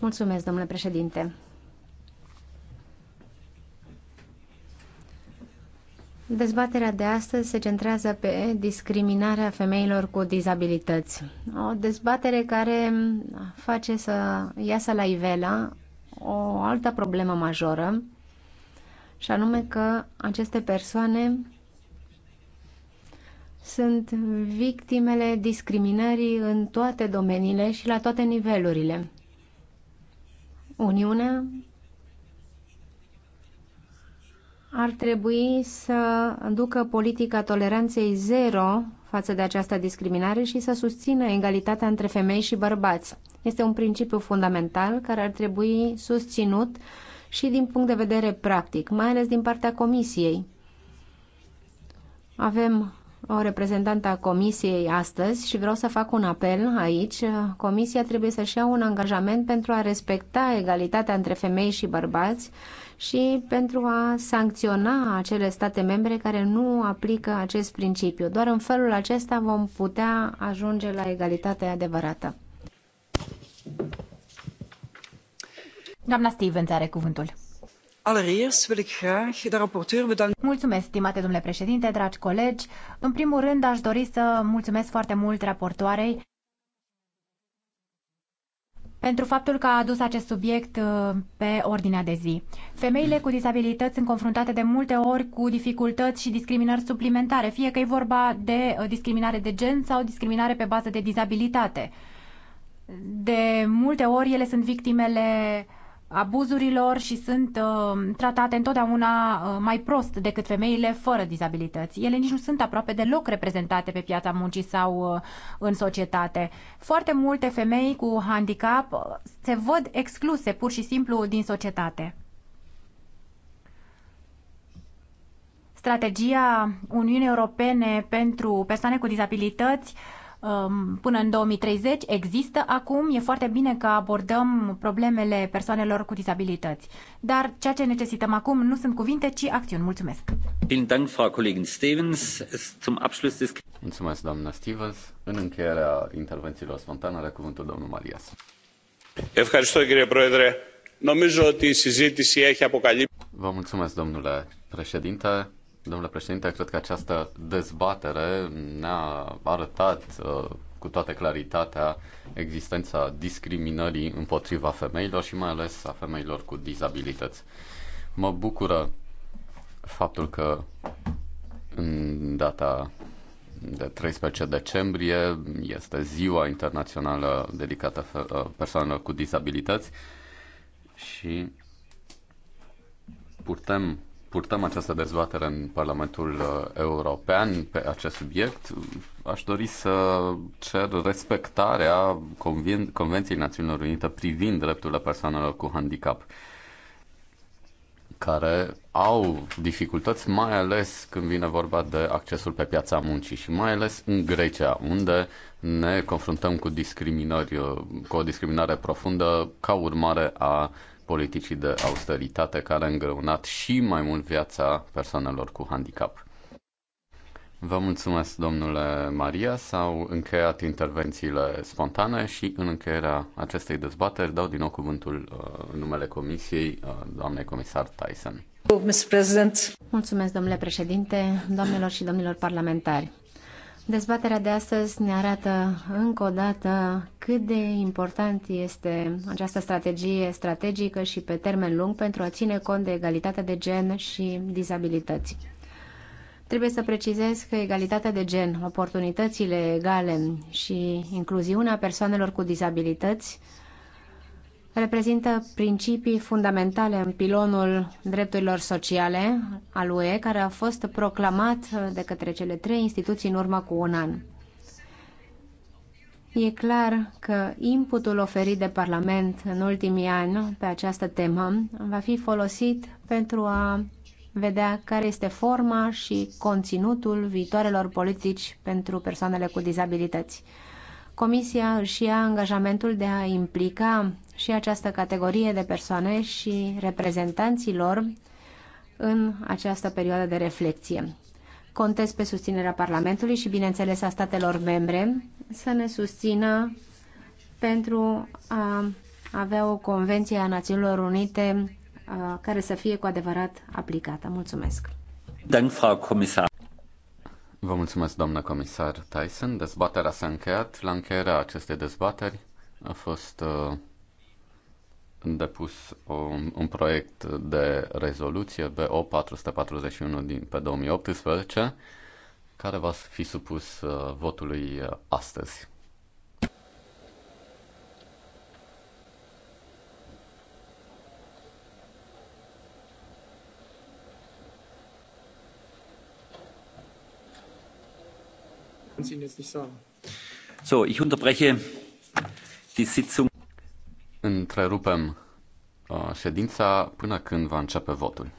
Mulțumesc, domnule președinte. Dezbaterea de astăzi se centrează pe discriminarea femeilor cu dizabilități. O dezbatere care face să iasă la ivela o altă problemă majoră, și anume că aceste persoane sunt victimele discriminării în toate domeniile și la toate nivelurile. Uniunea ar trebui să ducă politica toleranței zero față de această discriminare și să susțină egalitatea între femei și bărbați. Este un principiu fundamental care ar trebui susținut și din punct de vedere practic, mai ales din partea Comisiei. Avem o reprezentantă a Comisiei astăzi și vreau să fac un apel aici. Comisia trebuie să-și ia un angajament pentru a respecta egalitatea între femei și bărbați și pentru a sancționa acele state membre care nu aplică acest principiu. Doar în felul acesta vom putea ajunge la egalitatea adevărată. Doamna Stevens are cuvântul. Mulțumesc, stimate domnule președinte, dragi colegi. În primul rând, aș dori să mulțumesc foarte mult raportoarei pentru faptul că a adus acest subiect uh, pe ordinea de zi. Femeile cu disabilități sunt confruntate de multe ori cu dificultăți și discriminări suplimentare, fie că e vorba de uh, discriminare de gen sau discriminare pe bază de dizabilitate. De multe ori ele sunt victimele abuzurilor și sunt uh, tratate întotdeauna uh, mai prost decât femeile fără dizabilități. Ele nici nu sunt aproape deloc reprezentate pe piața muncii sau uh, în societate. Foarte multe femei cu handicap uh, se văd excluse pur și simplu din societate. Strategia Uniunii Europene pentru persoane cu dizabilități uh, Um, până în 2030 există acum. E foarte bine că abordăm problemele persoanelor cu disabilități. Dar ceea ce necesităm acum nu sunt cuvinte, ci acțiuni. Mulțumesc! Mulțumesc, doamna Stevens. În încheierea intervențiilor spontane are cuvântul domnul Marias. Vă mulțumesc, domnule președinte. Domnule președinte, cred că această dezbatere ne-a arătat uh, cu toată claritatea existența discriminării împotriva femeilor și mai ales a femeilor cu dizabilități. Mă bucură faptul că în data de 13 decembrie este ziua internațională dedicată uh, persoanelor cu dizabilități și purtăm purtăm această dezbatere în Parlamentul uh, European pe acest subiect, aș dori să cer respectarea Conven- Convenției Națiunilor Unite privind drepturile persoanelor cu handicap care au dificultăți, mai ales când vine vorba de accesul pe piața muncii și mai ales în Grecia, unde ne confruntăm cu discriminări, uh, cu o discriminare profundă ca urmare a politicii de austeritate care a îngreunat și mai mult viața persoanelor cu handicap. Vă mulțumesc, domnule Maria. S-au încheiat intervențiile spontane și în încheierea acestei dezbateri dau din nou cuvântul uh, în numele Comisiei, uh, doamnei comisar Tyson. Mulțumesc, domnule președinte, doamnelor și domnilor parlamentari. Dezbaterea de astăzi ne arată încă o dată cât de important este această strategie strategică și pe termen lung pentru a ține cont de egalitatea de gen și dizabilități. Trebuie să precizez că egalitatea de gen, oportunitățile egale și incluziunea persoanelor cu dizabilități reprezintă principii fundamentale în pilonul drepturilor sociale al UE, care a fost proclamat de către cele trei instituții în urmă cu un an. E clar că inputul oferit de Parlament în ultimii ani pe această temă va fi folosit pentru a vedea care este forma și conținutul viitoarelor politici pentru persoanele cu dizabilități. Comisia își ia angajamentul de a implica și această categorie de persoane și reprezentanții lor în această perioadă de reflexie. Contez pe susținerea Parlamentului și, bineînțeles, a statelor membre să ne susțină pentru a avea o convenție a Națiunilor Unite care să fie cu adevărat aplicată. Mulțumesc! Dank, Frau Comisar. Vă mulțumesc, doamnă comisar Tyson. Dezbaterea s-a încheiat. La încheierea acestei dezbateri a fost uh, depus un, un proiect de rezoluție BO 441 din, pe 2018 care va fi supus uh, votului uh, astăzi. Întrerupem uh, ședința până când va începe votul.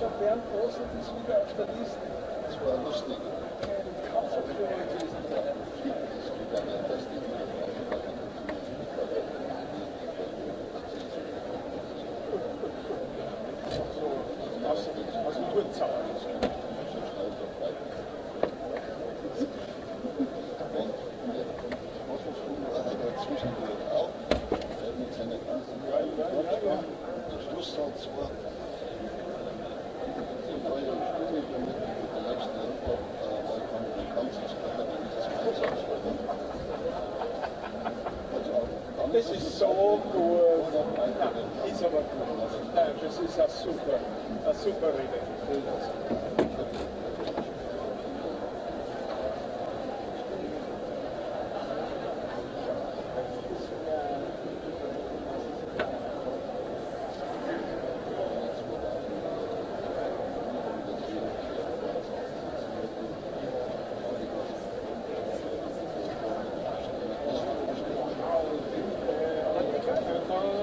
Dachberg aus und ist wieder auf der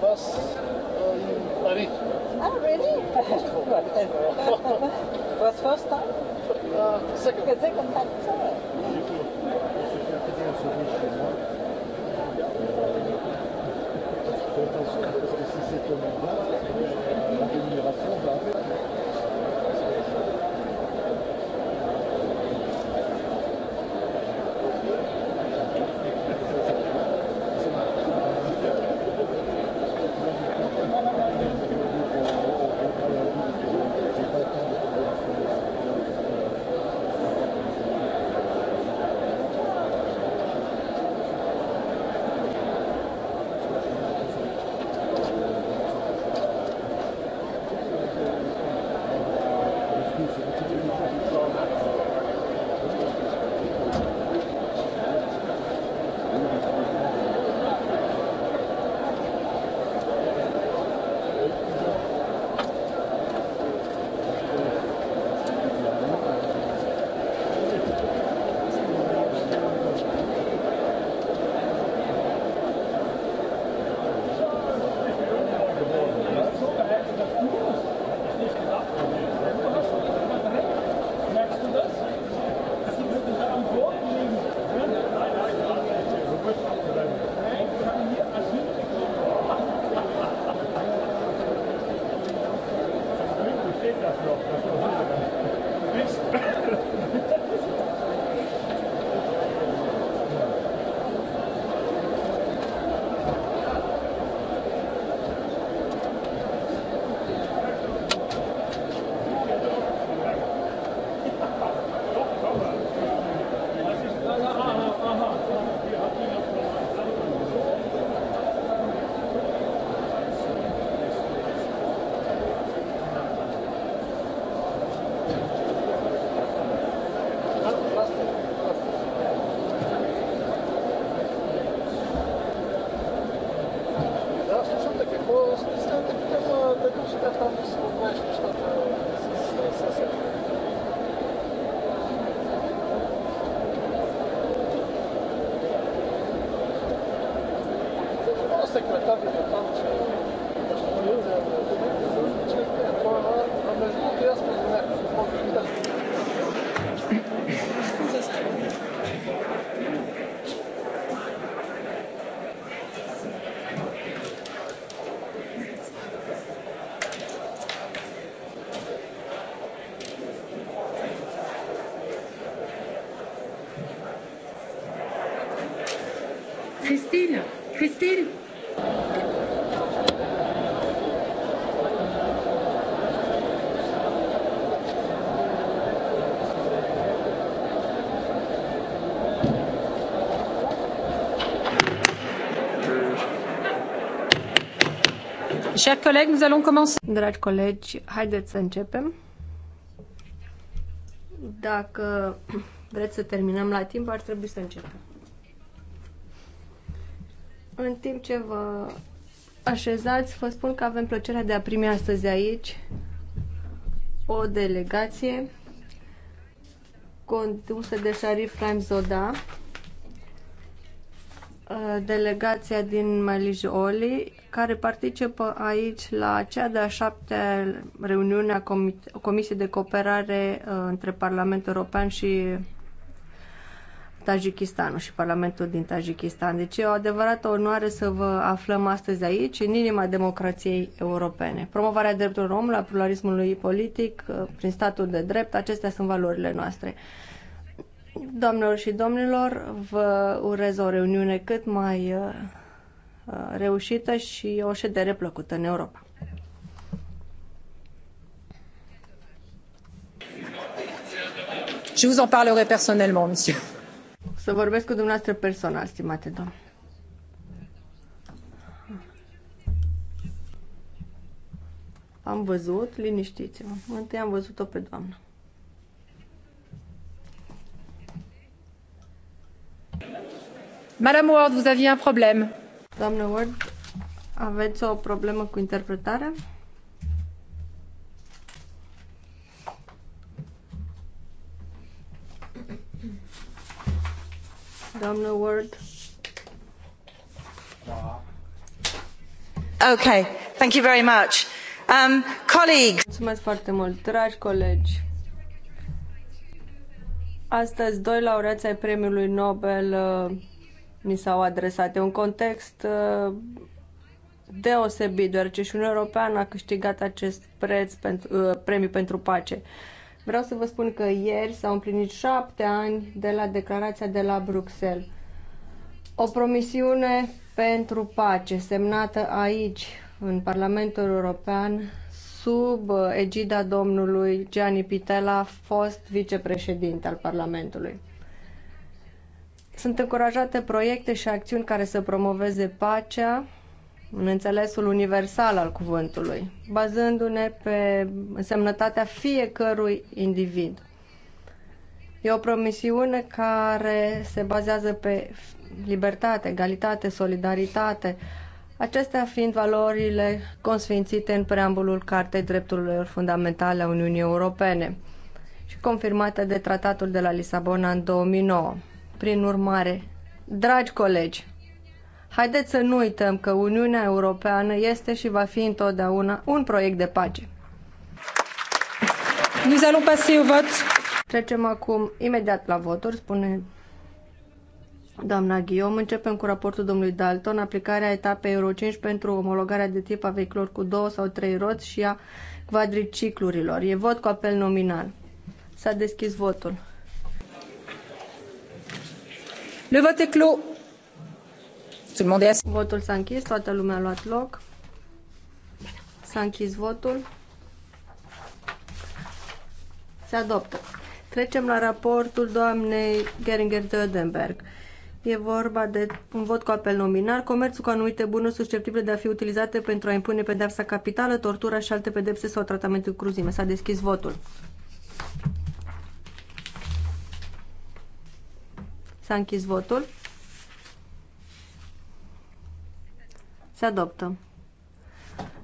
bus. știri. Chers collègues, nous allons commencer. Dragi colegi, haideți să începem. Dacă vreți să terminăm la timp, ar trebui să începem. timp ce vă așezați, vă spun că avem plăcerea de a primi astăzi aici o delegație condusă de Sharif Raim Zoda, uh, delegația din Malijoli, care participă aici la cea de-a șaptea reuniune a Comisiei de Cooperare uh, între Parlamentul European și Tajikistanul și Parlamentul din Tajikistan. Deci e o adevărată onoare să vă aflăm astăzi aici, în inima democrației europene. Promovarea drepturilor omului, a pluralismului politic, uh, prin statul de drept, acestea sunt valorile noastre. Doamnelor și domnilor, vă urez o reuniune cât mai uh, uh, reușită și o ședere plăcută în Europa. Je vous en parlerai personnellement, monsieur să vorbesc cu dumneavoastră personal, stimate domn. Am văzut, liniștiți-vă. Întâi am văzut-o pe doamnă. Madame Ward, vous aviez un problème. Doamnă Ward, aveți o problemă cu interpretarea? Domnul Ward. Okay, thank you very much. Um, colleagues. Mulțumesc foarte mult, dragi colegi. Astăzi, doi laureați ai premiului Nobel uh, mi s-au adresat. E un context uh, deosebit, deoarece și Uniunea Europeană a câștigat acest preț pentru, uh, premiu pentru pace. Uh, Vreau să vă spun că ieri s-au împlinit șapte ani de la declarația de la Bruxelles. O promisiune pentru pace semnată aici, în Parlamentul European, sub egida domnului Gianni Pitela, fost vicepreședinte al Parlamentului. Sunt încurajate proiecte și acțiuni care să promoveze pacea, în înțelesul universal al cuvântului, bazându-ne pe însemnătatea fiecărui individ. E o promisiune care se bazează pe libertate, egalitate, solidaritate, acestea fiind valorile consfințite în preambulul Cartei Drepturilor Fundamentale a Uniunii Europene și confirmate de Tratatul de la Lisabona în 2009. Prin urmare, dragi colegi, Haideți să nu uităm că Uniunea Europeană este și va fi întotdeauna un proiect de pace. Nous allons passer au vote. Trecem acum imediat la voturi, spune Doamna Ghiom. începem cu raportul domnului Dalton, aplicarea etapei Euro 5 pentru omologarea de tip a vehiculor cu două sau trei roți și a quadriciclurilor. E vot cu apel nominal. S-a deschis votul. Le vote e clos. Votul s-a închis, toată lumea a luat loc. S-a închis votul. Se adoptă. Trecem la raportul doamnei Geringer Dödenberg. E vorba de un vot cu apel nominal, comerțul cu anumite bunuri susceptibile de a fi utilizate pentru a impune pedepsa capitală, tortura și alte pedepse sau tratamentul cruzime. S-a deschis votul. S-a închis votul. Se adoptă.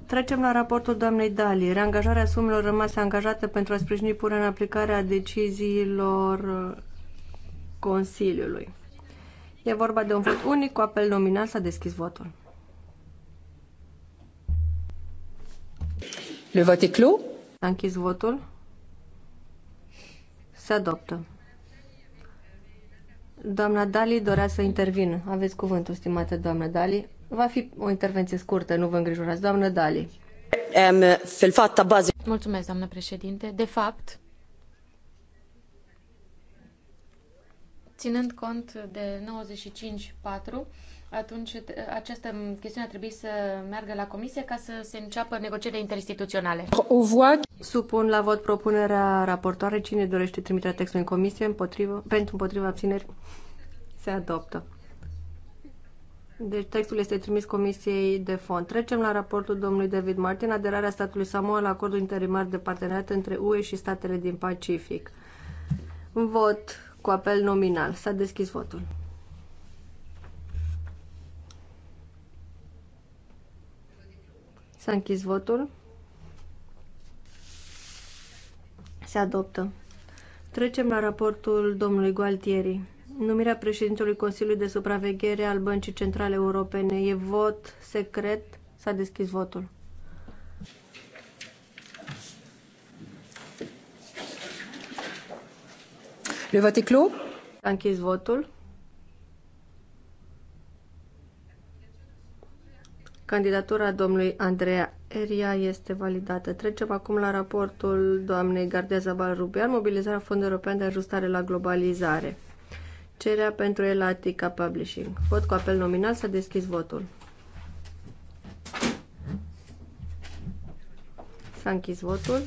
Trecem la raportul doamnei Dali. Reangajarea sumelor rămase angajate pentru a sprijini punerea în aplicare a deciziilor uh, Consiliului. E vorba de un vot unic cu apel nominal. S-a deschis votul. Le vot e clos. S-a închis votul. Se adoptă. Doamna Dali dorea să intervină. Aveți cuvântul, stimată doamnă Dali. Va fi o intervenție scurtă, nu vă îngrijorați, doamnă Dali. Mulțumesc, doamnă președinte. De fapt, ținând cont de 95.4, atunci această chestiune a trebuit să meargă la comisie ca să se înceapă negocierile interinstituționale. Supun la vot propunerea raportoare. Cine dorește trimiterea textului în comisie? Împotrivă, pentru împotriva abțineri? Se adoptă. Deci textul este trimis Comisiei de Fond. Trecem la raportul domnului David Martin, aderarea statului Samoa la acordul interimar de parteneriat între UE și statele din Pacific. Vot cu apel nominal. S-a deschis votul. S-a închis votul. Se adoptă. Trecem la raportul domnului Gualtieri numirea președintelui Consiliului de Supraveghere al Băncii Centrale Europene. E vot secret. S-a deschis votul. Le vote est clos. S-a închis votul. Candidatura domnului Andreea Eria este validată. Trecem acum la raportul doamnei Gardeza Balrubian, mobilizarea Fondului European de Ajustare la Globalizare. Cererea pentru Elatica Publishing. Vot cu apel nominal s-a deschis votul. S-a închis votul.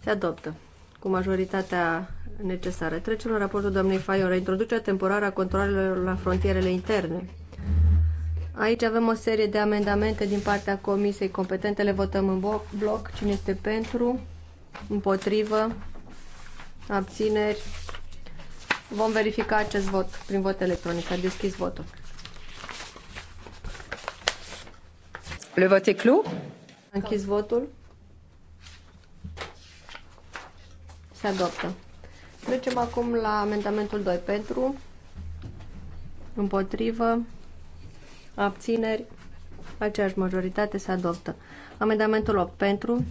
Se adoptă cu majoritatea necesară. Trecem la raportul doamnei Fayon, introducerea temporară a controlelor la frontierele interne. Aici avem o serie de amendamente din partea comisiei competente. Le votăm în bloc. Cine este pentru? Împotrivă? abțineri. Vom verifica acest vot prin vot electronic. A deschis votul. Le vot e clou. A închis votul. Se adoptă. Trecem acum la amendamentul 2 pentru, împotrivă, abțineri, aceeași majoritate se adoptă. Amendamentul 8 pentru,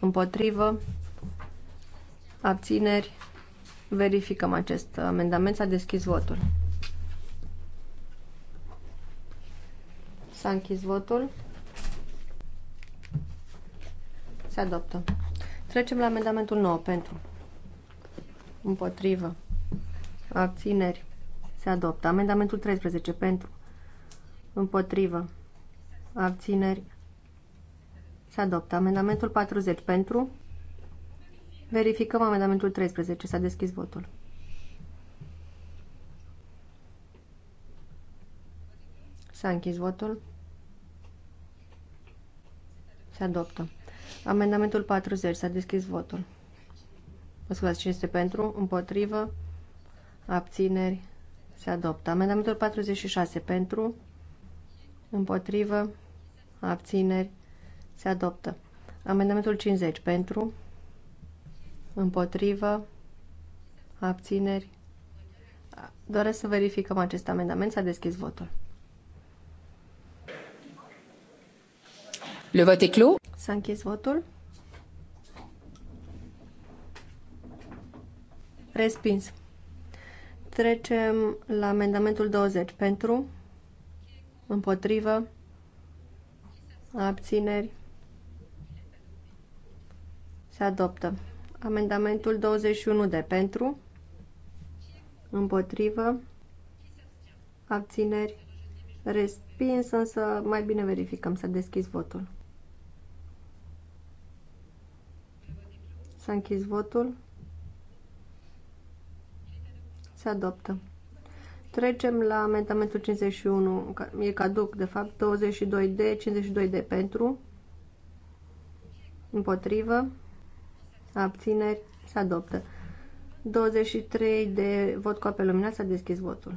împotrivă, Abțineri. Verificăm acest amendament. S-a deschis votul. S-a închis votul. Se adoptă. Trecem la amendamentul 9 pentru. Împotrivă. Abțineri. Se adoptă. Amendamentul 13 pentru. Împotrivă. Abțineri. Se adoptă. Amendamentul 40 pentru. Verificăm amendamentul 13. S-a deschis votul. S-a închis votul. Se adoptă. Amendamentul 40. S-a deschis votul. Mă scuzați, cine este pentru? Împotrivă? Abțineri? Se adoptă. Amendamentul 46. Pentru? Împotrivă? Abțineri? Se adoptă. Amendamentul 50. Pentru? Împotrivă? Abțineri? Doresc să verificăm acest amendament. S-a deschis votul. Le vote clos. S-a închis votul. Respins. Trecem la amendamentul 20. Pentru? Împotrivă? Abțineri? Se adoptă. Amendamentul 21 de pentru, împotrivă, abțineri, respins, însă mai bine verificăm să deschizi votul. S-a închis votul. Se adoptă. Trecem la amendamentul 51, e caduc, de fapt, 22 de, 52 de pentru, împotrivă, abțineri, se adoptă. 23 de vot cu apel luminat, s-a deschis votul.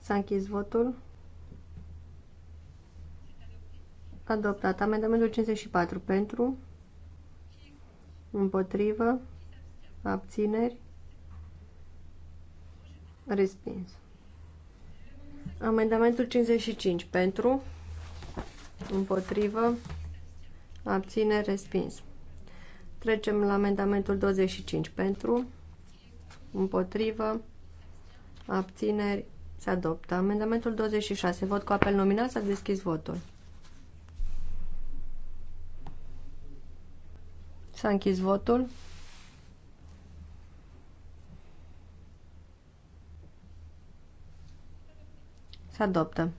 S-a închis votul. Adoptat. Amendamentul 54 pentru, împotrivă, abțineri, respins. Amendamentul 55 pentru, împotrivă, abține, respins. Trecem la amendamentul 25 pentru, împotrivă, abțineri, se adoptă. Amendamentul 26, vot cu apel nominal, s-a deschis votul. S-a închis votul. Se adoptă.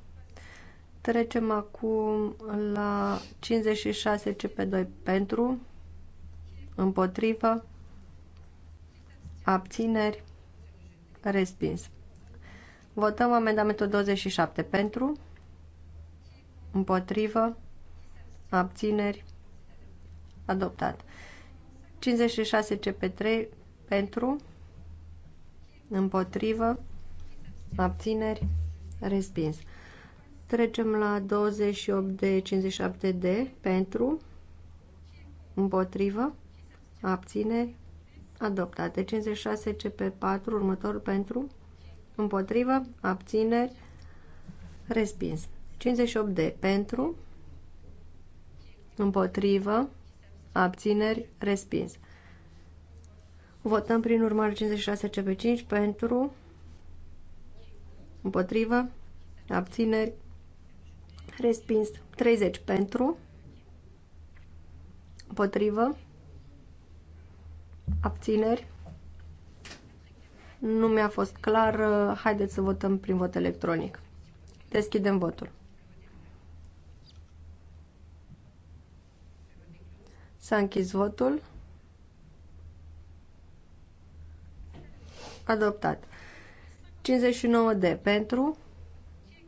Trecem acum la 56 CP2 pentru, împotrivă, abțineri, respins. Votăm amendamentul 27 pentru, împotrivă, abțineri, adoptat. 56 CP3 pentru, împotrivă, abțineri, respins. Trecem la 28 de 57 de pentru, împotrivă, abțineri, adoptate. 56 CP4, următor pentru, împotrivă, abțineri, respins. 58 de pentru, împotrivă, abțineri, respins. Votăm prin urmare 56 CP5 pentru, împotrivă, abțineri, Respins 30 pentru. Împotrivă. Abțineri. Nu mi-a fost clar. Haideți să votăm prin vot electronic. Deschidem votul. S-a închis votul. Adoptat. 59 de pentru,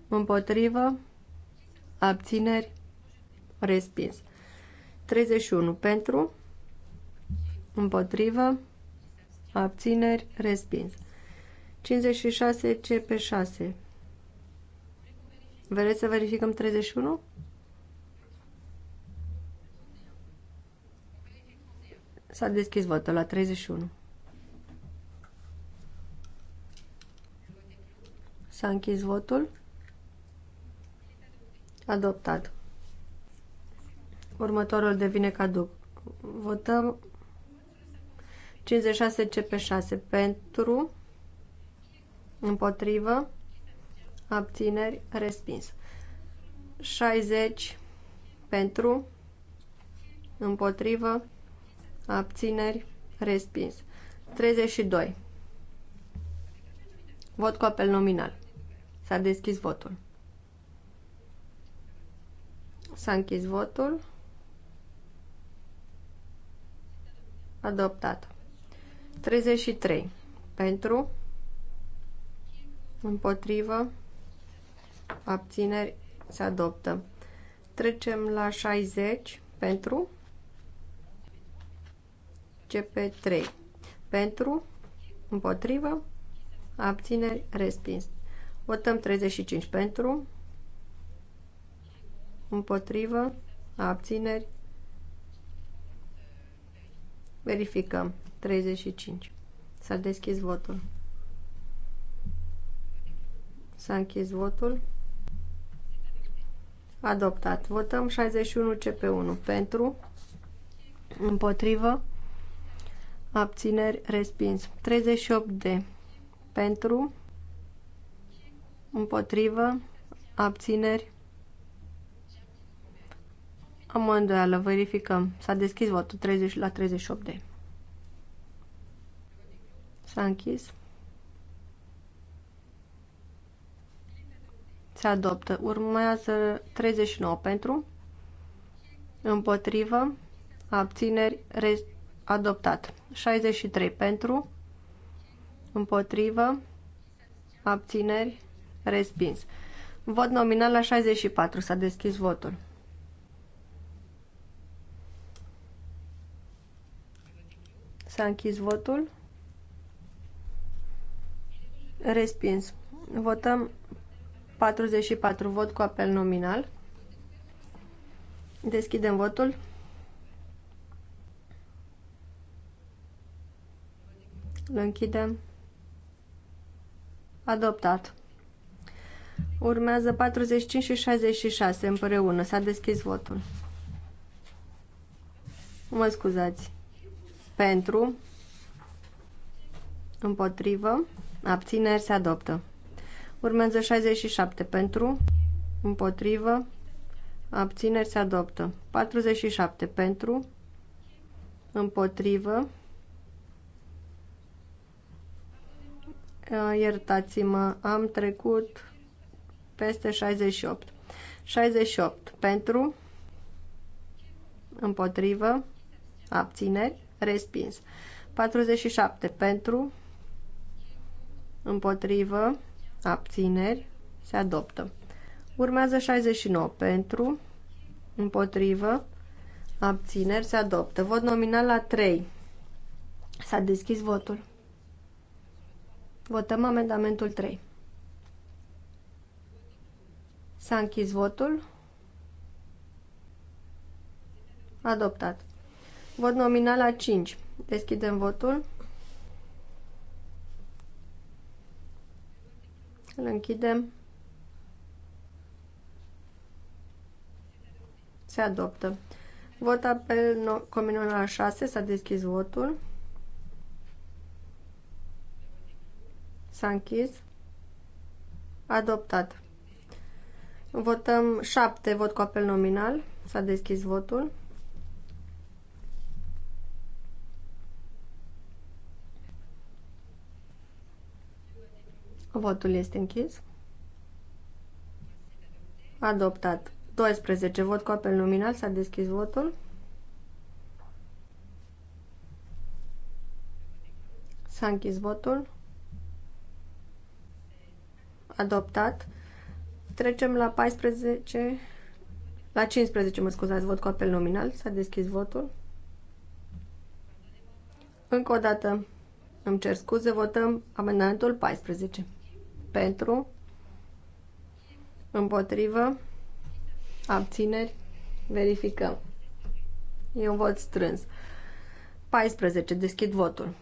împotrivă, abțineri, respins. 31 pentru, împotrivă, abțineri, respins. 56 CP6. Vreți să verificăm 31? S-a deschis votul la 31. S-a închis votul. Adoptat. Următorul devine caduc. Votăm 56 CP6 pentru, împotrivă, abțineri, respins. 60 pentru, împotrivă, abțineri, respins. 32. Vot cu apel nominal. S-a deschis votul. S-a închis votul. Adoptat. 33. Pentru. Împotrivă. Abțineri. Se adoptă. Trecem la 60. Pentru. CP3. Pentru. Împotrivă. Abțineri. Respins. Votăm 35 pentru. Împotrivă? Abțineri? Verificăm. 35. S-a deschis votul. S-a închis votul. Adoptat. Votăm 61 CP1. Pentru? Împotrivă? Abțineri? Respins. 38 D. Pentru? Împotrivă? Abțineri? Am o îndoială, verificăm. S-a deschis votul 30 la 38 de. S-a închis. Se adoptă. Urmează 39 pentru. Împotrivă. Abțineri. Adoptat. 63 pentru. Împotrivă. Abțineri. Respins. Vot nominal la 64. S-a deschis votul. S-a închis votul. Respins. Votăm 44 vot cu apel nominal. Deschidem votul. Îl închidem. Adoptat. Urmează 45 și 66 împreună. S-a deschis votul. Mă scuzați pentru, împotrivă, abțineri se adoptă. Urmează 67 pentru, împotrivă, abțineri se adoptă. 47 pentru, împotrivă, uh, iertați-mă, am trecut peste 68. 68 pentru, împotrivă, abțineri, respins. 47 pentru, împotrivă, abțineri, se adoptă. Urmează 69 pentru, împotrivă, abțineri, se adoptă. Vot nominal la 3. S-a deschis votul. Votăm amendamentul 3. S-a închis votul. Adoptat. Vot nominal la 5. Deschidem votul. Îl închidem. Se adoptă. Vot apel no comunal la 6. S-a deschis votul. S-a închis. Adoptat. Votăm 7. Vot cu apel nominal. S-a deschis votul. Votul este închis. Adoptat. 12. Vot cu apel nominal. S-a deschis votul. S-a închis votul. Adoptat. Trecem la 14. La 15, mă scuzați, vot cu apel nominal. S-a deschis votul. Încă o dată, îmi cer scuze, votăm amendamentul 14 pentru, împotrivă, abțineri, verificăm. E un vot strâns. 14. Deschid votul.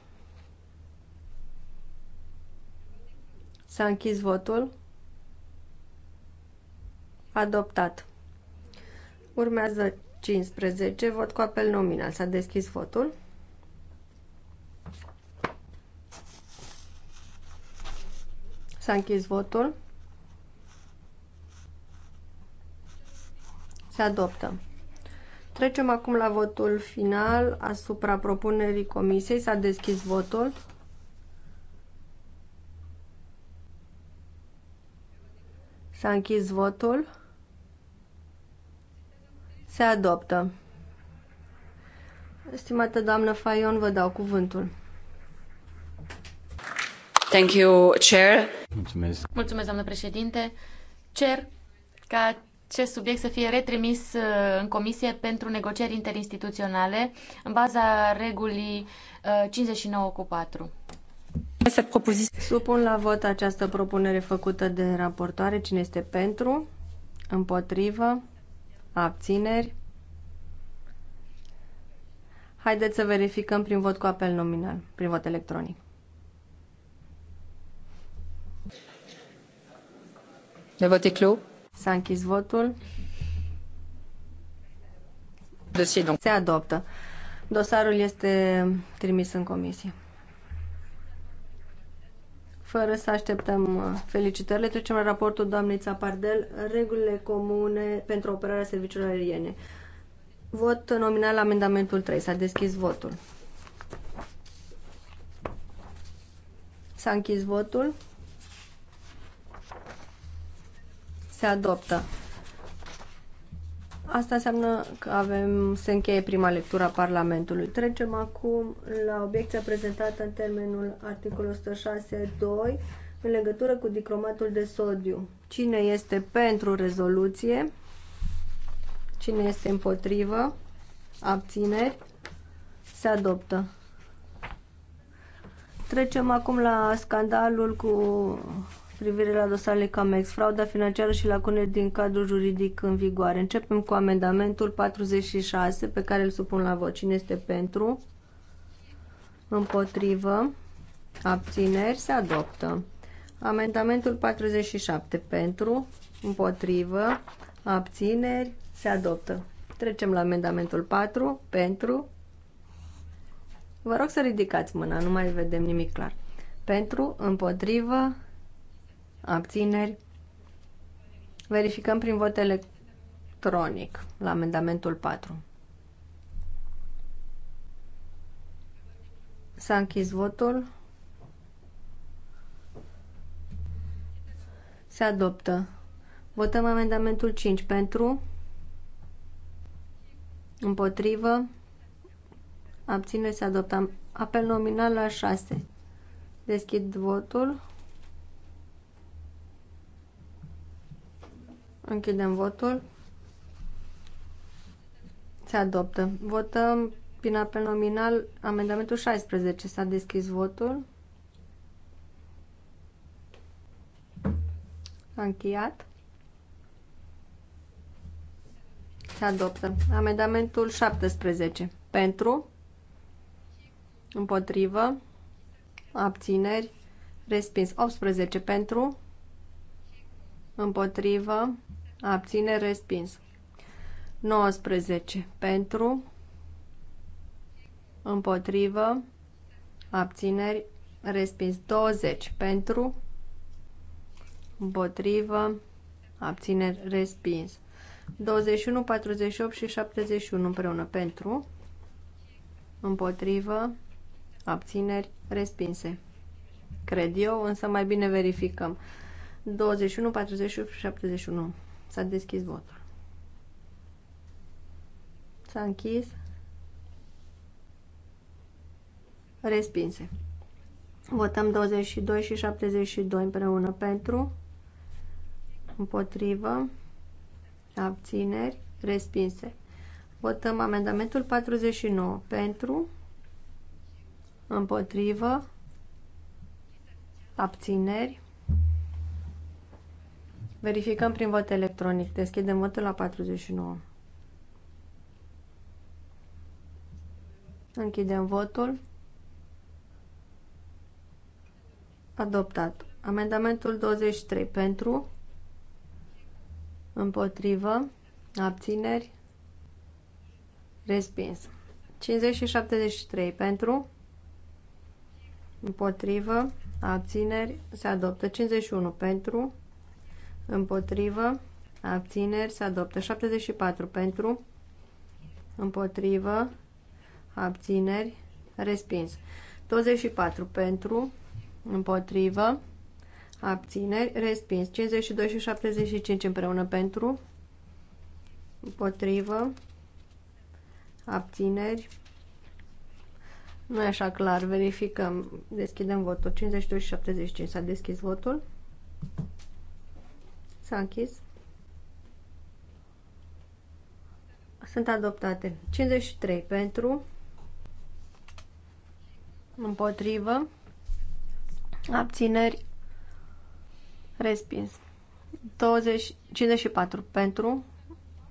S-a închis votul. Adoptat. Urmează 15. Vot cu apel nominal. S-a deschis votul. S-a închis votul. Se adoptă. Trecem acum la votul final asupra propunerii comisiei. S-a deschis votul. S-a închis votul. Se adoptă. Estimată doamnă Faion, vă dau cuvântul. Thank you, Chair. Mulțumesc. Mulțumesc, doamnă președinte. Cer ca acest subiect să fie retrimis uh, în comisie pentru negocieri interinstituționale în baza regulii 59 uh, cu 4. Supun la vot această propunere făcută de raportoare. Cine este pentru? Împotrivă? Abțineri? Haideți să verificăm prin vot cu apel nominal, prin vot electronic. Le vot est clos. S-a închis votul. Decidom. Se adoptă. Dosarul este trimis în comisie. Fără să așteptăm uh, felicitările, trecem la raportul doamnei Țapardel, regulile comune pentru operarea serviciilor aeriene. Vot nominal amendamentul 3. S-a deschis votul. S-a închis votul. se adoptă. Asta înseamnă că avem, se încheie prima lectură a Parlamentului. Trecem acum la obiecția prezentată în termenul articolul 106.2 în legătură cu dicromatul de sodiu. Cine este pentru rezoluție? Cine este împotrivă? Abțineri? Se adoptă. Trecem acum la scandalul cu privire la dosarele CAMEX, frauda financiară și lacune din cadrul juridic în vigoare. Începem cu amendamentul 46 pe care îl supun la vot. Cine este pentru? Împotrivă? Abțineri? Se adoptă. Amendamentul 47 pentru? Împotrivă? Abțineri? Se adoptă. Trecem la amendamentul 4 pentru? Vă rog să ridicați mâna, nu mai vedem nimic clar. Pentru, împotrivă, Abțineri. Verificăm prin vot electronic la amendamentul 4. S-a închis votul. Se adoptă. Votăm amendamentul 5 pentru, împotrivă, abține, se adoptă. Apel nominal la 6. Deschid votul. Închidem votul. Se adoptă. Votăm prin apel nominal amendamentul 16. S-a deschis votul. S-a încheiat. Se adoptă. Amendamentul 17. Pentru. Împotrivă. Abțineri. Respins. 18 pentru. Împotrivă abține, respins. 19 pentru, împotrivă, abțineri, respins. 20 pentru, împotrivă, abțineri, respins. 21, 48 și 71 împreună pentru, împotrivă, abțineri, respinse. Cred eu, însă mai bine verificăm. 21, 48 și 71. S-a deschis votul. S-a închis. Respinse. Votăm 22 și 72 împreună pentru, împotrivă, abțineri, respinse. Votăm amendamentul 49 pentru, împotrivă, abțineri, Verificăm prin vot electronic. Deschidem votul la 49. Închidem votul. Adoptat. Amendamentul 23 pentru, împotrivă, abțineri, respins. 573 pentru, împotrivă, abțineri, se adoptă. 51 pentru, împotrivă, abțineri, se adoptă 74 pentru, împotrivă, abțineri, respins. 24 pentru, împotrivă, abțineri, respins. 52 și 75 împreună pentru, împotrivă, abțineri, nu e așa clar, verificăm, deschidem votul, 52 și 75 s-a deschis votul s Sunt adoptate. 53 pentru. Împotrivă. Abțineri. Respins. 20, 54 pentru.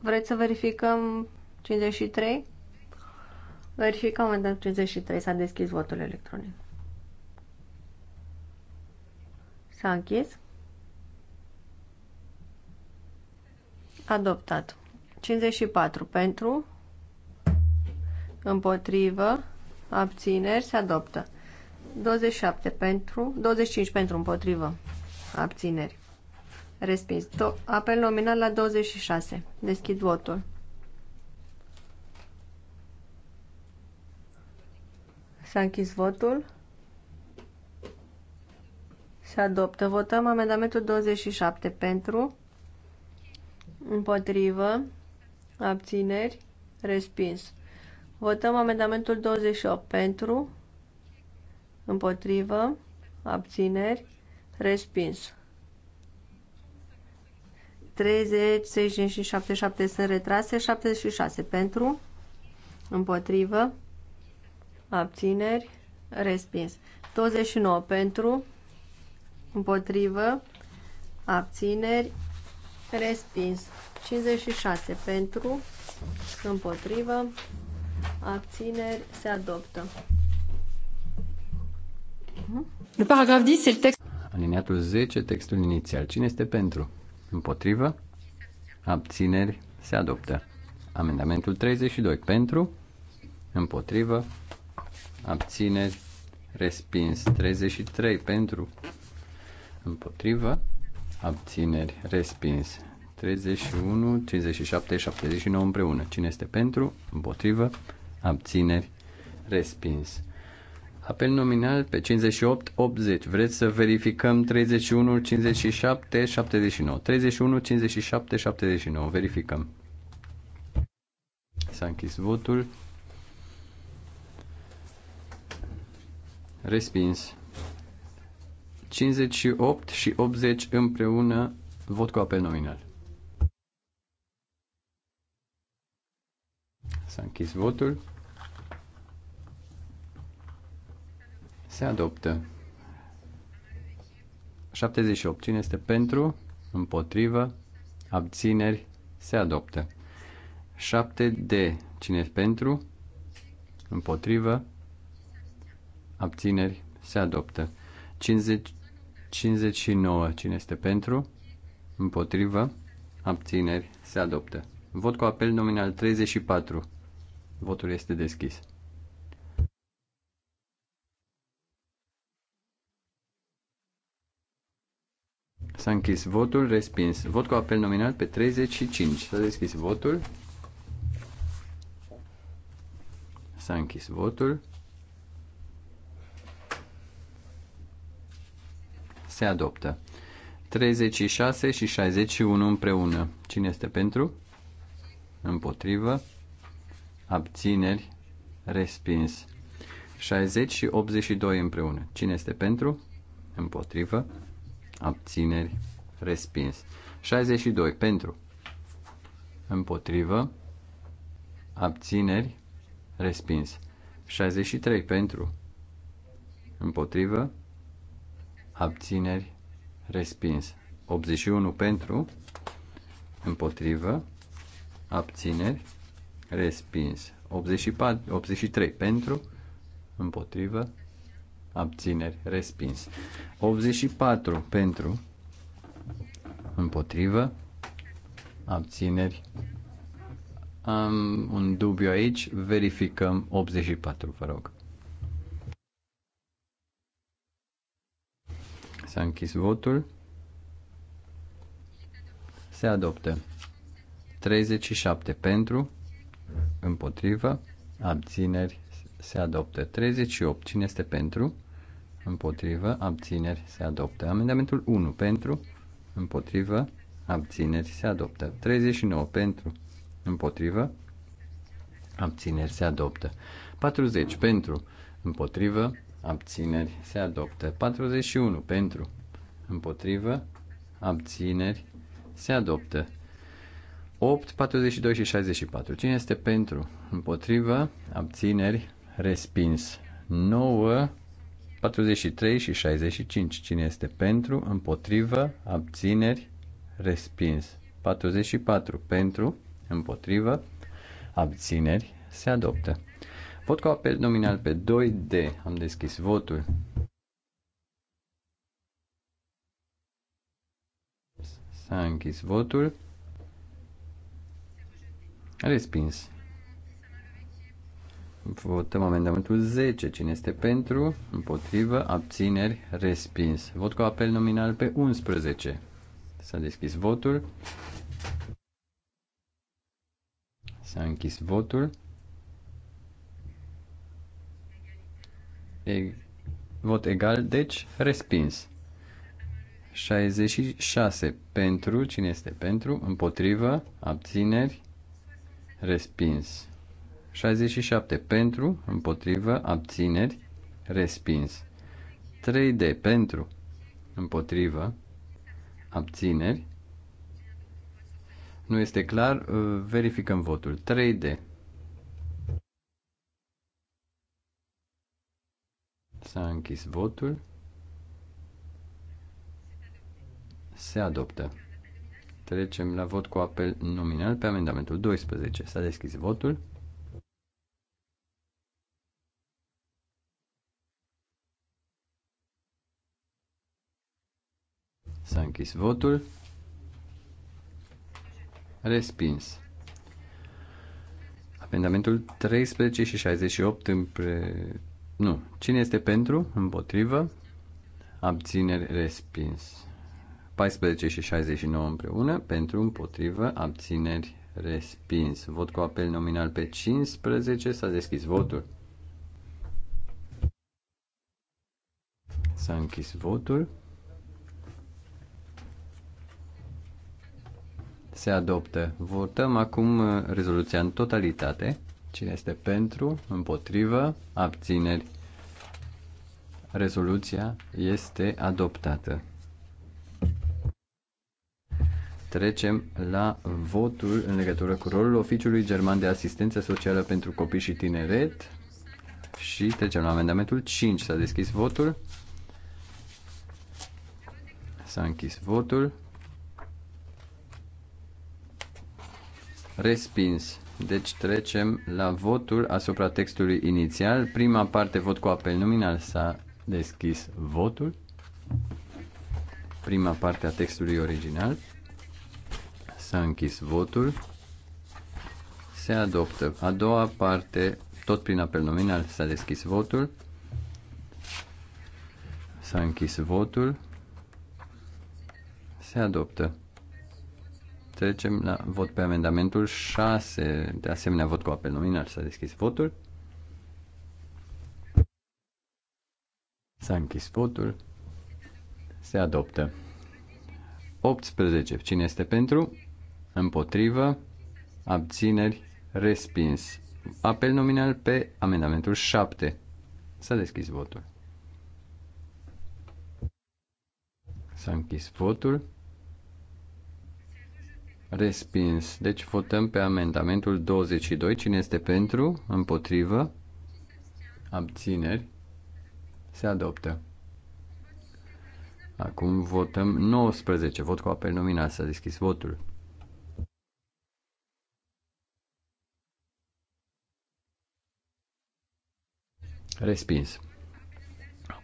Vreți să verificăm 53? Verificăm în 53. S-a deschis votul electronic. S-a închis. Adoptat. 54 pentru, împotrivă, abțineri, se adoptă. 27 pentru, 25 pentru, împotrivă, abțineri. Respins. To apel nominal la 26. Deschid votul. S-a închis votul. Se adoptă. Votăm amendamentul 27 pentru, împotrivă, abțineri, respins. Votăm amendamentul 28 pentru, împotrivă, abțineri, respins. 30, 65 și 77 sunt retrase, 76 pentru, împotrivă, abțineri, respins. 29 pentru, împotrivă, abțineri, Respins. 56 pentru, împotrivă, abțineri, se adoptă. Le paragraf 10, c'est le text. Alineatul 10, textul inițial. Cine este pentru? Împotrivă? Abțineri, se adoptă. Amendamentul 32, pentru? Împotrivă? Abțineri, respins. 33, pentru? Împotrivă? abțineri, respins. 31, 57, 79 împreună. Cine este pentru, împotrivă, abțineri, respins. Apel nominal pe 58, 80. Vreți să verificăm 31, 57, 79. 31, 57, 79. Verificăm. S-a închis votul. Respins. 58 și 80 împreună, vot cu apel nominal. S-a închis votul. Se adoptă. 78. Cine este pentru? Împotrivă? Abțineri? Se adoptă. 7D. Cine este pentru? Împotrivă? Abțineri? Se adoptă. 50, 59. Cine este pentru? Împotrivă? Abțineri? Se adoptă. Vot cu apel nominal 34. Votul este deschis. S-a închis votul, respins. Vot cu apel nominal pe 35. S-a deschis votul. S-a închis votul. se adoptă. 36 și 61 împreună. Cine este pentru? Împotrivă. Abțineri. Respins. 60 și 82 împreună. Cine este pentru? Împotrivă. Abțineri. Respins. 62 pentru. Împotrivă. Abțineri. Respins. 63 pentru. Împotrivă abțineri, respins. 81 pentru, împotrivă, abțineri, respins. 84, 83 pentru, împotrivă, abțineri, respins. 84 pentru, împotrivă, abțineri. Am un dubiu aici, verificăm 84, vă rog. S-a închis votul. Se adoptă. 37 pentru, împotrivă, abțineri, se adoptă. 38. Cine este pentru? Împotrivă, abțineri, se adoptă. Amendamentul 1 pentru, împotrivă, abțineri, se adoptă. 39 pentru, împotrivă, abțineri, se adoptă. 40 pentru, împotrivă, abțineri, se adoptă. 41 pentru, împotrivă, abțineri, se adoptă. 8, 42 și 64. Cine este pentru? Împotrivă, abțineri, respins. 9, 43 și 65. Cine este pentru? Împotrivă, abțineri, respins. 44. Pentru, împotrivă, abțineri, se adoptă. Vot cu apel nominal pe 2D. Am deschis votul. S-a închis votul. Respins. Votăm amendamentul 10. Cine este pentru? Împotrivă? Abțineri? Respins. Vot cu apel nominal pe 11. S-a deschis votul. S-a închis votul. E, vot egal, deci respins. 66 pentru, cine este pentru, împotrivă, abțineri, respins. 67 pentru, împotrivă, abțineri, respins. 3D pentru, împotrivă, abțineri. Nu este clar, uh, verificăm votul. 3D. S-a închis votul. Se adoptă. Trecem la vot cu apel nominal pe amendamentul 12. S-a deschis votul. S-a închis votul. Respins. Amendamentul 13 și 68 împre... Nu. Cine este pentru? Împotrivă? Abțineri respins. 14 și 69 împreună. Pentru, împotrivă, abțineri respins. Vot cu apel nominal pe 15. S-a deschis votul. S-a închis votul. Se adoptă. Votăm acum uh, rezoluția în totalitate. Cine este pentru, împotrivă, abțineri. Rezoluția este adoptată. Trecem la votul în legătură cu rolul Oficiului German de Asistență Socială pentru Copii și Tineret și trecem la amendamentul 5. S-a deschis votul. S-a închis votul. Respins. Deci trecem la votul asupra textului inițial. Prima parte, vot cu apel nominal, s-a deschis votul. Prima parte a textului original. S-a închis votul. Se adoptă. A doua parte, tot prin apel nominal, s-a deschis votul. S-a închis votul. Se adoptă. Trecem la vot pe amendamentul 6. De asemenea, vot cu apel nominal. S-a deschis votul. S-a închis votul. Se adoptă. 18. Cine este pentru? Împotrivă? Abțineri? Respins. Apel nominal pe amendamentul 7. S-a deschis votul. S-a închis votul. Respins. Deci votăm pe amendamentul 22. Cine este pentru? Împotrivă? Abțineri? Se adoptă. Acum votăm 19. Vot cu apel nominal. S-a deschis votul. Respins.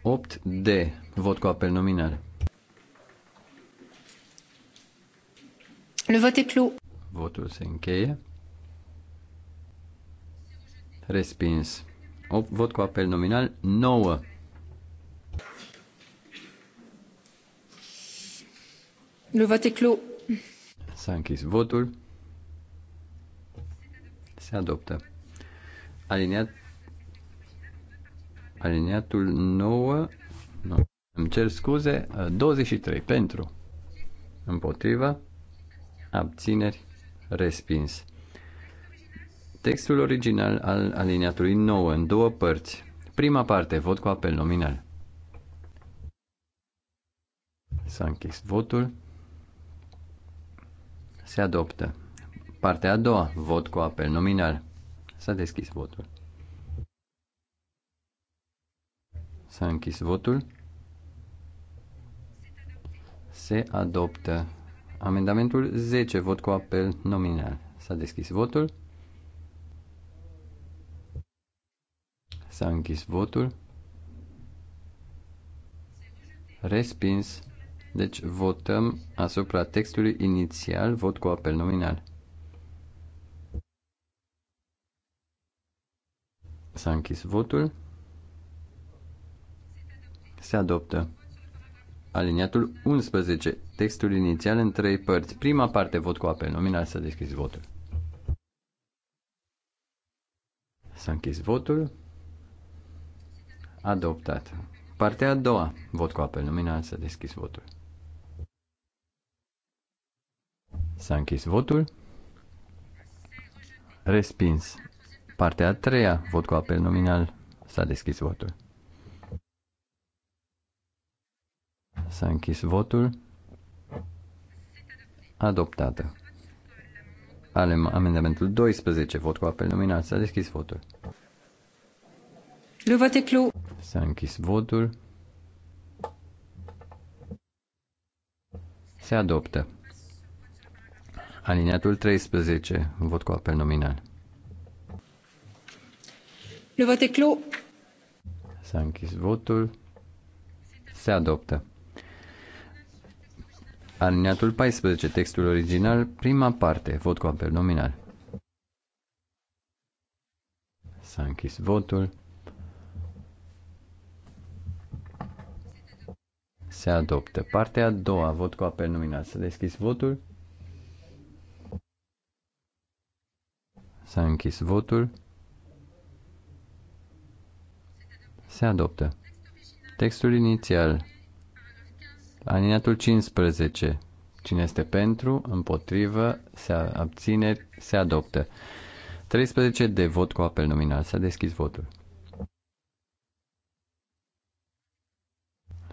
8D. Vot cu apel nominal. Le vot est clos. Votul se încheie. Respins. O, vot cu apel nominal 9. Le vot est clos. S-a închis votul. Se adoptă. Aliniat, aliniatul 9. Nu. Îmi cer scuze. 23 pentru. Împotriva abțineri, respins. Textul original al aliniatului 9 în două părți. Prima parte, vot cu apel nominal. S-a închis votul. Se adoptă. Partea a doua, vot cu apel nominal. S-a deschis votul. S-a închis votul. Se adoptă Amendamentul 10, vot cu apel nominal. S-a deschis votul. S-a închis votul. Respins. Deci votăm asupra textului inițial, vot cu apel nominal. S-a închis votul. Se adoptă. Aliniatul 11. Textul inițial în trei părți. Prima parte, vot cu apel nominal, să deschizi votul. S-a închis votul. Adoptat. Partea a doua, vot cu apel nominal, să deschizi votul. S-a închis votul. Respins. Partea a treia, vot cu apel nominal, s-a deschis votul. S-a închis votul. Adoptată. Alem, amendamentul 12, vot cu apel nominal. S-a deschis votul. Le vote clou. S-a închis votul. Se adoptă. Aliniatul 13, vot cu apel nominal. Le vote clou. S-a închis votul. Se adoptă. Alineatul 14, textul original, prima parte, vot cu apel nominal. S-a închis votul. Se adoptă. Partea a doua, vot cu apel nominal. S-a deschis votul. S-a închis votul. Se adoptă. Textul inițial Aliniatul 15. Cine este pentru, împotrivă, se abține, se adoptă. 13 de vot cu apel nominal. S-a deschis votul.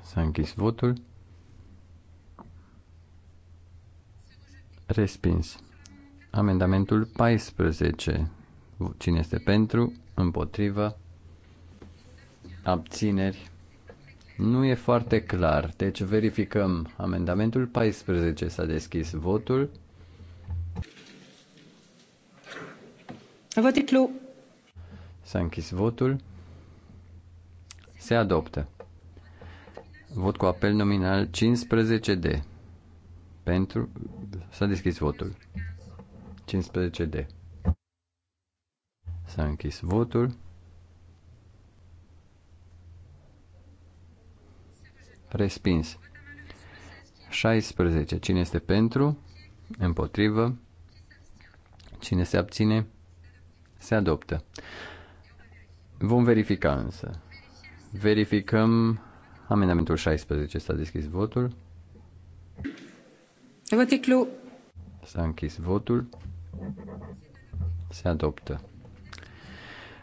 S-a închis votul. Respins. Amendamentul 14. Cine este pentru, împotrivă, abțineri, nu e foarte clar, deci verificăm. Amendamentul 14 s-a deschis votul. Vot clos. S-a închis votul. Se adoptă. Vot cu apel nominal 15D. Pentru. S-a deschis votul. 15D. S-a închis votul. Respins. 16. Cine este pentru? Împotrivă. Cine se abține? Se adoptă. Vom verifica însă. Verificăm amendamentul 16. S-a deschis votul. S-a închis votul. Se adoptă.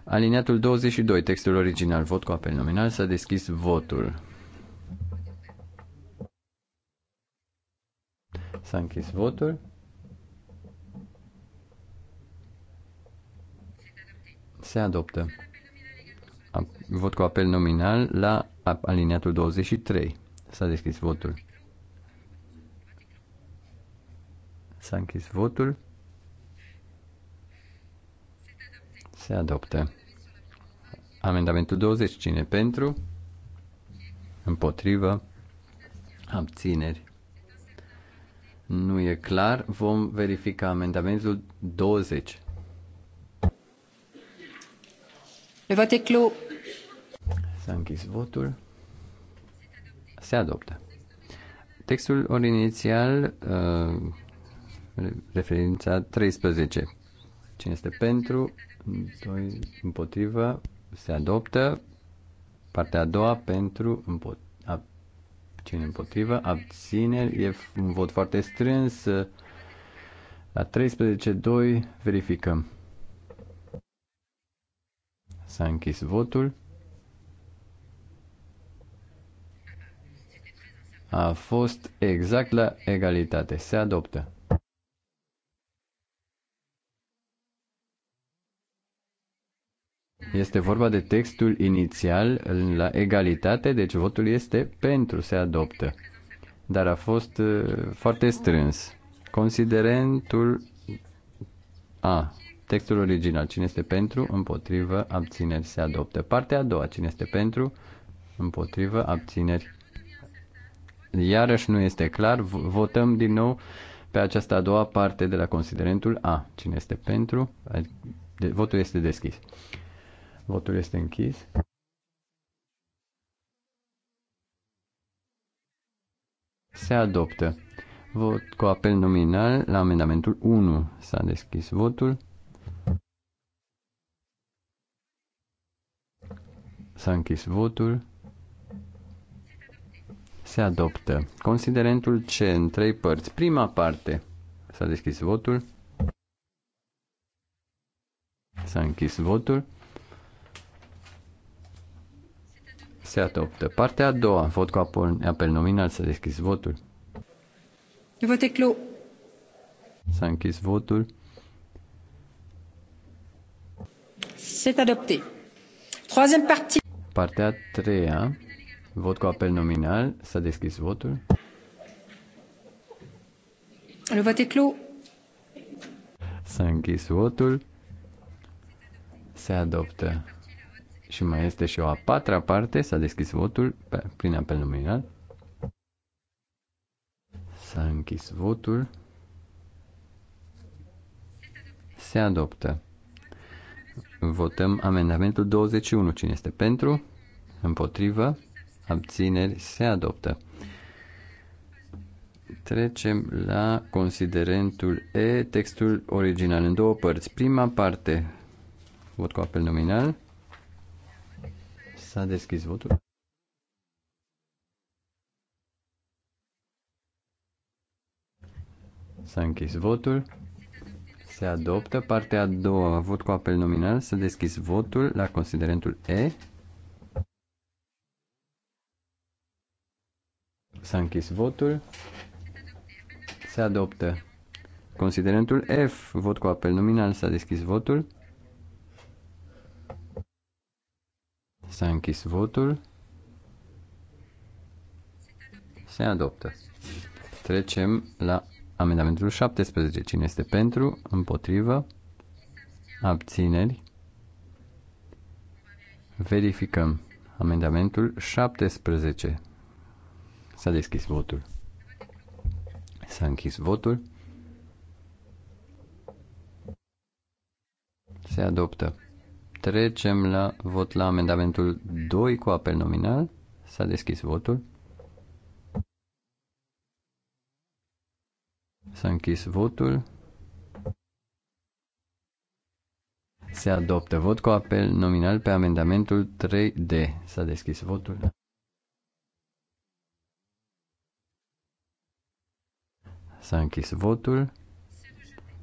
Aliniatul 22, textul original, vot cu apel nominal, s-a deschis votul. S-a închis votul. Se adoptă. Vot cu apel nominal la aliniatul 23. S-a deschis votul. S-a închis votul. Se adoptă. Amendamentul 20. Cine pentru? Împotrivă? Abțineri. Nu e clar. Vom verifica amendamentul 20. Le vote clos. S-a închis votul. Se adoptă. Textul inițial, uh, referința 13. Cine este pentru? Doi împotrivă. Se adoptă. Partea a doua pentru împotrivă cine împotrivă, abțineri, e un vot foarte strâns. La 13.2 verificăm. S-a închis votul. A fost exact la egalitate. Se adoptă. Este vorba de textul inițial la egalitate, deci votul este pentru se adoptă. Dar a fost uh, foarte strâns. Considerentul A. Textul original. Cine este pentru? Împotrivă. Abțineri se adoptă. Partea a doua. Cine este pentru? Împotrivă. Abțineri. Iarăși nu este clar. Votăm din nou pe această a doua parte de la considerentul A. Cine este pentru? Deci, votul este deschis. Votul este închis. Se adoptă. Vot cu apel nominal la amendamentul 1. S-a deschis votul. S-a închis votul. Se adoptă. Considerentul C în trei părți. Prima parte. S-a deschis votul. S-a închis votul. Se adoptă. Partea a doua, vot cu apel, apel nominal, s-a deschis votul. Vot clos. S-a închis votul. S-a adoptat. Troisième partie. Partea a treia, vot cu apel nominal, s-a deschis votul. Le vote est clos. S-a închis votul. Se adoptă. Și mai este și o a patra parte, s-a deschis votul pe, prin apel nominal. S-a închis votul. Se adoptă. Votăm amendamentul 21. Cine este pentru? Împotrivă? Abțineri? Se adoptă. Trecem la considerentul E, textul original în două părți. Prima parte, vot cu apel nominal, S-a deschis votul. S-a închis votul. Se adoptă partea a doua, vot cu apel nominal. S-a deschis votul la considerentul E. S-a închis votul. Se adoptă. Considerentul F, vot cu apel nominal, s-a deschis votul. S-a închis votul. Se adoptă. Trecem la amendamentul 17. Cine este pentru? Împotrivă? Abțineri? Verificăm. Amendamentul 17. S-a deschis votul. S-a închis votul. Se adoptă. Trecem la vot la amendamentul 2 cu apel nominal. S-a deschis votul. S-a închis votul. Se adoptă vot cu apel nominal pe amendamentul 3D. S-a deschis votul. S-a închis votul.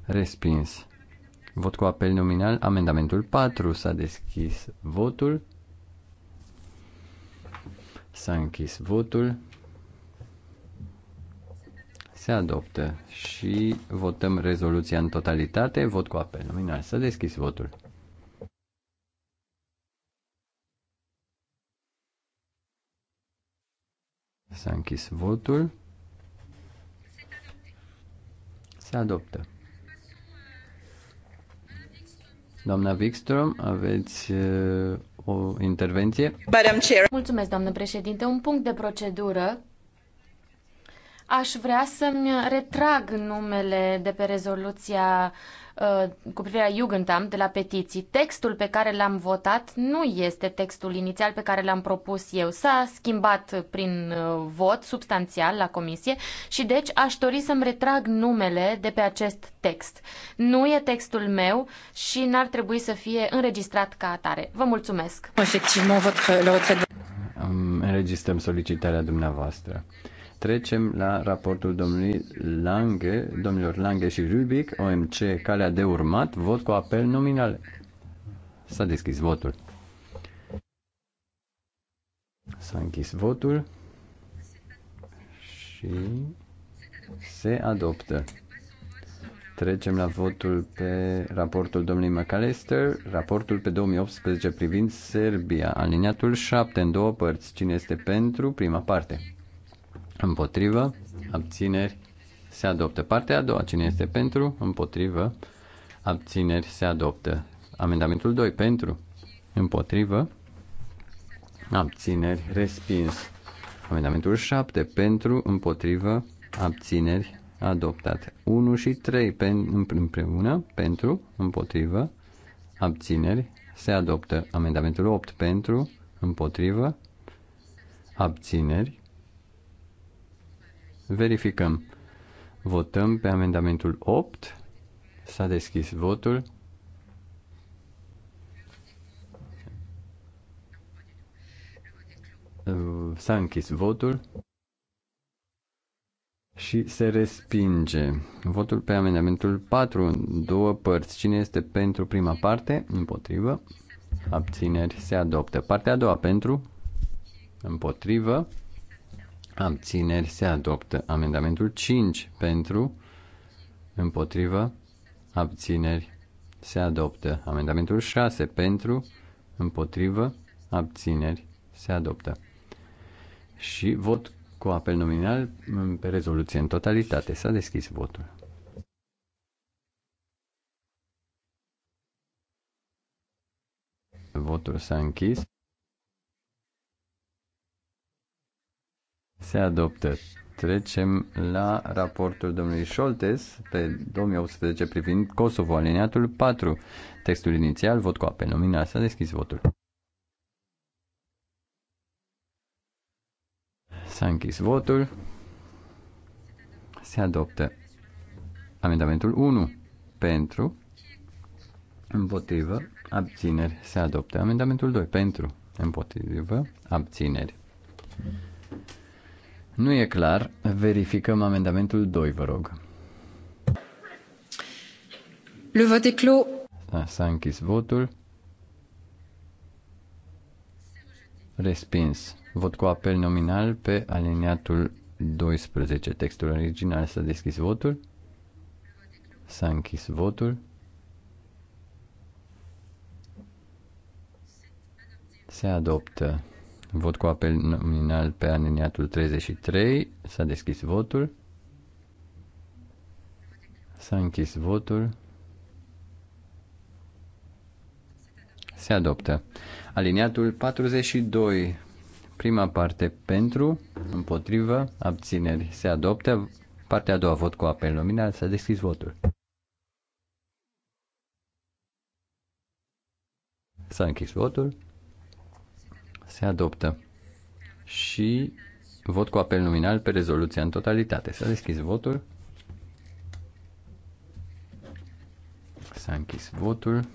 Respins. Vot cu apel nominal, amendamentul 4. S-a deschis votul. S-a închis votul. Se adoptă și votăm rezoluția în totalitate. Vot cu apel nominal. S-a deschis votul. S-a închis votul. Se adoptă. Doamna Wikström, aveți o intervenție? Mulțumesc, doamnă președinte. Un punct de procedură. Aș vrea să-mi retrag numele de pe rezoluția Uh, cu privire la Jugendamt de la petiții. Textul pe care l-am votat nu este textul inițial pe care l-am propus eu. S-a schimbat prin uh, vot substanțial la comisie și deci aș dori să-mi retrag numele de pe acest text. Nu e textul meu și n-ar trebui să fie înregistrat ca atare. Vă mulțumesc! Efectiv, votre... Înregistrăm solicitarea dumneavoastră. Trecem la raportul domnului Lange, domnilor Lange și Rubic, OMC, calea de urmat, vot cu apel nominal. S-a deschis votul. S-a închis votul și se adoptă. Trecem la votul pe raportul domnului McAllister, raportul pe 2018 privind Serbia, aliniatul 7 în două părți. Cine este pentru prima parte? Împotrivă. Abțineri. Se adoptă. Partea a doua. Cine este pentru? Împotrivă. Abțineri. Se adoptă. Amendamentul 2. Pentru. Împotrivă. Abțineri. Respins. Amendamentul 7. Pentru. Împotrivă. Abțineri. Adoptat. 1 și 3 pen, împreună. Pentru. Împotrivă. Abțineri. Se adoptă. Amendamentul 8. Pentru. Împotrivă. Abțineri Verificăm. Votăm pe amendamentul 8. S-a deschis votul. S-a închis votul și se respinge. Votul pe amendamentul 4 în două părți. Cine este pentru prima parte? Împotrivă. Abțineri se adoptă. Partea a doua pentru? Împotrivă. Abțineri se adoptă. Amendamentul 5 pentru, împotrivă, abțineri se adoptă. Amendamentul 6 pentru, împotrivă, abțineri se adoptă. Și vot cu apel nominal pe rezoluție în totalitate. S-a deschis votul. Votul s-a închis. Se adoptă. Trecem la raportul domnului Scholtes pe 2018 privind Kosovo, aliniatul 4. Textul inițial, vot cu ape nominal. S-a deschis votul. S-a închis votul. Se adoptă. Amendamentul 1. Pentru. Împotrivă. Abțineri. Se adoptă. Amendamentul 2. Pentru. Împotrivă. Abțineri. Nu e clar. Verificăm amendamentul 2, vă rog. Le vot est clos. Da, s-a închis votul. Respins. Vot cu apel nominal pe aliniatul 12. Textul original s-a deschis votul. S-a închis votul. Se adoptă. Vot cu apel nominal pe aneniatul 33. S-a deschis votul. S-a închis votul. Se adoptă. Aliniatul 42. Prima parte pentru, împotrivă, abțineri. Se adoptă. Partea a doua, vot cu apel nominal. S-a deschis votul. S-a închis votul. Se adoptă. Și vot cu apel nominal pe rezoluția în totalitate. S-a deschis votul. S-a închis votul.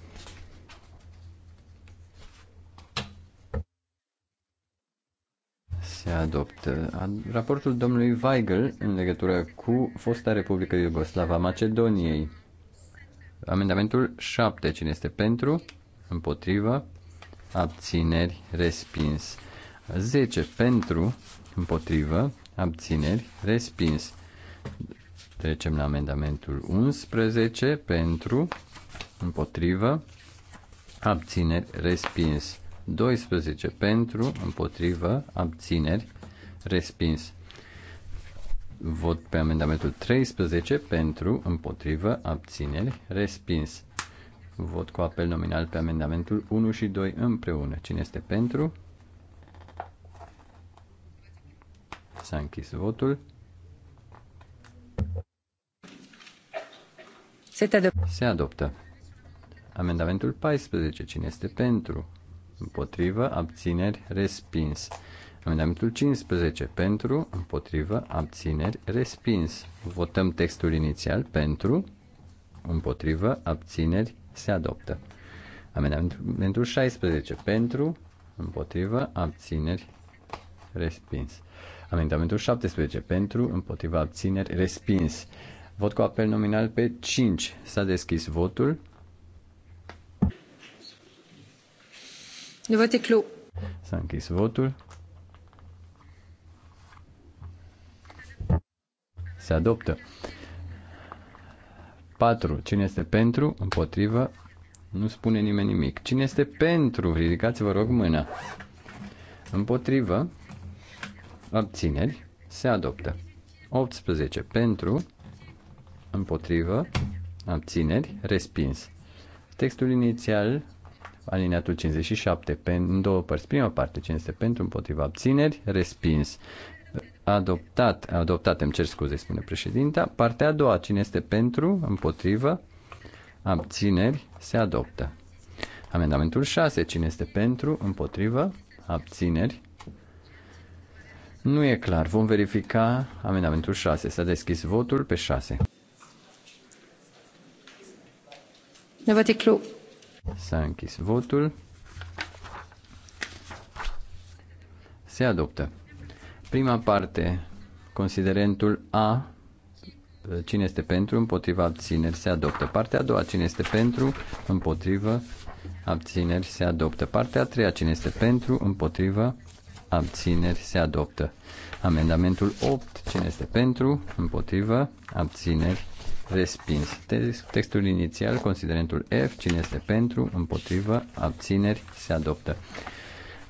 se adoptă. Raportul domnului Weigel în legătură cu fosta Republică Iugoslava Macedoniei. Amendamentul 7. Cine este pentru? Împotrivă? abțineri, respins. 10 pentru, împotrivă, abțineri, respins. Trecem la amendamentul 11 pentru, împotrivă, abțineri, respins. 12 pentru, împotrivă, abțineri, respins. Vot pe amendamentul 13 pentru, împotrivă, abțineri, respins. Vot cu apel nominal pe amendamentul 1 și 2 împreună. Cine este pentru? S-a închis votul. Se, adop- Se adoptă. Amendamentul 14. Cine este pentru? Împotrivă, abțineri, respins. Amendamentul 15. Pentru, împotrivă, abțineri, respins. Votăm textul inițial pentru, împotrivă, abțineri, se adoptă. Amendamentul 16 pentru, împotrivă, abțineri, respins. Amendamentul 17 pentru, împotrivă, abțineri, respins. Vot cu apel nominal pe 5. S-a deschis votul. Le vote clos. S-a închis votul. Se adoptă. 4. Cine este pentru? Împotrivă? Nu spune nimeni nimic. Cine este pentru? Ridicați, vă rog, mâna. Împotrivă? Abțineri? Se adoptă. 18. Pentru? Împotrivă? Abțineri? Respins. Textul inițial, alineatul 57, pe, în două părți. Prima parte, cine este pentru, împotriva abțineri, respins adoptat, adoptat, îmi cer scuze, spune președinta. Partea a doua, cine este pentru, împotrivă, abțineri, se adoptă. Amendamentul 6, cine este pentru, împotrivă, abțineri, nu e clar. Vom verifica amendamentul 6. S-a deschis votul pe 6. Ne vote S-a închis votul. Se adoptă. Prima parte, considerentul A, cine este pentru, împotriva abțineri, se adoptă. Partea a doua, cine este pentru, împotriva abțineri, se adoptă. Partea a treia, cine este pentru, împotriva abțineri, se adoptă. Amendamentul 8, cine este pentru, împotriva abțineri, respins. Textul inițial, considerentul F, cine este pentru, împotriva abțineri, se adoptă.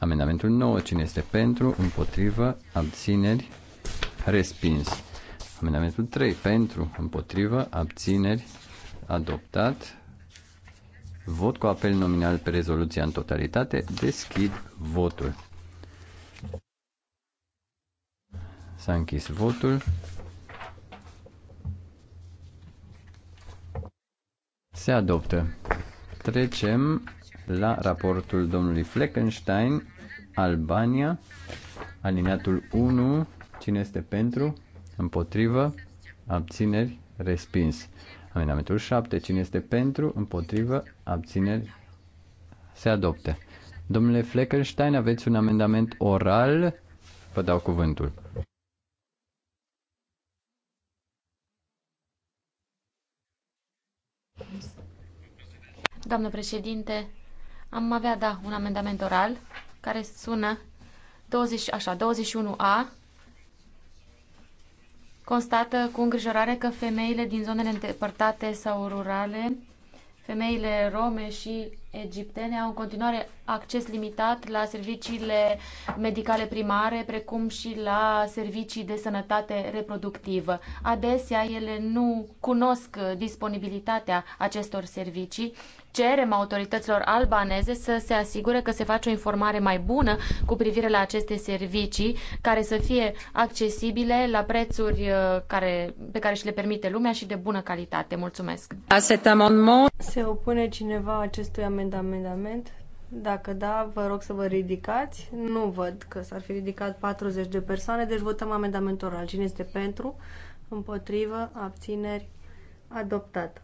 Amendamentul 9. Cine este pentru? Împotrivă? Abțineri? Respins. Amendamentul 3. Pentru? Împotrivă? Abțineri? Adoptat. Vot cu apel nominal pe rezoluția în totalitate. Deschid votul. S-a închis votul. Se adoptă. Trecem la raportul domnului Fleckenstein Albania, alineatul 1, cine este pentru, împotrivă, abțineri, respins. Amendamentul 7, cine este pentru, împotrivă, abțineri, se adopte. Domnule Fleckenstein, aveți un amendament oral? Vă dau cuvântul. Doamnă președinte, am avea, da, un amendament oral care sună 20, așa, 21A constată cu îngrijorare că femeile din zonele îndepărtate sau rurale, femeile rome și egiptene au în continuare acces limitat la serviciile medicale primare, precum și la servicii de sănătate reproductivă. Adesea ele nu cunosc disponibilitatea acestor servicii cerem autorităților albaneze să se asigure că se face o informare mai bună cu privire la aceste servicii care să fie accesibile la prețuri uh, care, pe care și le permite lumea și de bună calitate. Mulțumesc. Se opune cineva acestui amendament? amendament? Dacă da, vă rog să vă ridicați. Nu văd că s-ar fi ridicat 40 de persoane, deci votăm amendamentul oral. Cine este pentru? Împotrivă? Abțineri? Adoptat.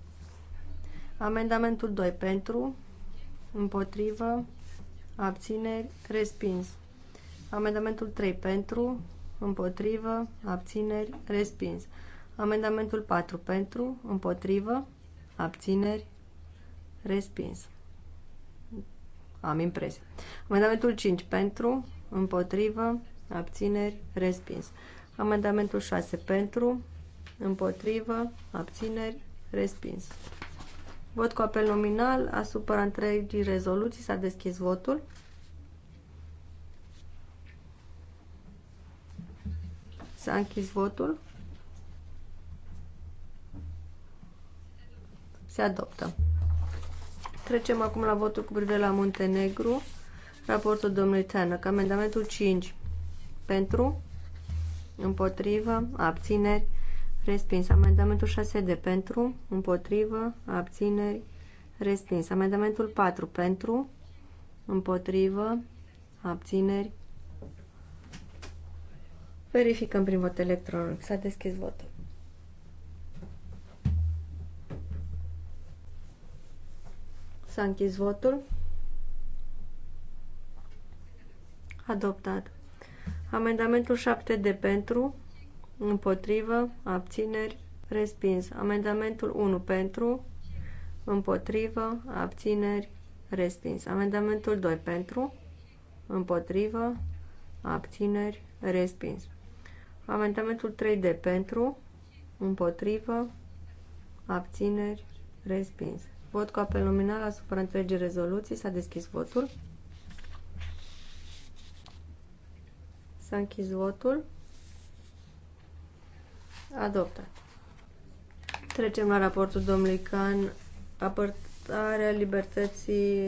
Amendamentul 2 pentru, împotrivă, abțineri, respins. Amendamentul 3 pentru, împotrivă, abțineri, respins. Amendamentul 4 pentru, împotrivă, abțineri, respins. Am impresia. Amendamentul 5 pentru, împotrivă, abțineri, respins. Amendamentul 6 pentru, împotrivă, abțineri, respins. Vot cu apel nominal asupra întregii rezoluții. S-a deschis votul. S-a închis votul. Se adoptă. Trecem acum la votul cu privire la Muntenegru. Raportul domnului Tanăc. Amendamentul 5. Pentru. Împotrivă. Abțineri. Respins. Amendamentul 6 de pentru, împotrivă, abțineri, respins. Amendamentul 4 pentru, împotrivă, abțineri. Verificăm prin vot electronic. S-a deschis votul. S-a închis votul. Adoptat. Amendamentul 7 de pentru, împotrivă, abțineri, respins. Amendamentul 1 pentru, împotrivă, abțineri, respins. Amendamentul 2 pentru, împotrivă, abțineri, respins. Amendamentul 3 de pentru, împotrivă, abțineri, respins. Vot cu apel nominal asupra întregii rezoluții. S-a deschis votul. S-a închis votul. Adoptat. Trecem la raportul domnului Can, apărtarea libertății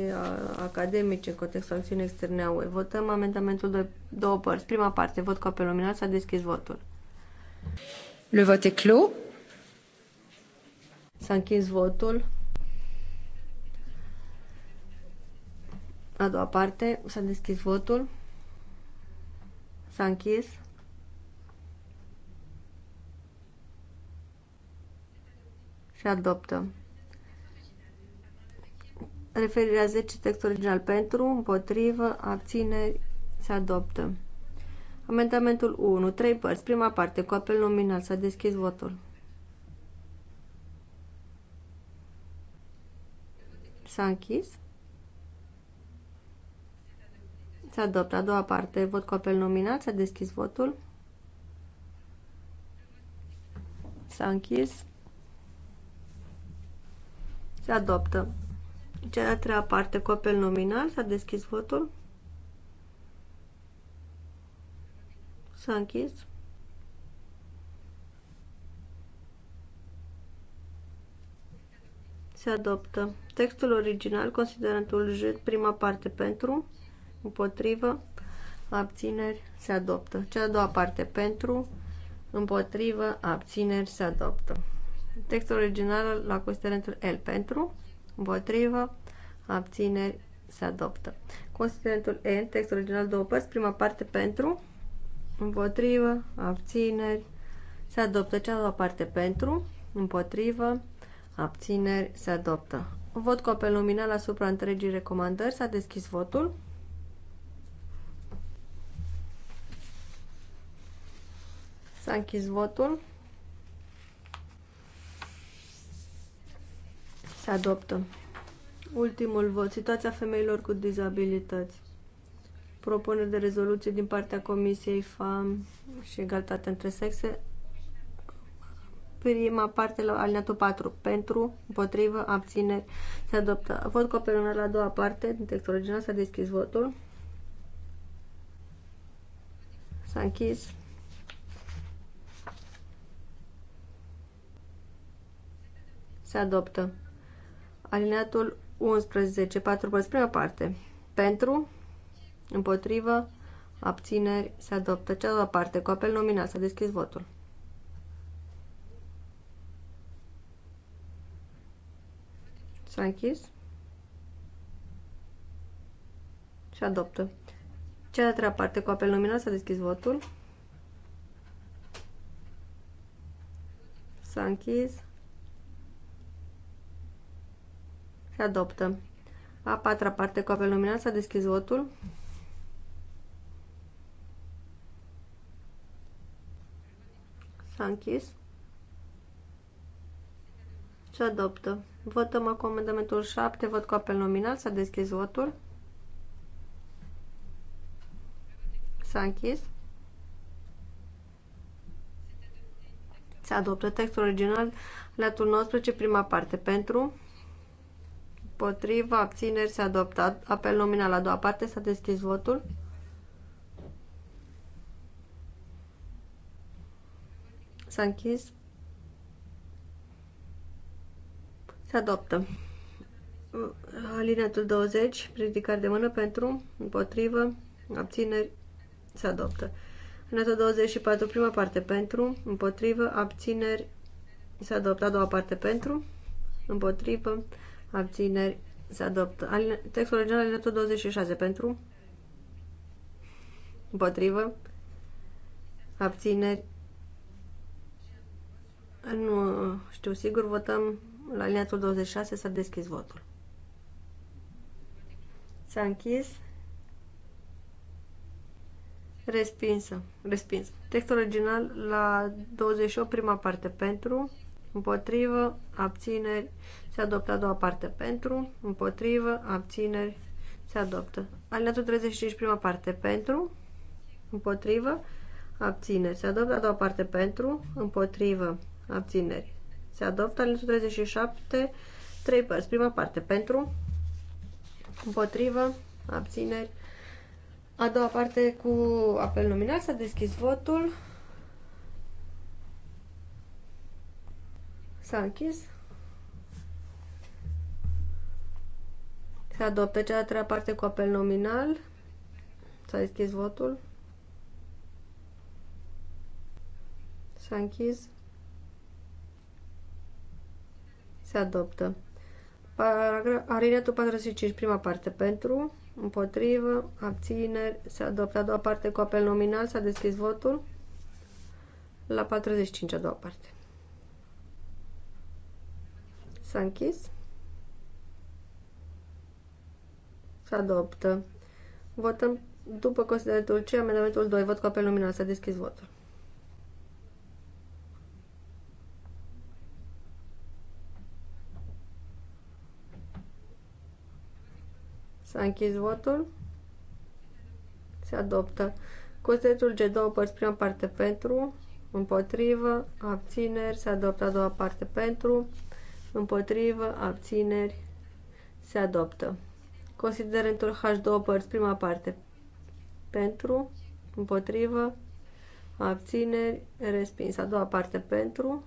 academice în contextul acțiunii externe a UE. Votăm amendamentul de două părți. Prima parte, vot cu apel nominal, s-a deschis votul. Le vote est clos. S-a închis votul. A doua parte, s-a deschis votul. S-a închis. se adoptă. Referirea 10, text original pentru, împotrivă, abține, se adoptă. Amendamentul 1, 3 părți, prima parte, cu apel nominal, s-a deschis votul. S-a închis. Se adoptă a doua parte, vot cu apel nominal, s-a deschis votul. S-a închis. Se adoptă. Cea de-a treia parte copil nominal. S-a deschis votul. S-a închis. Se adoptă. Textul original, considerentul J, prima parte pentru, împotrivă, abțineri, se adoptă. Cea a doua parte pentru, împotrivă, abțineri, se adoptă. Textul original la considerentul L pentru, împotrivă, abțineri, se adoptă. Considerentul N, textul original două părți, prima parte pentru, împotrivă, abțineri, se adoptă. Cea doua parte pentru, împotrivă, abțineri, se adoptă. Vot cu apel nominal asupra întregii recomandări. S-a deschis votul. S-a închis votul. Se adoptă. Ultimul vot. Situația femeilor cu dizabilități. Propune de rezoluție din partea Comisiei FAM și egalitate între sexe. Prima parte la alineatul 4. Pentru, împotrivă, abțineri. Se adoptă. Vot cu la a doua parte din textul original. S-a deschis votul. S-a închis. Se adoptă. Alineatul 11, 4 părți, prima parte. Pentru, împotrivă, abțineri, se adoptă. Cea doua parte, cu apel nominal, s-a deschis votul. S-a închis. Și adoptă. Cea de treia parte, cu apel nominal, s-a deschis votul. S-a închis. Se adoptă. A patra parte cu apel nominal s-a deschis votul. S-a închis. Se adoptă. Votăm acum amendamentul 7, vot cu apel nominal, s-a deschis votul. S-a închis. Se adoptă textul original, latul 19, prima parte, pentru, împotriva, abțineri, s-a adoptat. Apel nominal la a doua parte, s-a deschis votul. S-a închis. Se adoptă. Alineatul 20, ridicare de mână pentru, împotrivă, abțineri, se adoptă. Alineatul 24, prima parte pentru, împotrivă, abțineri, se adoptă. A doua parte pentru, împotrivă, abțineri, se adoptă. Textul original, este 26, pentru, împotrivă, abțineri, nu știu sigur, votăm la liniatul 26, s-a deschis votul. S-a închis. Respinsă. Respinsă. Textul original la 28, prima parte pentru, împotrivă, abțineri, se adoptă a doua parte pentru, împotrivă, abțineri, se adoptă. Alineatul 35, prima parte pentru, împotrivă, abțineri. Se adoptă a doua parte pentru, împotrivă, abțineri. Se adoptă alineatul 37, trei părți. Prima parte pentru, împotrivă, abțineri. A doua parte cu apel nominal s-a deschis votul. S-a închis. Se adoptă cea de-a treia parte cu apel nominal. S-a deschis votul. S-a închis. Se adoptă. Alineatul 45, prima parte pentru, împotrivă, abțineri, se adoptă a doua parte cu apel nominal, s-a deschis votul la 45 a doua parte. S-a închis. Se adoptă. Votăm după considerentul C, amendamentul 2. Vot cu apel nominal. S-a deschis votul. S-a închis votul. Se adoptă. Constitutul g două părți, prima parte pentru, împotrivă, abțineri, se adoptă a doua parte pentru, împotrivă, abțineri, se adoptă. Considerentul H, două părți, prima parte. Pentru, împotrivă, abțineri, respins. A doua parte pentru,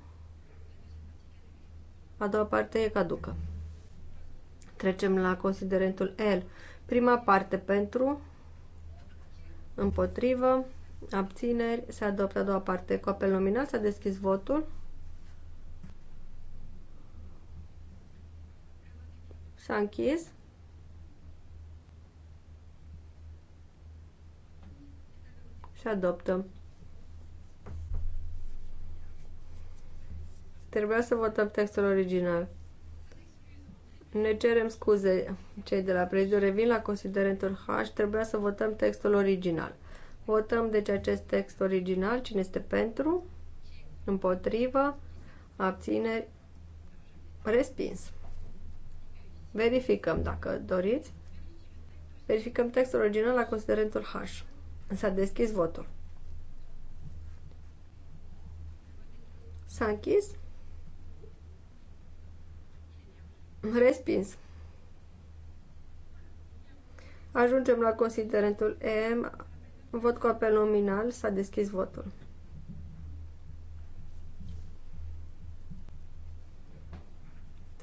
a doua parte e caducă. Trecem la considerentul L. Prima parte pentru, împotrivă, abțineri, se adoptă a doua parte cu apel nominal, s-a deschis votul. S-a închis. Se adoptă. Trebuia să votăm textul original. Ne cerem scuze, cei de la prezidiu revin la considerentul H, trebuia să votăm textul original. Votăm deci acest text original, cine este pentru, împotrivă, abțineri, respins. Verificăm dacă doriți. Verificăm textul original la considerentul H. S-a deschis votul. S-a închis. Respins. Ajungem la considerentul EM. Vot cu apel nominal. S-a deschis votul.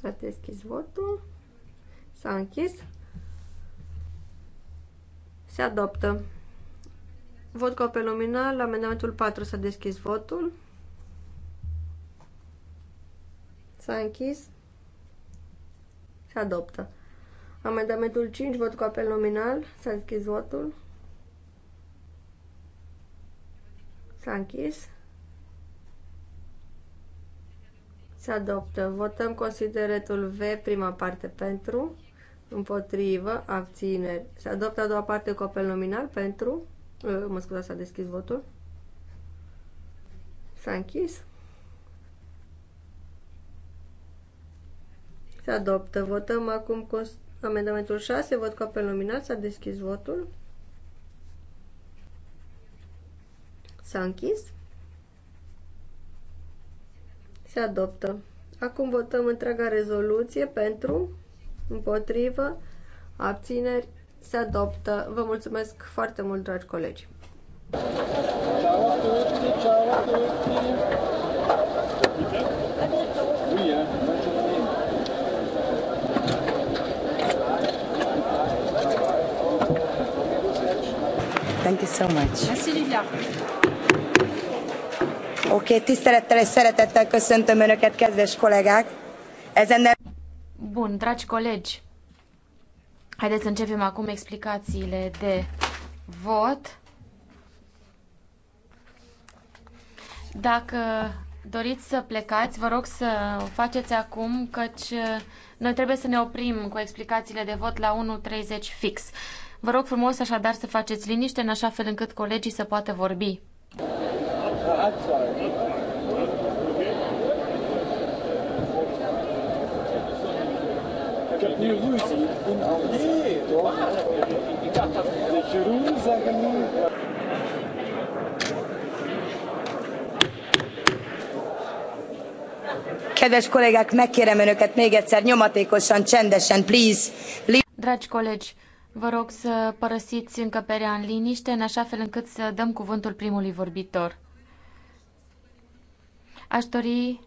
S-a deschis votul. S-a închis. Se adoptă. Vot cu apel nominal, amendamentul 4 s-a deschis votul. S-a închis. Se adoptă. Amendamentul 5, vot cu apel nominal, s-a deschis votul. S-a închis. Se adoptă. Votăm consideretul V, prima parte pentru, împotrivă, abțineri. Se adoptă a doua parte cu apel nominal pentru, Uh, mă scuzați, s-a deschis votul. S-a închis. Se adoptă. Votăm acum amendamentul 6. Vot cu apel nominal. S-a deschis votul. S-a închis. Se adoptă. Acum votăm întreaga rezoluție pentru, împotrivă, abțineri, se adoptă. Vă mulțumesc foarte mult, dragi colegi! Thank you so much. Merci Livia. Oké, okay, tisztelettel és szeretettel köszöntöm Önöket, kedves kollégák. Ezen Bun, dragi colegi, Haideți să începem acum explicațiile de vot. Dacă doriți să plecați, vă rog să o faceți acum, căci uh, noi trebuie să ne oprim cu explicațiile de vot la 1.30 fix. Vă rog frumos așadar să faceți liniște în așa fel încât colegii să poată vorbi. I'm sorry. Kedves kollégák, megkérem önöket még egyszer nyomatékosan, csendesen, please. Dragi colegi, vă rog să părăsiți încăperea în liniște, în așa fel încât să dăm cuvântul primului vorbitor. Aș dori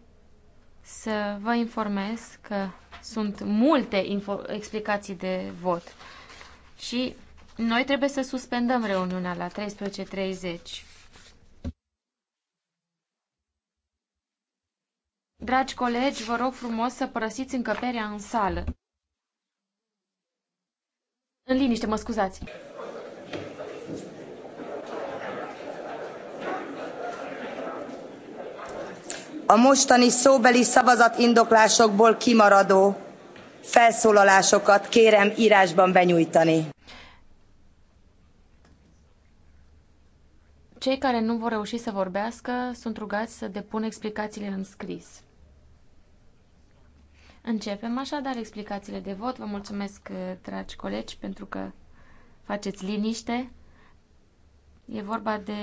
să vă informez că sunt multe explicații de vot. Și noi trebuie să suspendăm reuniunea la 13.30. Dragi colegi, vă rog frumos să părăsiți încăperea în sală. În liniște, mă scuzați. a mostani szóbeli szavazatindoklásokból kimaradó felszólalásokat kérem írásban benyújtani. Cei care nu vor reuși să vorbească sunt rugați să depună explicațiile în scris. Începem așadar explicațiile de vot. Vă mulțumesc, uh, dragi colegi, pentru că faceți liniște. E vorba de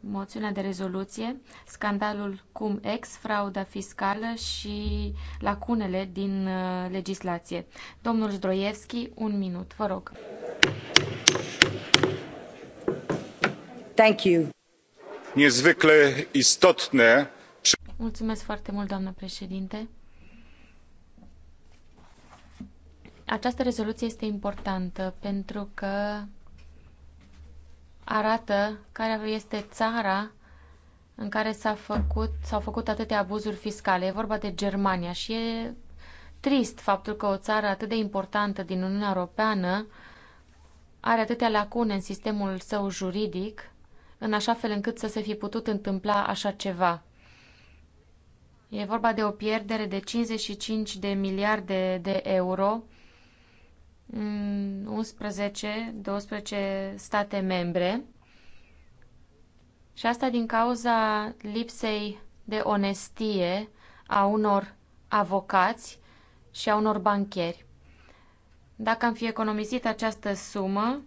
moțiunea de rezoluție, scandalul cum-ex, frauda fiscală și lacunele din uh, legislație. Domnul Zdroievski, un minut, vă rog. Thank you. Niezwykle istotne. Mulțumesc foarte mult, doamnă președinte. Această rezoluție este importantă pentru că arată care este țara în care s-a făcut, s-au făcut atâtea abuzuri fiscale. E vorba de Germania și e trist faptul că o țară atât de importantă din Uniunea Europeană are atâtea lacune în sistemul său juridic, în așa fel încât să se fi putut întâmpla așa ceva. E vorba de o pierdere de 55 de miliarde de euro 11-12 state membre și asta din cauza lipsei de onestie a unor avocați și a unor bancheri. Dacă am fi economisit această sumă,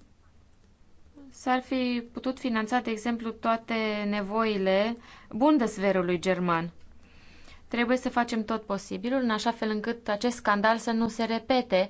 s-ar fi putut finanța, de exemplu, toate nevoile Bundesverului german. Trebuie să facem tot posibilul în așa fel încât acest scandal să nu se repete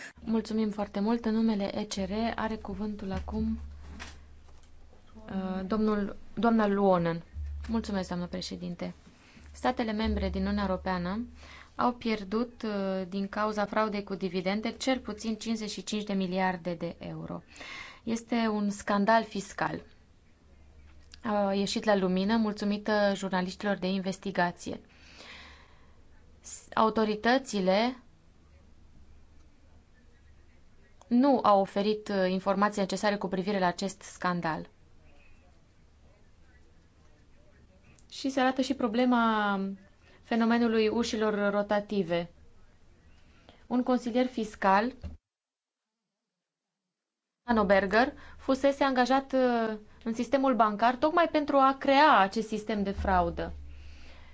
Mulțumim foarte mult. În numele ECR are cuvântul acum uh, domnul, doamna Luonen. Mulțumesc, doamnă președinte. Statele membre din Uniunea Europeană au pierdut uh, din cauza fraudei cu dividende cel puțin 55 de miliarde de euro. Este un scandal fiscal. A ieșit la lumină mulțumită jurnaliștilor de investigație. Autoritățile nu a oferit uh, informații necesare cu privire la acest scandal. Și se arată și problema fenomenului ușilor rotative. Un consilier fiscal, Hanoberger, fusese angajat uh, în sistemul bancar tocmai pentru a crea acest sistem de fraudă.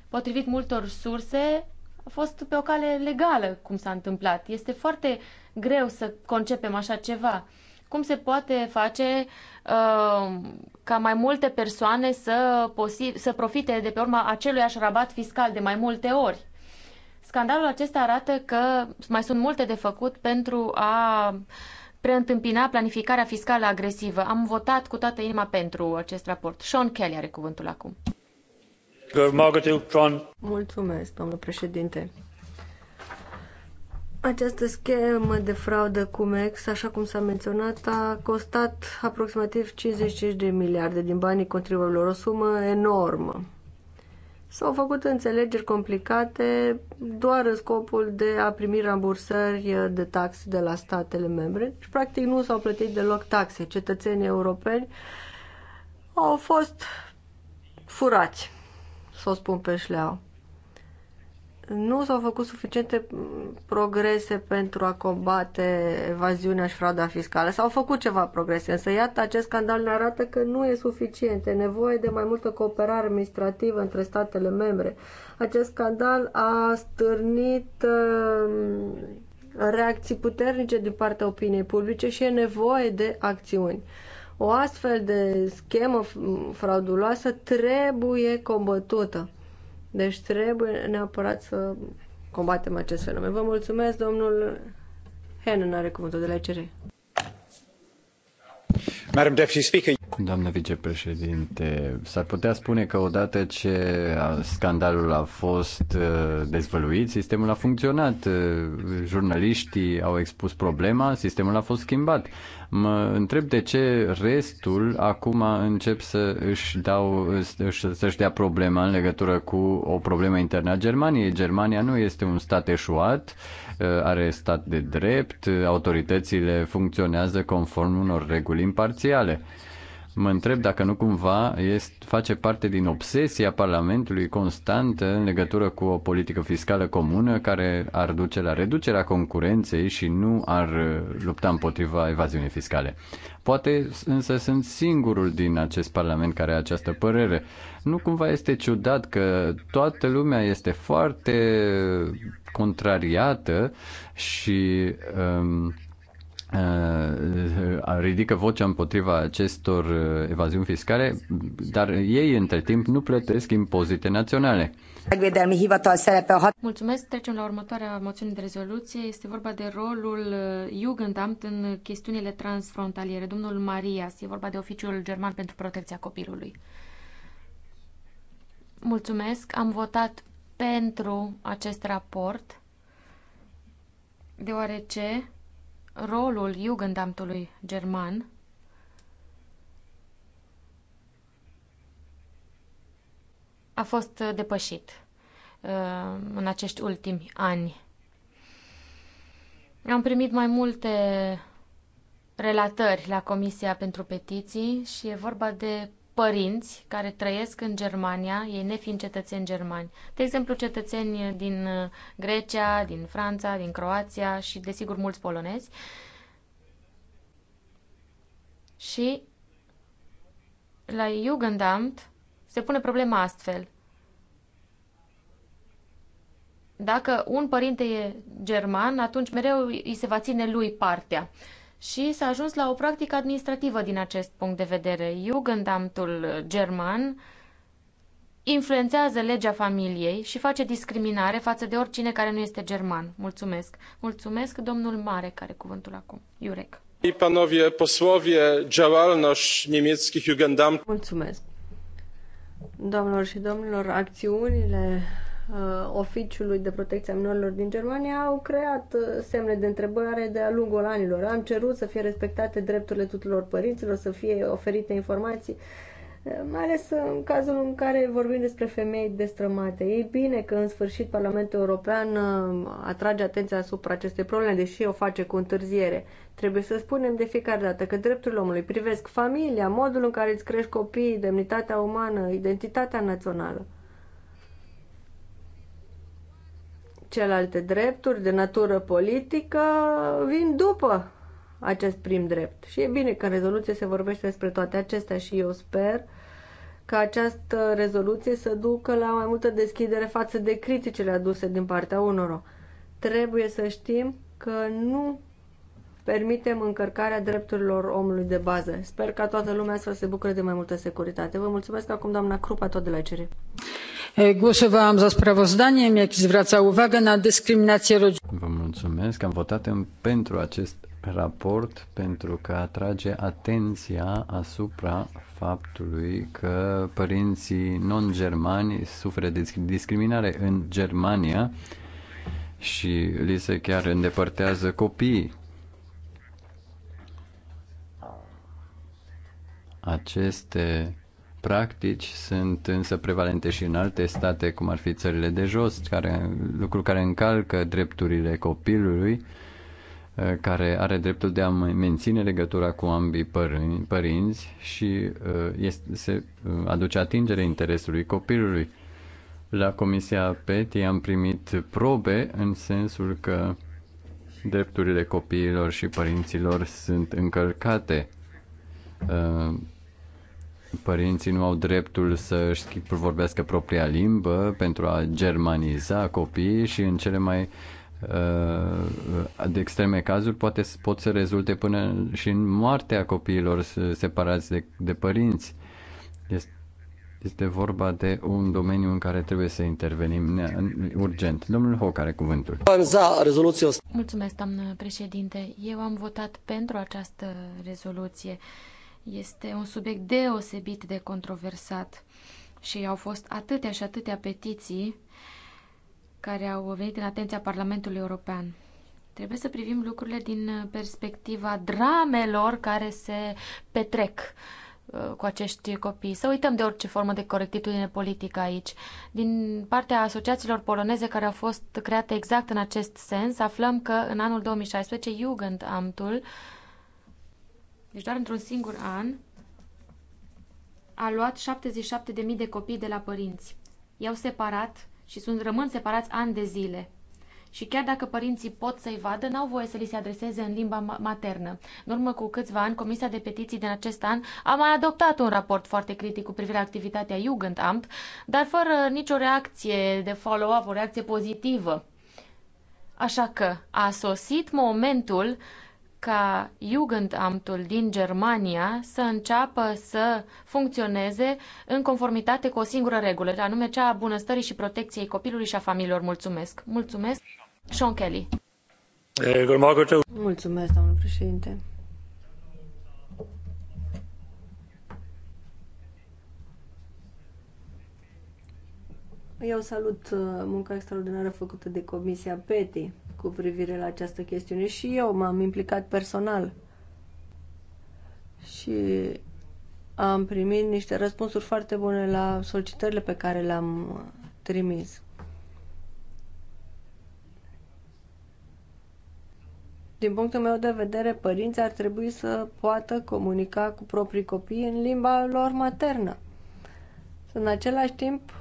Potrivit multor surse, a fost pe o cale legală cum s-a întâmplat. Este foarte uh, greu să concepem așa ceva. Cum se poate face uh, ca mai multe persoane să, să profite de pe urma aceluiași rabat fiscal de mai multe ori? Scandalul acesta arată că mai sunt multe de făcut pentru a preîntâmpina planificarea fiscală agresivă. Am votat cu toată inima pentru acest raport. Sean Kelly are cuvântul acum. Mulțumesc, domnule președinte. Această schemă de fraudă CumEx, așa cum s-a menționat, a costat aproximativ 55 de miliarde din banii contribuabililor, o sumă enormă. S-au făcut înțelegeri complicate doar în scopul de a primi rambursări de taxe de la statele membre și practic nu s-au plătit deloc taxe. Cetățenii europeni au fost furați, să o spun pe șleau nu s-au făcut suficiente mm, progrese pentru a combate evaziunea și frauda fiscală. S-au făcut ceva progrese, însă iată, acest scandal ne arată că nu e suficient. E nevoie de mai multă cooperare administrativă între statele membre. Acest scandal a stârnit uh, reacții puternice din partea opiniei publice și e nevoie de acțiuni. O astfel de schemă frauduloasă trebuie combătută deci trebuie neapărat să combatem acest fenomen. Vă mulțumesc, domnul Henan are cuvântul de la CR. Madam Doamnă vicepreședinte, s-ar putea spune că odată ce scandalul a fost uh, dezvăluit, sistemul a funcționat. Uh, jurnaliștii au expus problema, sistemul a fost schimbat. Mă întreb de ce restul acum încep să își dau să-și dea problema în legătură cu o problemă internă a Germaniei. Germania nu este un stat eșuat Uh, are stat de drept, uh, autoritățile funcționează conform unor reguli imparțiale. Mă întreb dacă nu cumva este, face parte din obsesia Parlamentului constantă în legătură cu o politică fiscală comună care ar duce la reducerea concurenței și nu ar uh, lupta împotriva evaziunii fiscale. Poate însă sunt singurul din acest Parlament care are această părere. Nu cumva este ciudat că toată lumea este foarte contrariată și. Um, Uh, uh, ridică vocea împotriva acestor uh, evaziuni fiscale, dar ei între timp nu plătesc impozite naționale. Mulțumesc. Trecem la următoarea moțiune de rezoluție. Este vorba de rolul Jugendamt în chestiunile transfrontaliere. Domnul Marias, e vorba de oficiul german pentru protecția copilului. Mulțumesc. Am votat pentru acest raport deoarece rolul Jugendamtului german a fost uh, depășit uh, în acești ultimi ani. Am primit mai multe relatări la Comisia pentru Petiții și e vorba de părinți care trăiesc în Germania, ei nefiind cetățeni germani. De exemplu, cetățeni din uh, Grecia, din Franța, din Croația și, desigur, mulți polonezi. Și la Jugendamt se pune problema astfel. Dacă un părinte e german, atunci mereu îi se va ține lui partea. Uh, și s-a ajuns la o practică administrativă din acest punct de vedere. Jugendamtul german influențează legea familiei și face discriminare față de oricine care nu este german. Mulțumesc. Mulțumesc, domnul Mare, care cuvântul acum. Iurec. Panowie posłowie, działalność niemieckich Jugendamtów. Mulțumesc. Domnilor și domnilor, acțiunile Uh, Oficiului de Protecție a Minorilor din Germania au creat uh, semne de întrebare de-a lungul anilor. Am cerut să fie respectate drepturile tuturor părinților, să fie oferite informații, uh, mai ales în cazul în care vorbim despre femei destrămate. E bine că în sfârșit Parlamentul European atrage atenția asupra acestei probleme, deși o face cu întârziere. Trebuie să spunem de fiecare dată că drepturile omului privesc familia, modul în care îți crești copiii, demnitatea umană, identitatea națională. celelalte drepturi de natură politică vin după acest prim drept. Și e bine că în rezoluție se vorbește despre toate acestea și eu sper că această rezoluție să ducă la mai multă deschidere față de criticile aduse din partea unor. Trebuie să știm că nu permitem încărcarea drepturilor omului de bază. Sper ca toată lumea să se bucure de mai multă securitate. Vă mulțumesc acum, doamna Crupa, tot de la cere. Głosowałam za sprawozdaniem, jak zwraca uwagę na dyskryminację rodzinną. Vă mulțumesc, am votat pentru acest raport pentru că atrage atenția asupra faptului că părinții non-germani suferă de discriminare în Germania și li se chiar îndepărtează copiii Aceste practici sunt însă prevalente și în alte state, cum ar fi țările de jos, care, lucru care încalcă drepturile copilului, eh, care are dreptul de a menține legătura cu ambii părinți și eh, este, se eh, aduce atingere interesului copilului. La Comisia PETI am primit probe în sensul că drepturile copiilor și părinților sunt încălcate Părinții nu au dreptul să își vorbească propria limbă pentru a germaniza copiii și în cele mai de uh, extreme cazuri poate pot să rezulte până și în moartea copiilor separați de, de părinți. Este, este vorba de un domeniu în care trebuie să intervenim urgent. Domnul Hoc are cuvântul. Mulțumesc, doamnă președinte. Eu am votat pentru această rezoluție. Uh, este un subiect deosebit de controversat și au fost atâtea și atâtea petiții care au venit în atenția Parlamentului European. Trebuie să privim lucrurile din uh, perspectiva dramelor care se petrec uh, cu acești copii. Să uităm de orice formă de corectitudine politică aici. Din partea asociațiilor poloneze care au fost create exact în acest sens, aflăm că în anul 2016 Jugendamtul deci doar într-un singur an, a luat 77.000 de copii de la părinți. I-au separat și sunt, rămân separați ani de zile. Și chiar dacă părinții pot să-i vadă, n-au voie să li se adreseze în limba maternă. În urmă cu câțiva ani, Comisia de Petiții din acest an a mai adoptat un raport foarte critic cu privire la activitatea Jugendamt, dar fără nicio reacție de follow-up, o reacție pozitivă. Așa că a sosit momentul ca Jugendamtul din Germania să înceapă să funcționeze în conformitate cu o singură regulă, anume cea a bunăstării și protecției copilului și a familiilor. Mulțumesc! Mulțumesc! Sean Kelly. Mulțumesc, domnul președinte. Eu salut uh, munca extraordinară făcută de Comisia PETI cu privire la această chestiune și eu m-am implicat personal și am primit niște răspunsuri foarte bune la solicitările pe care le-am trimis. Din punctul meu de vedere, părinții ar trebui să poată comunica cu proprii copii în limba lor maternă. În același timp,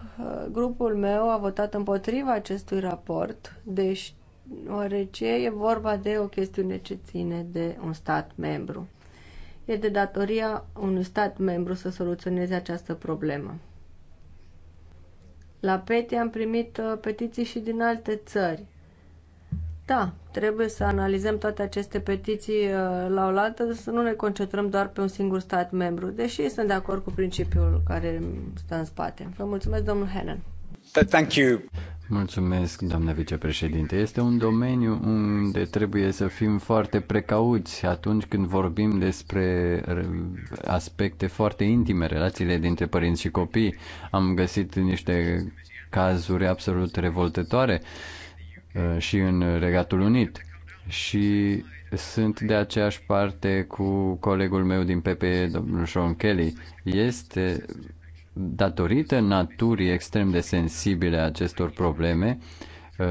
grupul meu a votat împotriva acestui raport, deși deoarece e vorba de o chestiune ce ține de un stat membru. E de datoria unui stat membru să soluționeze această problemă. La PETI am primit uh, petiții și din alte țări. Da, trebuie să analizăm toate aceste petiții uh, la oaltă, să nu ne concentrăm doar pe un singur stat membru, deși sunt de acord cu principiul care stă în spate. Vă mulțumesc, domnul Hennen. Thank you. Mulțumesc, doamnă vicepreședinte. Este un domeniu unde trebuie să fim foarte precauți atunci când vorbim despre aspecte foarte intime, relațiile dintre părinți și copii. Am găsit niște cazuri absolut revoltătoare uh, și în Regatul Unit. Și sunt de aceeași parte cu colegul meu din PPE, domnul Sean Kelly. Este Datorită naturii extrem de sensibile a acestor probleme, uh,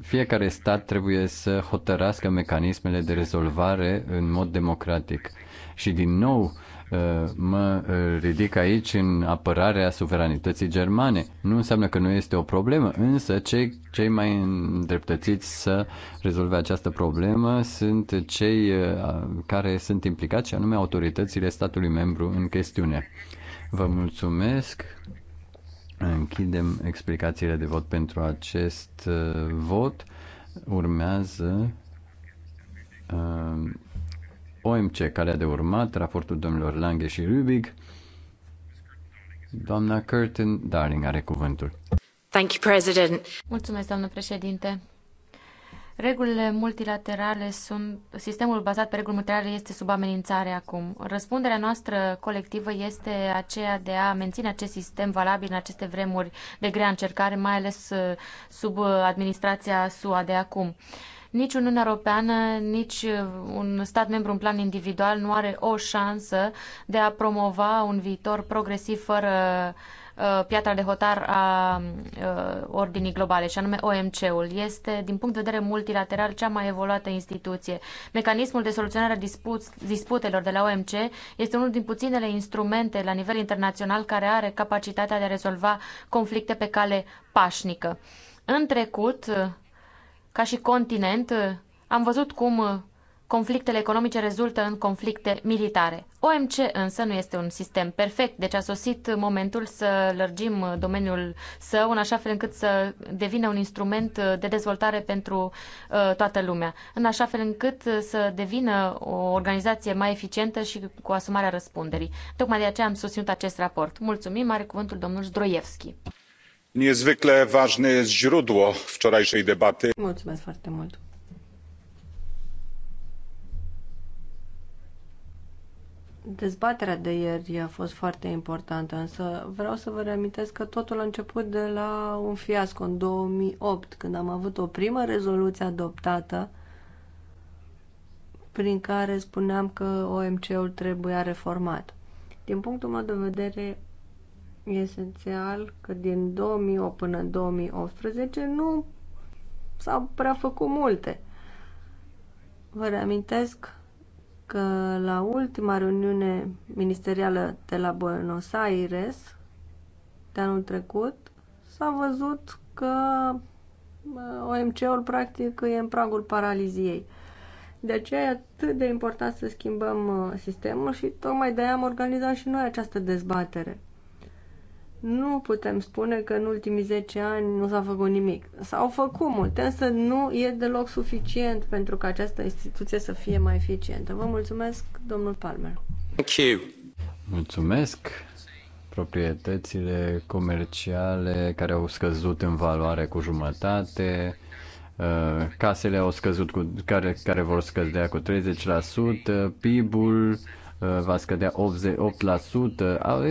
fiecare stat trebuie să hotărască mecanismele de rezolvare în mod democratic. Și din nou uh, mă ridic aici în apărarea suveranității germane. Nu înseamnă că nu este o problemă, însă cei, cei mai îndreptățiți să rezolve această problemă sunt cei uh, care sunt implicați, și anume autoritățile statului membru în chestiune. Vă mulțumesc. Închidem explicațiile de vot pentru acest uh, vot. Urmează uh, OMC, a de urmat, raportul domnilor Lange și Rubic. Doamna Curtin Darling are cuvântul. Thank you, President. Mulțumesc, doamnă președinte. Regulile multilaterale sunt, sistemul bazat pe reguli multilaterale este sub amenințare acum. Răspunderea noastră colectivă este aceea de a menține acest sistem valabil în aceste vremuri de grea încercare, mai ales uh, sub uh, administrația SUA de acum. Nici Uniunea Europeană, nici uh, un stat membru în plan individual nu are o șansă de a promova un viitor progresiv fără Uh, piatra de hotar a uh, ordinii globale, și anume OMC-ul. Este, din punct de vedere multilateral, cea mai evoluată instituție. Mecanismul de soluționare a disputelor de la OMC este unul din puținele instrumente la nivel internațional care are capacitatea de a rezolva conflicte pe cale pașnică. În trecut, uh, ca și continent, am văzut cum conflictele economice rezultă în conflicte militare. OMC însă nu este un sistem perfect, deci a sosit momentul să lărgim domeniul său în așa fel încât să devină un instrument de dezvoltare pentru uh, toată lumea, în așa fel încât să devină o organizație mai eficientă și cu asumarea răspunderii. Tocmai de aceea am susținut acest raport. Mulțumim, are cuvântul domnul Zdroievski. Niezwykle ważne jest źródło wczorajszej debaty. Mulțumesc foarte mult. Dezbaterea de ieri a fost foarte importantă, însă vreau să vă reamintesc că totul a început de la un fiasco în 2008, când am avut o primă rezoluție adoptată prin care spuneam că OMC-ul trebuia reformat. Din punctul meu de vedere, e esențial că din 2008 până în 2018 nu s-au prea făcut multe. Vă reamintesc că la ultima reuniune ministerială de la Buenos Aires de anul trecut s-a văzut că OMC-ul practic e în pragul paraliziei. De aceea e atât de important să schimbăm uh, sistemul și tocmai de-aia am organizat și noi această dezbatere nu putem spune că în ultimii 10 ani nu s-a făcut nimic. S-au făcut multe, însă nu e deloc suficient pentru ca această instituție să fie mai eficientă. Vă mulțumesc, domnul Palmer. Thank you. Mulțumesc. Proprietățile comerciale care au scăzut în valoare cu jumătate, uh, casele au scăzut cu, care, care vor scădea cu 30%, PIB-ul Uh, va scădea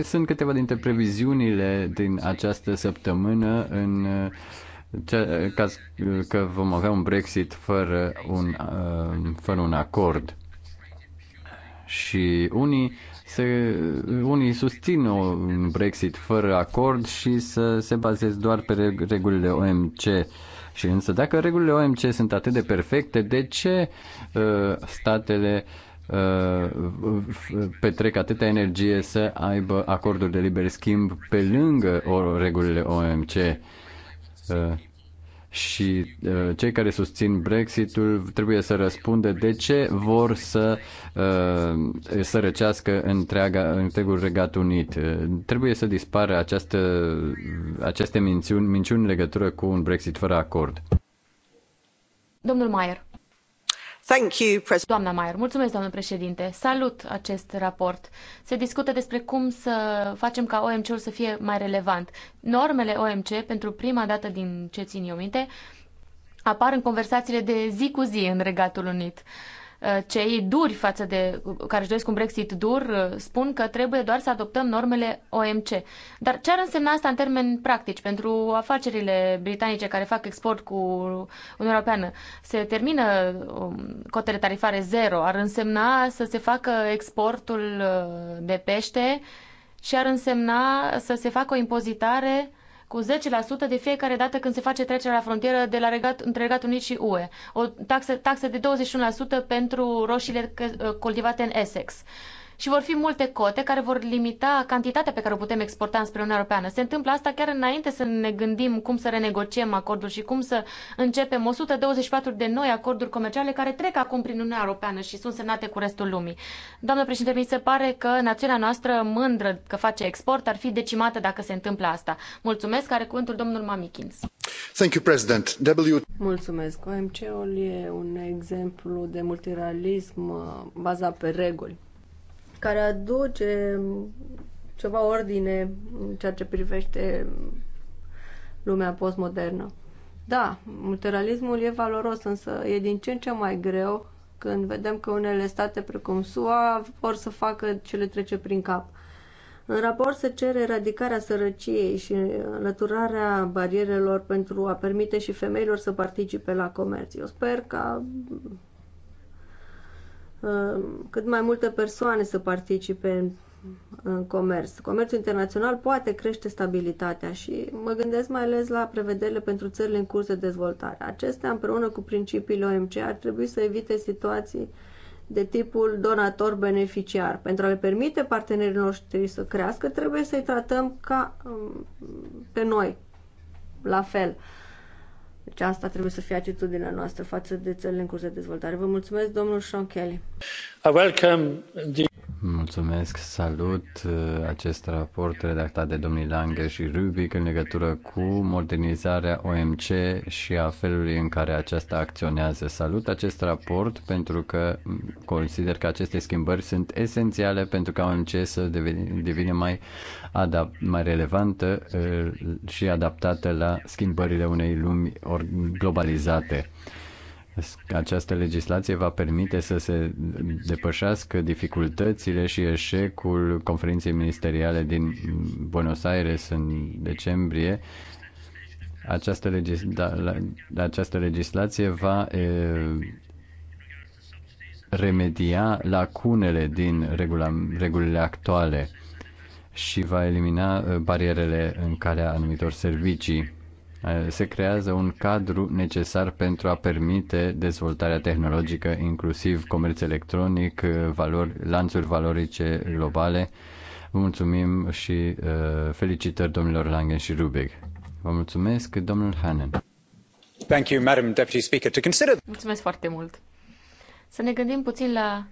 88%. Sunt câteva dintre previziunile din această săptămână în uh, caz că vom avea un Brexit fără un, uh, fără un acord. Și unii, se, unii susțin un Brexit fără acord și să se bazeze doar pe regulile OMC. Și însă dacă regulile OMC sunt atât de perfecte, de ce statele uh, Uh, petrec atâta energie să aibă acorduri de liber schimb pe lângă regulile OMC. Uh, și uh, cei care susțin Brexitul trebuie să răspundă de ce vor să sărăcească întreaga, întregul Regat Unit. Trebuie să dispară această, aceste minciuni, minciuni în legătură cu un Brexit fără acord. Domnul Maier. Doamna Maier, mulțumesc, doamnă președinte. Salut acest raport. Se discută despre cum să facem ca OMC-ul să fie mai relevant. Normele OMC, pentru prima dată din ce țin eu minte, apar în conversațiile de zi cu zi în Regatul Unit. Uh, Uh, cei duri față de, care își doresc un Brexit dur, uh, spun că trebuie doar să adoptăm normele OMC. Dar ce ar însemna asta în termeni practici pentru afacerile britanice care fac export cu Uniunea Europeană? Se termină um, cotele tarifare zero, ar însemna să se facă exportul uh, de pește și ar însemna să se facă o impozitare cu 10% de fiecare dată când se face trecerea la frontieră de la regat, între Regatul Unit și UE. O taxă, taxă de 21% pentru roșiile uh, cultivate în Essex și vor fi multe cote care vor limita cantitatea pe care o putem exporta înspre Uniunea Europeană. Se întâmplă asta chiar înainte să ne gândim cum să renegociem acordul și cum să începem 124 de noi acorduri comerciale care trec acum prin Uniunea Europeană și sunt semnate cu restul lumii. Doamnă președinte, mi se pare că națiunea noastră mândră că face export ar fi decimată dacă se întâmplă asta. Mulțumesc, are cuvântul domnul Mamikins. Thank you, President. W... Mulțumesc. OMC-ul e un exemplu de multiralism uh, bazat pe reguli care aduce ceva ordine în ceea ce privește lumea postmodernă. Da, multilateralismul e valoros, însă e din ce în ce mai greu când vedem că unele state precum SUA vor să facă ce le trece prin cap. În raport se cere eradicarea sărăciei și înlăturarea barierelor pentru a permite și femeilor să participe la comerț. Eu sper că. Uh, cât mai multe persoane să participe în comerț. Comerțul internațional poate crește stabilitatea și mă gândesc mai ales la prevederile pentru țările în curs de dezvoltare. Acestea, împreună cu principiile OMC, ar trebui să evite situații de tipul donator-beneficiar. Pentru a le permite partenerilor noștri să crească, trebuie să-i tratăm ca um, pe noi, la fel. Deci asta trebuie să fie atitudinea noastră față de țările în curs de dezvoltare. Vă mulțumesc, domnul Sean Kelly. I welcome the... Mulțumesc, salut uh, acest raport redactat de domnii Lange și Rubic în legătură cu modernizarea OMC și a felului în care aceasta acționează. Salut acest raport pentru că consider că aceste schimbări sunt esențiale pentru ca OMC să devină mai, adap- mai relevantă uh, și adaptată la schimbările unei lumi globalizate. Această legislație va permite să se depășească dificultățile și eșecul conferinței ministeriale din Buenos Aires în decembrie. Această, legis- da, la, această legislație va e, remedia lacunele din regula, regulile actuale și va elimina barierele în calea anumitor servicii Eh, se creează un cadru necesar pentru a permite dezvoltarea tehnologică, inclusiv comerț electronic, eh, valori, lanțuri valorice globale. Vă mulțumim și uh, felicitări domnilor Langen și Rubeg. Vă mulțumesc, domnul Hanen. Thank you, Madam Deputy Speaker, to consider... Mulțumesc foarte mult. Să ne gândim puțin la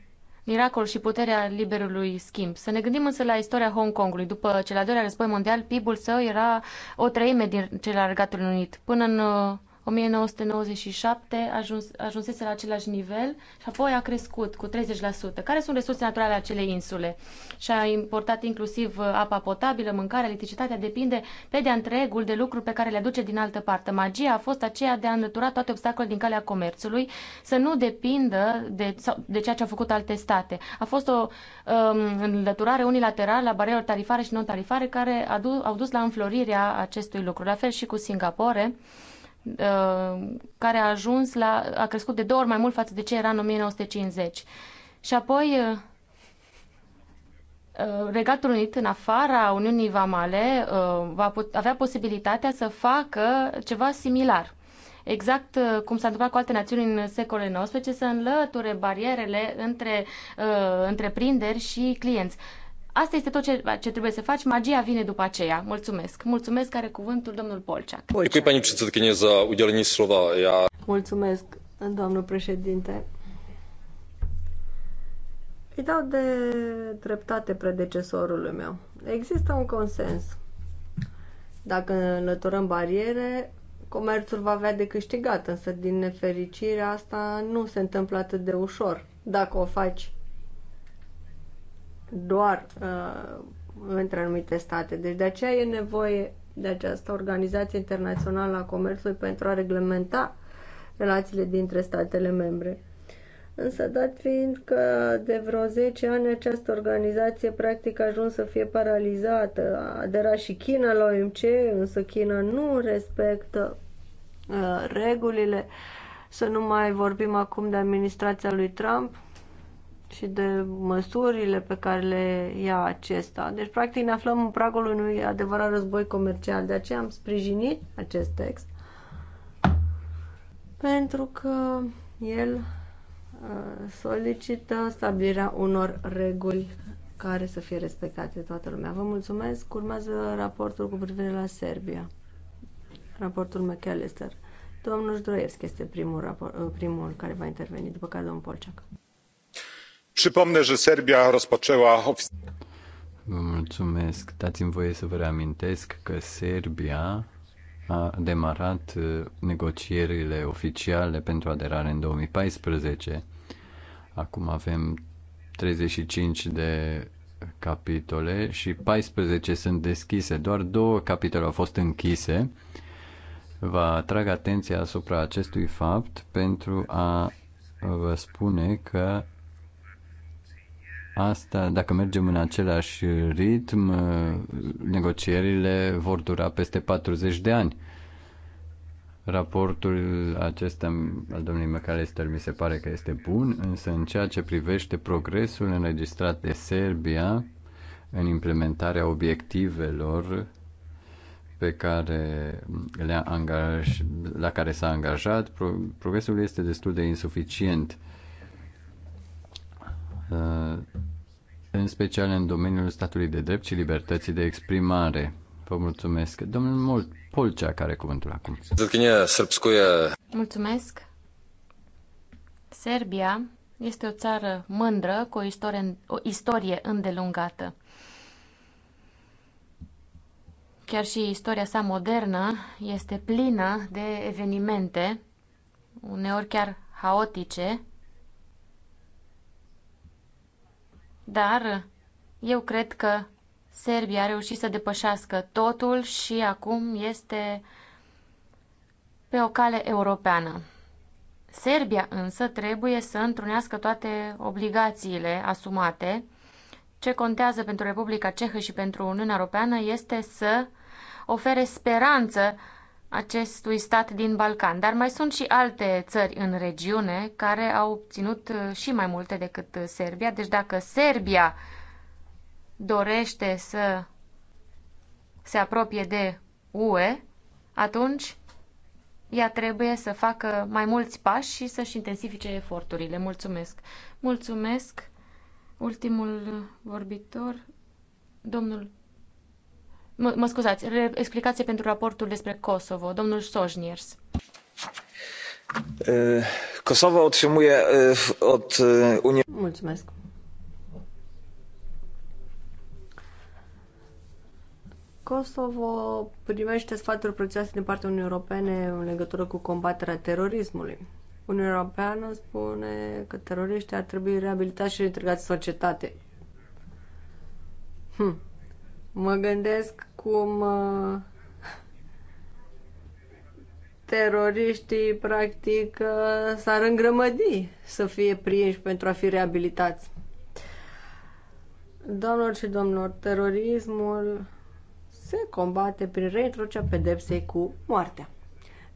miracol și puterea liberului schimb. Să ne gândim însă la istoria Hong Kongului. După cel al doilea război mondial, PIB-ul său era o treime din cel al Regatului Unit. Până în uh, 1997 ajuns, ajunsese la același nivel și apoi a crescut cu 30%. Care sunt resurse naturale ale acelei insule? Și a importat inclusiv uh, apa potabilă, mâncare, electricitatea, depinde pe de întregul de lucruri pe care le aduce din altă parte. Magia a fost aceea de a înlătura toate obstacolele din calea comerțului, să nu depindă de, de ceea ce au făcut alte state. A fost o um, înlăturare unilaterală a barierelor tarifare și non-tarifare care au dus la înflorirea acestui lucru. La fel și cu Singapore Uh, care a ajuns la, a crescut de două ori mai mult față de ce era în 1950. Și apoi uh, uh, Regatul Unit, în afara Uniunii Vamale, va avea posibilitatea să facă ceva similar. Exact cum s-a întâmplat cu alte națiuni în secolele XIX, să înlăture barierele între uh, întreprinderi și clienți. Asta este tot ce, ce trebuie să faci, magia vine după aceea. Mulțumesc. Mulțumesc, care cuvântul domnul Polceac. Mulțumesc, doamnă președinte. Îi dau de dreptate predecesorului meu. Există un consens. Dacă înlăturăm bariere, comerțul va avea de câștigat, însă din nefericire asta nu se întâmplă atât de ușor. Dacă o faci doar uh, între anumite state. Deci de aceea e nevoie de această organizație internațională a comerțului pentru a reglementa relațiile dintre statele membre. Însă, dat fiind că de vreo 10 ani această organizație practic a ajuns să fie paralizată, a aderat și China la OMC, însă China nu respectă uh, regulile. Să nu mai vorbim acum de administrația lui Trump, și de măsurile pe care le ia acesta. Deci, practic, ne aflăm în pragul unui adevărat război comercial. De aceea am sprijinit acest text, pentru că el uh, solicită stabilirea unor reguli care să fie respectate de toată lumea. Vă mulțumesc. Urmează raportul cu privire la Serbia. Raportul McAllister. Domnul Zdroievski este primul, rapor, uh, primul care va interveni, după care domnul Polceac. Przypomnę, że Serbia rozpoczęła. Vă mulțumesc. Dați-mi voie să vă reamintesc că Serbia a demarat uh, negocierile oficiale pentru aderare în 2014. Acum avem 35 de capitole și 14 sunt deschise. Doar două capitole au fost închise. Vă atrag atenția asupra acestui fapt pentru a vă spune că Asta, dacă mergem în același ritm, negocierile vor dura peste 40 de ani. Raportul acesta al domnului McAllister mi se pare că este bun, însă în ceea ce privește progresul înregistrat de Serbia în implementarea obiectivelor pe care le-a angaj, la care s-a angajat, progresul este destul de insuficient Uh, în special în domeniul statului de drept și libertății de exprimare. Vă mulțumesc. Domnul Mult, Polcea care cuvântul acum. Mulțumesc. Serbia este o țară mândră cu o istorie, o istorie îndelungată. Chiar și istoria sa modernă este plină de evenimente, uneori chiar haotice, Dar eu cred că Serbia a reușit să depășească totul și acum este pe o cale europeană. Serbia însă trebuie să întrunească toate obligațiile asumate. Ce contează pentru Republica Cehă și pentru Uniunea Europeană este să ofere speranță acestui stat din Balcan, dar mai sunt și alte țări în regiune care au obținut uh, și mai multe decât uh, Serbia. Deci dacă Serbia dorește să se apropie de UE, atunci ea trebuie să facă mai mulți pași și să-și intensifice eforturile. Mulțumesc! Mulțumesc! Ultimul vorbitor, domnul Mă, mă scuzați, explicație pentru raportul despre Kosovo, domnul Sojniers. Eh, Kosovo otrzymuje eh, od eh, Unii... Mulțumesc. Kosovo primește sfaturi prețioase din partea Uniunii Europene în legătură cu combaterea terorismului. Uniunea Europeană spune că teroriștii ar trebui reabilitați și reintegrați în societate. Hm. Mă gândesc cum uh, teroriștii practic uh, s-ar îngrămădi să fie prinși pentru a fi reabilitați. Domnilor și domnilor, terorismul se combate prin reintroducerea pedepsei cu moartea.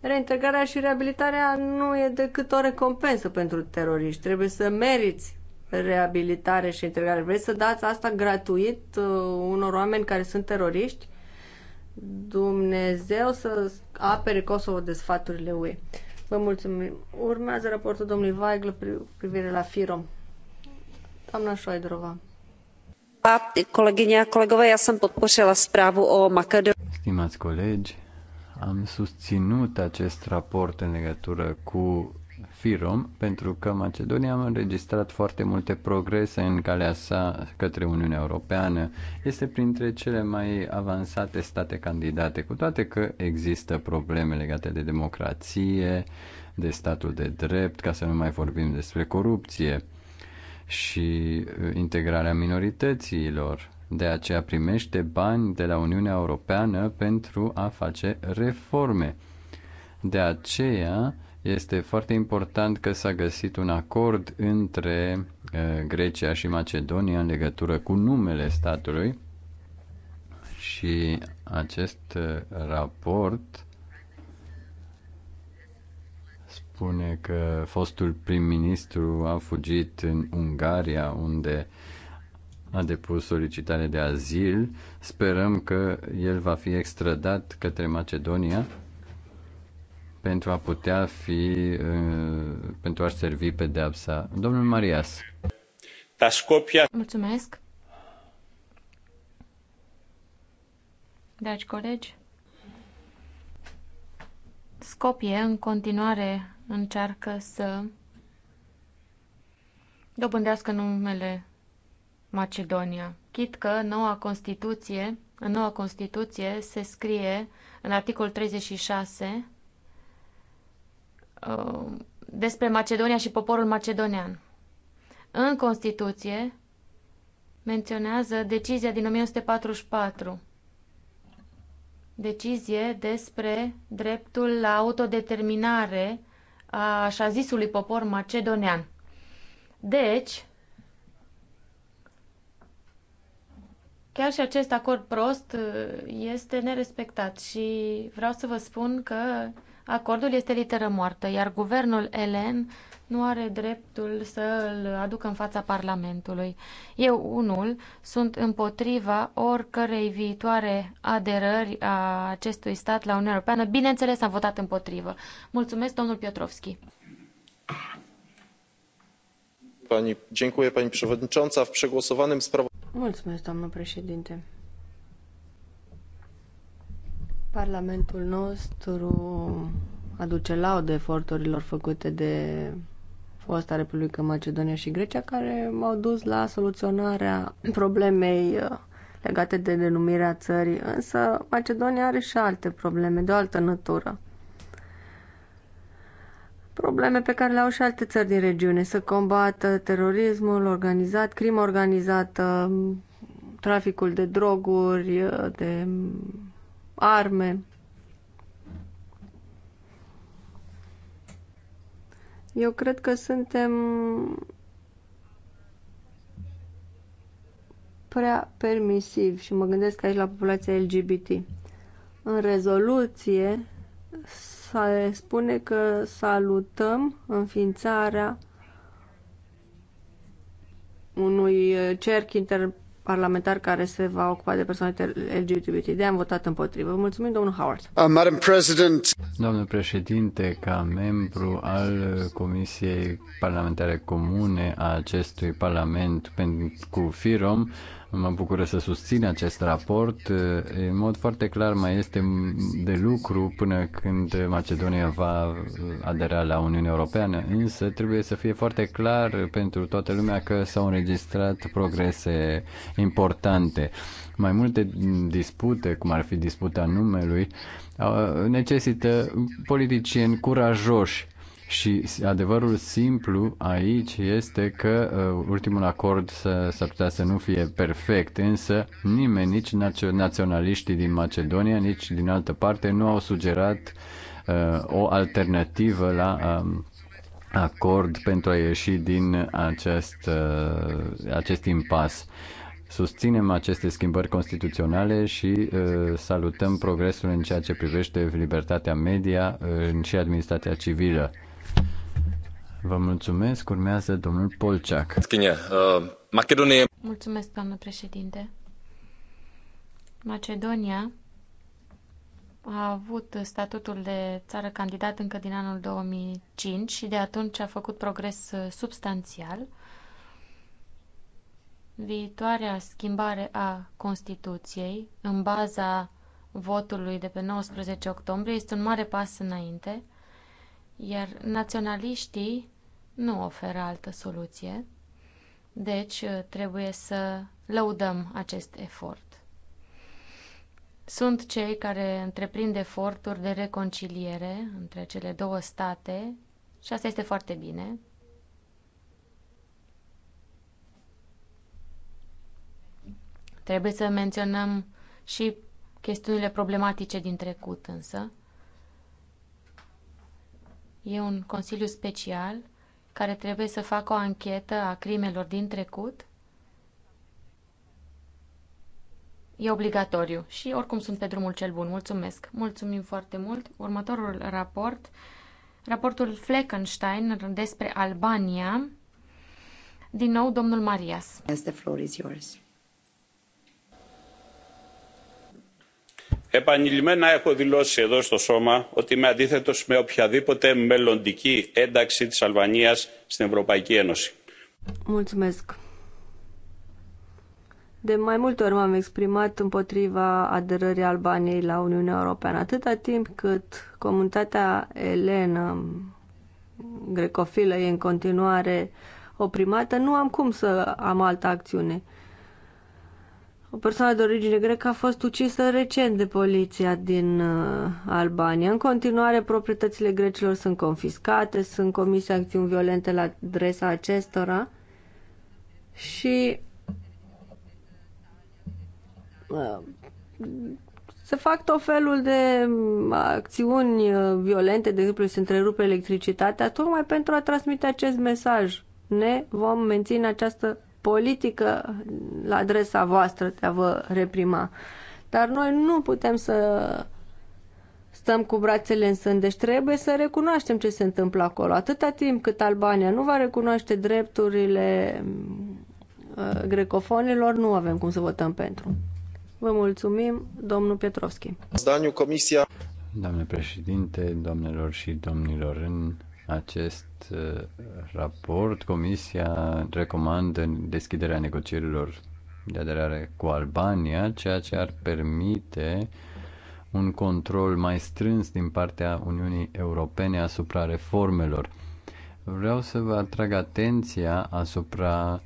Reintegrarea și reabilitarea nu e decât o recompensă pentru teroriști. Trebuie să meriți reabilitare și integrare. Vreți să dați asta gratuit uh, unor oameni care sunt teroriști? Dumnezeu să apere Kosovo de sfaturile UE. Vă mulțumim. Urmează raportul domnului Weigl privire la FIROM. Doamna Șoidrova. Kolegyně a o Stimați colegi, am susținut acest raport în legătură cu FIROM pentru că Macedonia a înregistrat foarte multe progrese în calea sa către Uniunea Europeană. Este printre cele mai avansate state candidate, cu toate că există probleme legate de democrație, de statul de drept, ca să nu mai vorbim despre corupție și uh, integrarea minorităților. De aceea primește bani de la Uniunea Europeană pentru a face reforme. De aceea, este foarte important că s-a găsit un acord între uh, Grecia și Macedonia în legătură cu numele statului și acest uh, raport spune că fostul prim-ministru a fugit în Ungaria unde a depus solicitare de azil. Sperăm că el va fi extradat către Macedonia pentru a putea fi, uh, pentru a-și servi pedeapsa. Domnul Marias. Mulțumesc. Dragi colegi, Scopie în continuare încearcă să dobândească numele Macedonia. Chit că noua Constituție, în noua Constituție se scrie în articolul 36 Uh, despre Macedonia și poporul macedonean. În Constituție menționează decizia din 1944, decizie despre dreptul la autodeterminare a așa zisului popor macedonean. Deci, chiar și acest acord prost uh, este nerespectat și vreau să vă spun că Acordul este literă moartă, iar guvernul elen nu are dreptul să îl aducă în fața Parlamentului. Eu, unul, sunt împotriva oricărei viitoare aderări a acestui stat la Uniunea Europeană. Bineînțeles, am votat împotrivă. Mulțumesc, domnul Piotrovski. Pani, dziękuję, pani przewodnicząca. W przegłosowanym sprawozdaniu. Mulțumesc, domnul președinte. Parlamentul nostru aduce laude eforturilor făcute de fosta Republică Macedonia și Grecia, care m-au dus la soluționarea (clears throat) problemei uh, legate de denumirea țării, însă Macedonia are și alte probleme de o altă natură. Probleme pe care le au și alte țări din regiune, să combată terorismul organizat, crimă organizată, traficul de droguri, uh, de arme. Eu cred că suntem prea permisiv și mă gândesc aici la populația LGBT. În rezoluție se spune că salutăm înființarea unui cerc inter parlamentar care se va ocupa de persoane LGBT. De am votat împotrivă. Mulțumim, domnul Howard. Uh, Madam President. Domnul președinte, ca membru al Comisiei Parlamentare Comune a acestui Parlament cu FIROM, Mă bucură să susțin acest raport. În mod foarte clar mai este de lucru până când Macedonia va adera la Uniunea Europeană, însă trebuie să fie foarte clar pentru toată lumea că s-au înregistrat progrese importante. Mai multe dispute, cum ar fi disputa numelui, necesită politicieni curajoși și adevărul simplu aici este că uh, ultimul acord s-ar putea să nu fie perfect, însă nimeni, nici naționaliștii din Macedonia, nici din altă parte, nu au sugerat uh, o alternativă la um, acord pentru a ieși din acest, uh, acest impas. Susținem aceste schimbări constituționale și uh, salutăm progresul în ceea ce privește libertatea media uh, și administrația civilă. Vă mulțumesc. Urmează domnul Polciac. Uh, Macedonia. Mulțumesc, doamnă președinte. Macedonia a avut statutul de țară candidat încă din anul 2005 și de atunci a făcut progres uh, substanțial. Viitoarea schimbare a Constituției, în baza votului de pe 19 octombrie, este un mare pas înainte – iar naționaliștii nu oferă altă soluție. Deci uh, trebuie să lăudăm acest efort. Sunt cei care întreprind eforturi de reconciliere între cele două state și asta este foarte bine. Trebuie să menționăm și chestiunile problematice din trecut însă. E un consiliu special care trebuie să facă o anchetă a crimelor din trecut? E obligatoriu și oricum sunt pe drumul cel bun. Mulțumesc! Mulțumim foarte mult! Următorul raport, raportul Fleckenstein despre Albania. Din nou, domnul Marias. As the floor is yours. επανειλημμένα έχω δηλώσει εδώ στο σώμα ότι είμαι αντίθετος με οποιαδήποτε μελλοντική ένταξη της αλβανίας στην ευρωπαϊκή ένωση. De mai multe ori m-am exprimat împotriva aderării Albaniei la Uniunea Europeană, atâta timp cât comunitatea elenă grecofilă e în continuare oprimată, nu am cum să am altă acțiune o persoană de origine grecă a fost ucisă recent de poliția din uh, Albania. În continuare, proprietățile grecilor sunt confiscate, sunt comise acțiuni violente la adresa acestora și uh, se fac tot felul de uh, acțiuni uh, violente, de exemplu, se întrerupe electricitatea, tocmai pentru a transmite acest mesaj. Ne vom menține această politică la adresa voastră de a vă reprima. Dar noi nu putem să stăm cu brațele în sân, deci trebuie să recunoaștem ce se întâmplă acolo. Atâta timp cât Albania nu va recunoaște drepturile uh, grecofonilor, nu avem cum să votăm pentru. Vă mulțumim, domnul Pietrovski. Zdaniu, comisia. Doamne președinte, domnilor și domnilor, în acest uh, raport, Comisia recomandă deschiderea negocierilor de aderare cu Albania, ceea ce ar permite un control mai strâns din partea Uniunii Europene asupra reformelor. Vreau să vă atrag atenția asupra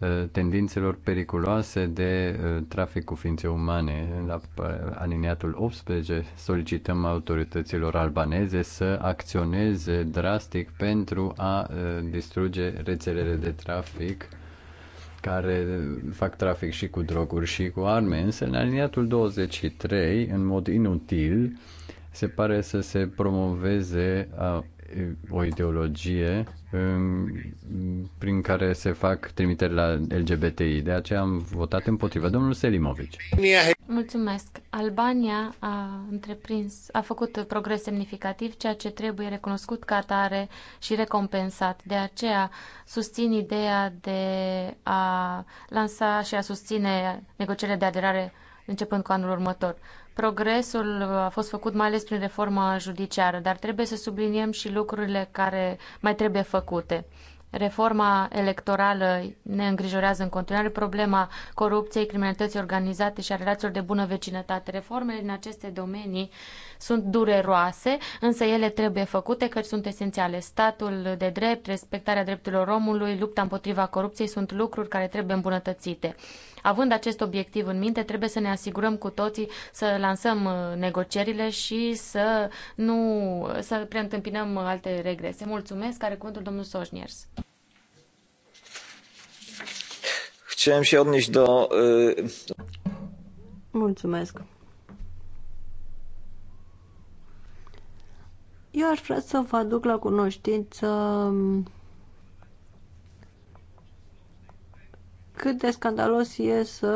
Uh, tendințelor periculoase de uh, trafic cu ființe umane. La uh, aliniatul 18 solicităm autorităților albaneze să acționeze drastic pentru a distruge rețelele de trafic care fac trafic și cu droguri și cu arme, însă în aliniatul 23, în mod inutil, se pare să se promoveze o ideologie um, prin care se fac trimiteri la LGBTI. De aceea am votat împotriva. Domnul Selimovic. Mulțumesc. Albania a întreprins, a făcut progres semnificativ, ceea ce trebuie recunoscut ca atare și recompensat. De aceea susțin ideea de a lansa și a susține negocierile de aderare începând cu anul următor. Progresul a fost făcut mai ales prin reforma judiciară, dar trebuie să subliniem și lucrurile care mai trebuie făcute. Reforma electorală ne îngrijorează în continuare problema corupției, criminalității organizate și a relațiilor de bună vecinătate. Reformele în aceste domenii uh, sunt dureroase, însă ele trebuie făcute căci sunt esențiale. Statul de drept, respectarea drepturilor omului, lupta împotriva corupției sunt lucruri care trebuie îmbunătățite. Având acest obiectiv în minte, trebuie să ne asigurăm cu toții să lansăm uh, negocierile și să nu să preîntâmpinăm alte regrese. Mulțumesc, are cuvântul domnul Soșniers. Chciałem się odnieść do... Mulțumesc. Eu aș vrea să vă aduc la cunoștință cât de scandalos e să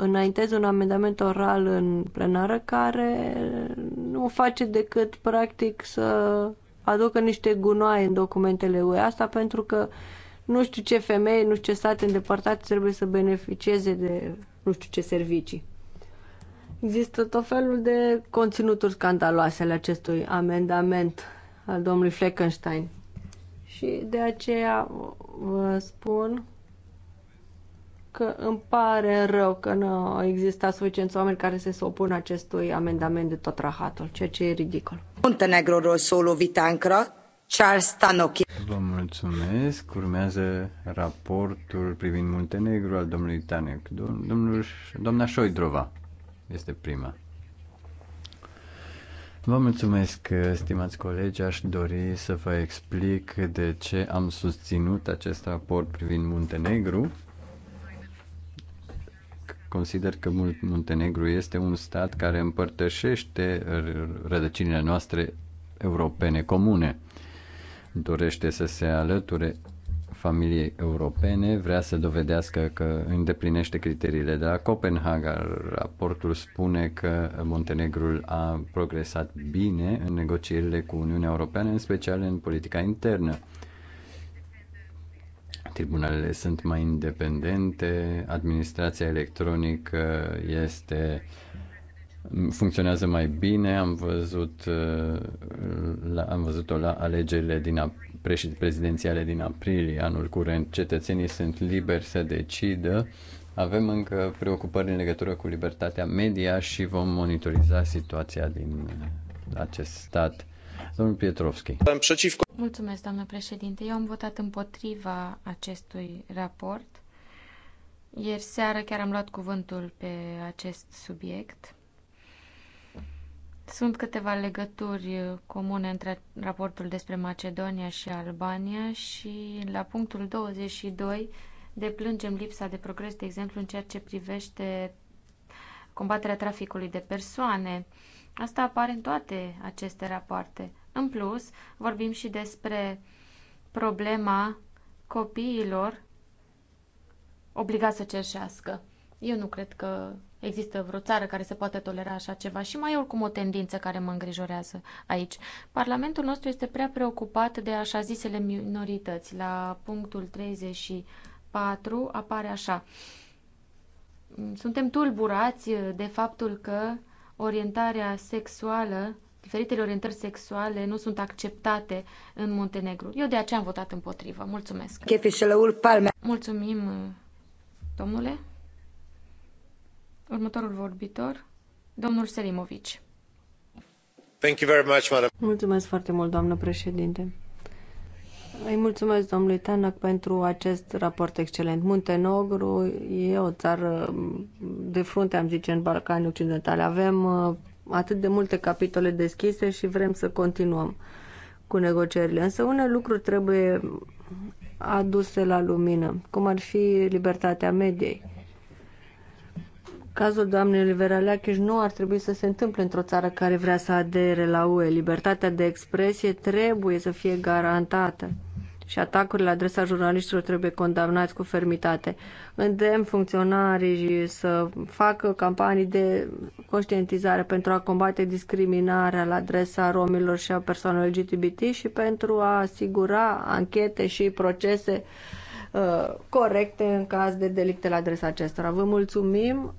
înaintezi un amendament oral în plenară care nu face decât practic să aducă niște gunoaie în documentele UE. Asta pentru că nu știu ce femei, nu știu ce state îndepărtate trebuie să beneficieze de nu știu ce servicii. Există tot felul de conținuturi scandaloase ale acestui amendament al domnului Fleckenstein. Și de aceea vă spun că îmi pare rău că nu exista suficienți oameni care să se opună acestui amendament de tot rahatul, ceea ce e ridicol. Montenegro solo vitancra, Charles Tanoki. Vă mulțumesc. Urmează raportul privind Muntenegru al domnului Tanek, Domnul, doamna Șoidrova este prima. Vă mulțumesc, stimați colegi. Aș dori să vă explic de ce am susținut acest raport privind Muntenegru. Consider că Muntenegru este un stat care împărtășește rădăcinile noastre europene comune. Dorește să se alăture familiei europene vrea să dovedească că îndeplinește criteriile de la Copenhaga. Raportul spune că Montenegrul a progresat bine în negocierile cu Uniunea Europeană, în special în politica internă. Tribunalele sunt mai independente, administrația electronică este uh, funcționează mai bine. Am văzut uh, la, am văzut-o la alegerile din prezidențiale din aprilie anul curent. Cetățenii sunt liberi să decidă. Avem încă preocupări în legătură cu libertatea media și vom monitoriza situația din acest stat. Domnul Pietrovski. Mulțumesc, doamnă președinte. Eu am votat împotriva acestui raport. Ieri seară chiar am luat cuvântul pe acest subiect. Sunt câteva legături uh, comune între raportul despre Macedonia și Albania și la punctul 22 deplângem lipsa de progres, de exemplu, în ceea ce privește combaterea traficului de persoane. Asta apare în toate aceste rapoarte. În plus, vorbim și despre problema copiilor obligați să cerșească. Eu nu cred că există vreo țară care se poate tolera așa ceva și mai e oricum o tendință care mă îngrijorează aici. Parlamentul nostru este prea preocupat de așa zisele minorități. La punctul 34 apare așa. Suntem tulburați de faptul că orientarea sexuală, diferitele orientări sexuale nu sunt acceptate în Muntenegru. Eu de aceea am votat împotrivă. Mulțumesc. Mulțumim, domnule. Următorul vorbitor, domnul Selimovic. Thank you very much, madam. Mulțumesc foarte mult, doamnă președinte. Îi mulțumesc domnului Tanac pentru acest raport excelent. Muntenegru e o țară de frunte, am zice, în Balcanii Occidentale. Avem uh, atât de multe capitole deschise și vrem să continuăm cu negocierile. Însă unele lucruri trebuie aduse la lumină, cum ar fi libertatea mediei. Cazul doamnei Liberaleachiș nu ar trebui să se întâmple într-o țară care vrea să adere la UE. Libertatea de expresie trebuie să fie garantată și atacurile adresa jurnaliștilor trebuie condamnați cu fermitate. Îndemn funcționarii să facă campanii de conștientizare pentru a combate discriminarea la adresa romilor și a persoanelor LGBT și pentru a asigura anchete și procese uh, corecte în caz de delicte la adresa acestora. Vă mulțumim!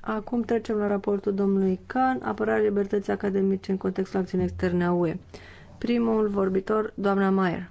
Acum trecem la raportul domnului Can, apărarea libertății academice în contextul acțiunii externe a UE. Primul vorbitor, doamna Maier.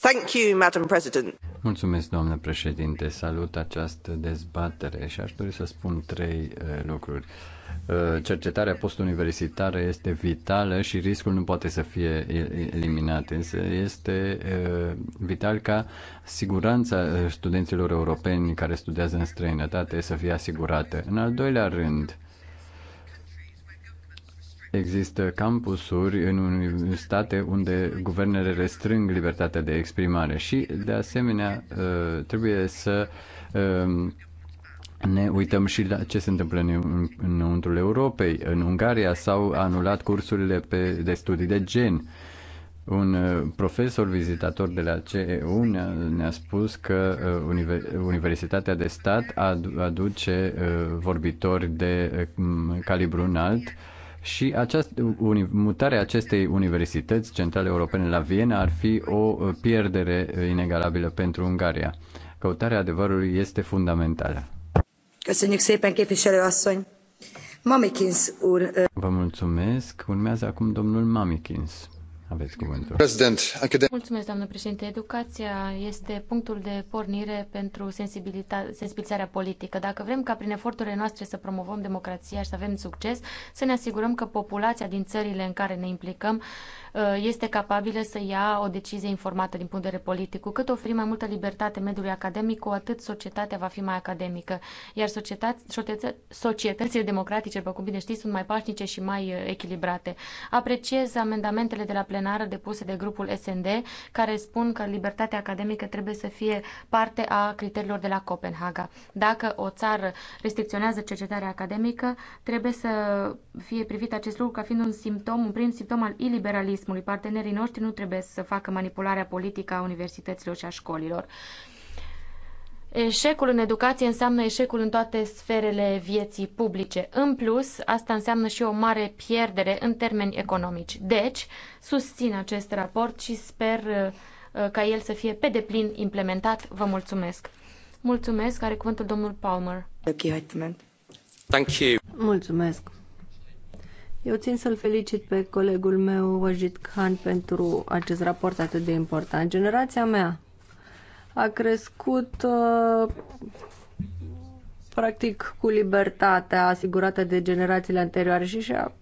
Thank you, Madam President. Mulțumesc, doamnă președinte. Salut această dezbatere și aș dori să spun trei uh, lucruri. Uh, Uh, cercetarea postuniversitară este vitală și riscul nu poate să fie eliminat. Însă este uh, vital ca siguranța uh, studenților europeni care studiază în străinătate să fie asigurată. În al doilea rând, Există campusuri în state unde guvernele restrâng libertatea de exprimare și, de asemenea, trebuie să ne uităm și la ce se întâmplă în, înăuntrul Europei. În Ungaria s-au anulat cursurile pe, de studii de gen. Un uh, profesor vizitator de la CEU ne-a, ne spus că uh, Universitatea de Stat aduce uh, vorbitori de calibru înalt și aceast, uni, mutarea acestei universități centrale europene la Viena ar fi o pierdere inegalabilă pentru Ungaria. Căutarea adevărului este fundamentală doamnă președinte. Educația este punctul de pornire pentru sensibilizarea politică. Dacă vrem ca prin eforturile noastre să promovăm democrația și să avem succes, să ne asigurăm că populația din țările în care ne implicăm Uh, este capabilă să ia o decizie informată din punct de vedere politic. Cu cât oferim mai multă libertate mediului academic, cu atât societatea va fi mai academică. Iar societățile democratice, după cum bine știți, sunt mai pașnice și mai uh, echilibrate. Apreciez amendamentele de la plenară depuse de grupul SND, care spun că libertatea academică trebuie să fie parte a criteriilor de la Copenhaga. Dacă o țară restricționează cercetarea academică, trebuie să fie privit acest lucru ca fiind un simptom, un prim simptom al iliberalismului terorismului. Partenerii noștri nu trebuie să facă manipularea politică a universităților și a școlilor. Eșecul în educație înseamnă eșecul în toate sferele vieții publice. În plus, asta înseamnă și o mare pierdere în termeni economici. Deci, susțin acest raport și sper uh, uh, ca el să fie pe deplin implementat. Vă mulțumesc! Mulțumesc, are cuvântul domnul Palmer. Thank you. Mulțumesc! Eu țin să-l felicit pe colegul meu, Ojit Khan, pentru acest raport atât de important. Generația mea a crescut uh, practic cu libertatea asigurată de generațiile anterioare și și-a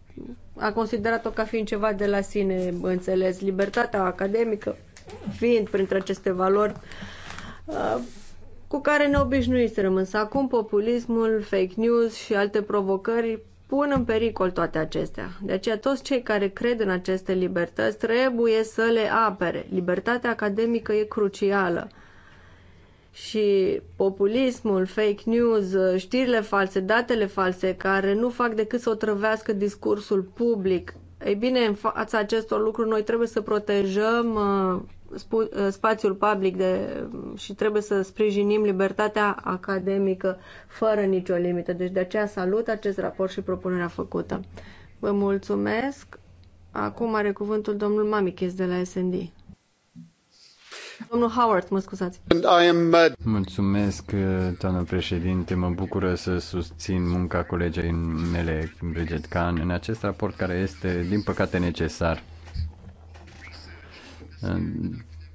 a considerat-o ca fiind ceva de la sine înțeles. Libertatea academică fiind printre aceste valori uh, cu care ne obișnuiserăm. Însă acum populismul, fake news și alte provocări pun în pericol toate acestea. De aceea toți cei care cred în aceste libertăți trebuie să le apere. Libertatea academică e crucială. Și populismul, fake news, știrile false, datele false, care nu fac decât să otrăvească discursul public, ei bine, în fața acestor lucruri, noi trebuie să protejăm uh, uh, spațiul public de, și trebuie să sprijinim libertatea academică fără nicio limită. Deci de aceea salut acest raport și propunerea făcută. Vă mulțumesc. Acum are cuvântul domnul Mamichis de la SND. Domnul Howard, mă scuzați. Uh, Mulțumesc, uh, doamnă președinte. Mă bucură să susțin munca colegei mele, Bridget Khan, în acest raport care este, din păcate, necesar. Uh,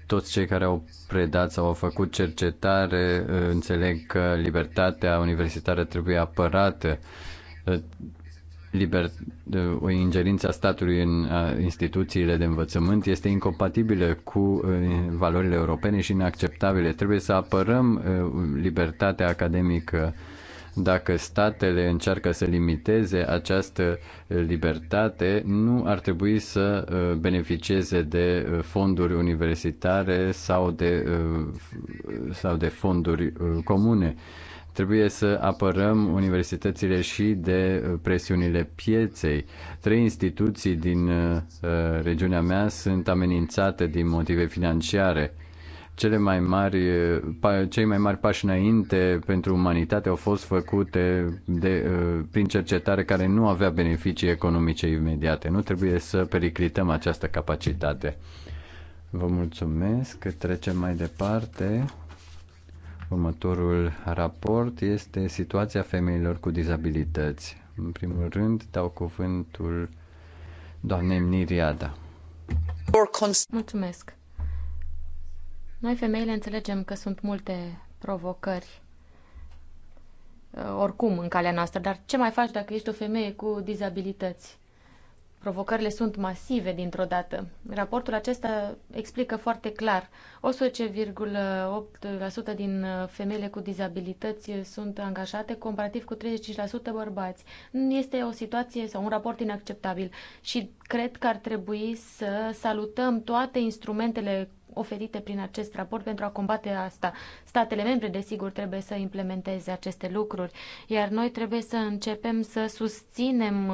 toți cei care au predat sau au făcut cercetare înțeleg că libertatea universitară trebuie apărată liber, o ingerință a statului în instituțiile de învățământ este incompatibilă cu valorile europene și inacceptabile. Trebuie să apărăm libertatea academică. Dacă statele încearcă să limiteze această libertate, nu ar trebui să beneficieze de fonduri universitare sau de, sau de fonduri comune Trebuie să apărăm universitățile și de uh, presiunile pieței. Trei instituții din uh, uh, regiunea mea sunt amenințate din motive financiare. Cele mai mari, uh, cei mai mari pași înainte pentru umanitate au fost făcute de, prin cercetare care nu avea beneficii economice imediate. Nu trebuie să periclităm această capacitate. Vă mulțumesc. Trecem mai departe. Următorul raport este situația femeilor cu dizabilități. În primul rând, dau cuvântul doamnei Niriada. Mulțumesc. Noi femeile înțelegem că sunt multe provocări uh, oricum în calea noastră, dar ce mai faci dacă ești o femeie cu dizabilități? Provocările sunt masive dintr-o dată. Raportul acesta explică foarte clar. 11,8% din uh, femeile cu dizabilități sunt angajate, comparativ cu 35% bărbați. Este o situație sau un raport inacceptabil și cred că ar trebui să salutăm toate instrumentele oferite prin acest raport pentru a combate asta. Statele membre, desigur, trebuie să implementeze aceste lucruri, iar noi trebuie să începem să susținem uh,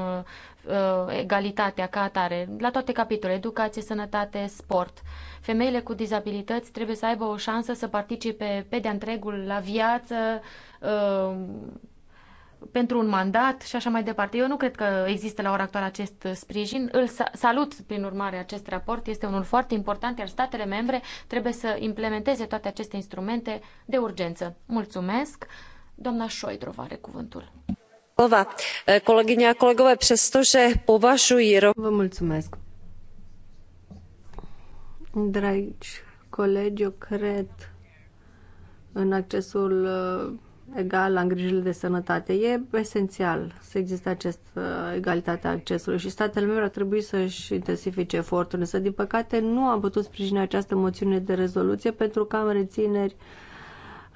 uh egalitatea ca atare la toate capitole, educație, sănătate, sport. Femeile cu dizabilități trebuie să aibă o șansă să participe pe de-a întregul la viață, uh, pentru un mandat și așa mai departe. Eu nu cred că există la ora actuală acest sprijin. Îl salut, prin urmare, acest raport. Este unul foarte important, iar statele membre trebuie să implementeze toate aceste instrumente de urgență. Mulțumesc. Doamna Șoidrova are cuvântul. colegii a kolegové, přestože považuji... Vă mulțumesc. Dragi colegi, eu cred în accesul uh, egal la îngrijirile de sănătate. E esențial să existe această uh, egalitate a accesului și statele membre ar trebui să-și intensifice eforturile. Însă, din păcate, nu am putut sprijini această moțiune de rezoluție pentru că am rețineri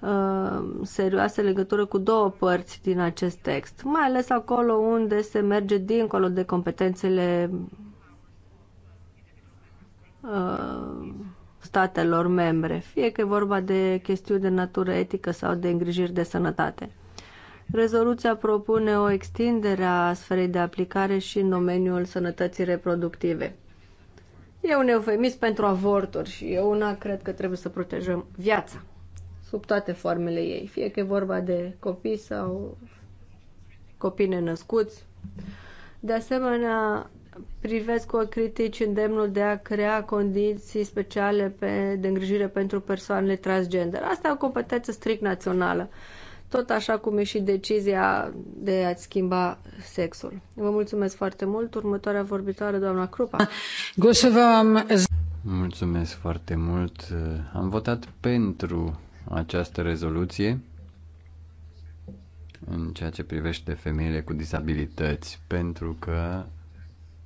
uh, serioase legătură cu două părți din acest text, mai ales acolo unde se merge dincolo de competențele uh, statelor membre, fie că e vorba de chestiuni de natură etică sau de îngrijiri de sănătate. Rezoluția propune o extindere a sferei de aplicare și în domeniul sănătății reproductive. E un eufemism pentru avorturi și eu una cred că trebuie să protejăm viața sub toate formele ei, fie că e vorba de copii sau copii nenăscuți. De asemenea, privesc cu critici îndemnul de a crea condiții speciale pe, de îngrijire pentru persoanele transgender. Asta e o competență strict națională, tot așa cum e și decizia de a-ți schimba sexul. Vă mulțumesc foarte mult. Următoarea vorbitoare, doamna Crupa. Mulțumesc foarte mult. Am votat pentru această rezoluție în ceea ce privește femeile cu dizabilități, pentru că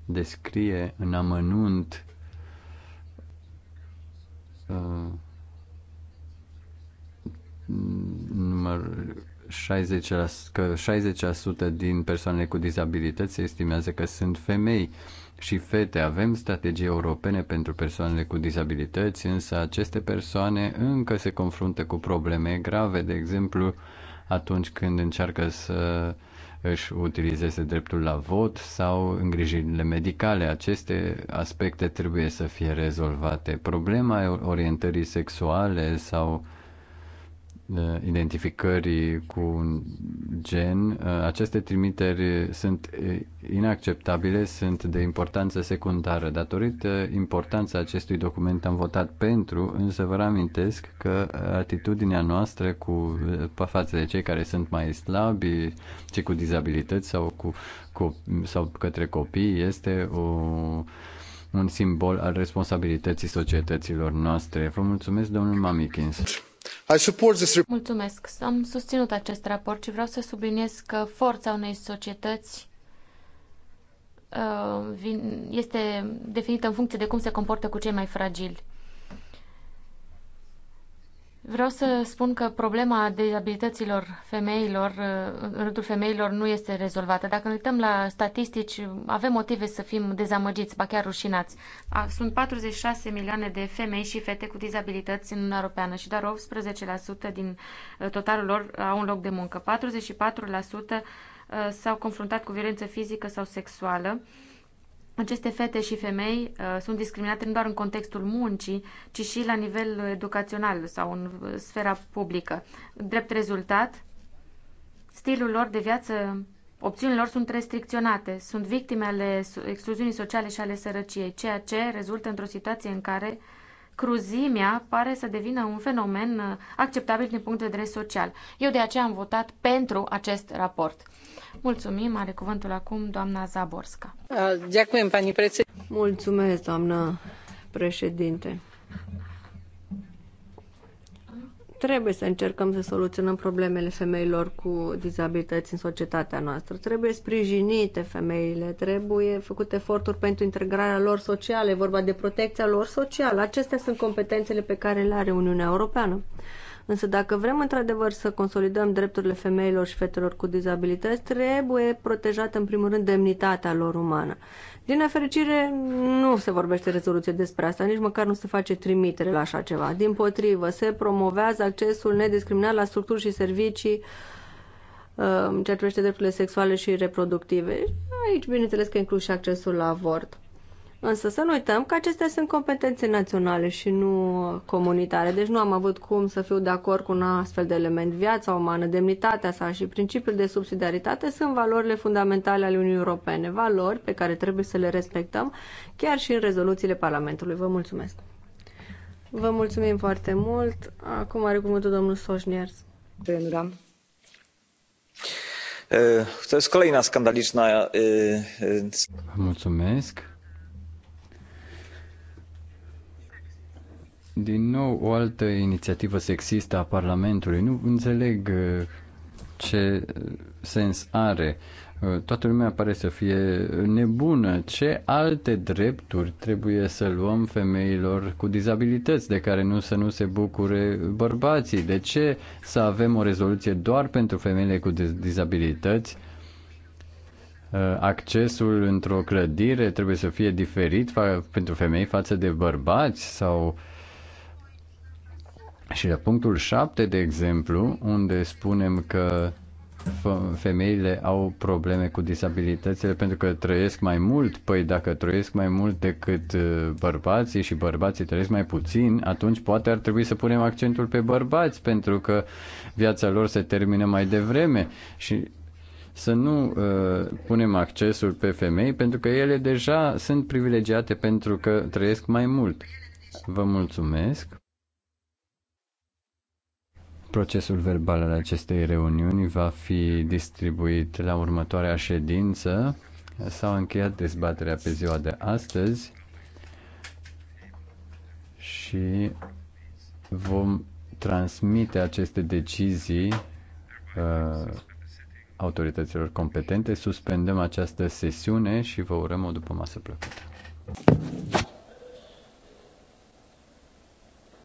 descrie în amănunt uh, 60, că 60% din persoanele cu dizabilități se estimează că sunt femei și fete. Avem strategii europene pentru persoanele cu dizabilități, însă aceste persoane încă se confruntă cu probleme grave, de exemplu, atunci când încearcă să uh, își utilizeze dreptul la vot sau îngrijirile medicale. Aceste aspecte trebuie să fie rezolvate. Problema orientării sexuale sau Uh, identificării cu un gen, uh, aceste trimiteri sunt uh, inacceptabile, sunt de importanță secundară. Datorită importanța acestui document am votat pentru, însă vă amintesc că atitudinea noastră cu față de cei care sunt mai slabi, cei cu dizabilități sau, cu, cu, sau către copii este o un simbol al responsabilității societăților noastre. Vă mulțumesc, domnul Mamikins. Mulțumesc. Am susținut acest raport și vreau să subliniez că forța unei societăți uh, este definită în funcție de cum se comportă cu cei mai fragili. Vreau să spun că problema dezabilităților femeilor, în rândul femeilor, nu este rezolvată. Dacă ne uităm la statistici, avem motive să fim dezamăgiți, ba chiar rușinați. Sunt 46 milioane de femei și fete cu dizabilități în Uniunea Europeană și doar 18% din uh, totalul lor au un loc de muncă. 44% uh, s-au confruntat cu violență fizică sau sexuală aceste fete și femei uh, sunt discriminate nu doar în contextul muncii, ci și la nivel educațional sau în uh, sfera publică. Drept rezultat, stilul lor de viață, opțiunile lor sunt restricționate, sunt victime ale excluziunii sociale și ale sărăciei, ceea ce rezultă într-o situație în care uh, cruzimea pare să devină un fenomen uh, acceptabil din punct de vedere social. Eu de aceea am votat pentru acest raport. Mulțumim, are cuvântul acum doamna Zaborska. Uh, Mulțumesc, doamna președinte. Trebuie să încercăm să soluționăm problemele femeilor cu dizabilități în societatea noastră. Trebuie sprijinite femeile, trebuie făcut eforturi pentru integrarea lor socială, e vorba de protecția lor socială. Acestea sunt competențele pe care le are Uniunea Europeană. Însă dacă vrem într-adevăr să consolidăm drepturile femeilor și fetelor cu dizabilități, trebuie protejată în primul rând demnitatea lor umană. Din nefericire, nu se vorbește rezoluție despre asta, nici măcar nu se face trimitere la așa ceva. Din potrivă, se promovează accesul nediscriminat la structuri și servicii uh, în ceea ce privește drepturile sexuale și reproductive. Aici, bineînțeles că inclus și accesul la avort. Însă să nu uităm că acestea sunt competențe naționale și nu comunitare, deci nu am avut cum să fiu de acord cu un astfel de element. Viața umană, demnitatea sa și principiul de subsidiaritate sunt valorile fundamentale ale Uniunii Europene, valori pe care trebuie să le respectăm chiar și în rezoluțiile Parlamentului. Vă mulțumesc! Vă mulțumim foarte mult. Acum are cuvântul domnul Soșniers. Rândura. To jest kolejna skandaliczna... Mulțumesc. Din nou, o altă inițiativă sexistă a Parlamentului. Nu înțeleg uh, ce uh, sens are. Uh, toată lumea pare să fie nebună. Ce alte drepturi trebuie să luăm femeilor cu dizabilități de care nu să nu se bucure bărbații? De ce să avem o rezoluție doar pentru femeile cu dizabilități? Accesul într-o clădire trebuie să fie diferit pentru femei față de bărbați sau uh, și la punctul 7, de exemplu, unde spunem că femeile au probleme cu disabilitățile pentru că trăiesc mai mult, păi dacă trăiesc mai mult decât uh, bărbații și bărbații trăiesc mai puțin, atunci poate ar trebui să punem accentul pe bărbați pentru că viața lor se termină mai devreme și să nu uh, punem accesul pe femei pentru că ele deja sunt privilegiate pentru că trăiesc mai mult. Vă mulțumesc. Procesul verbal al acestei reuniuni va fi distribuit la următoarea ședință. S-a încheiat dezbaterea pe ziua de astăzi și vom transmite aceste decizii uh, autorităților competente. Suspendăm această sesiune și vă urăm o după masă plăcută.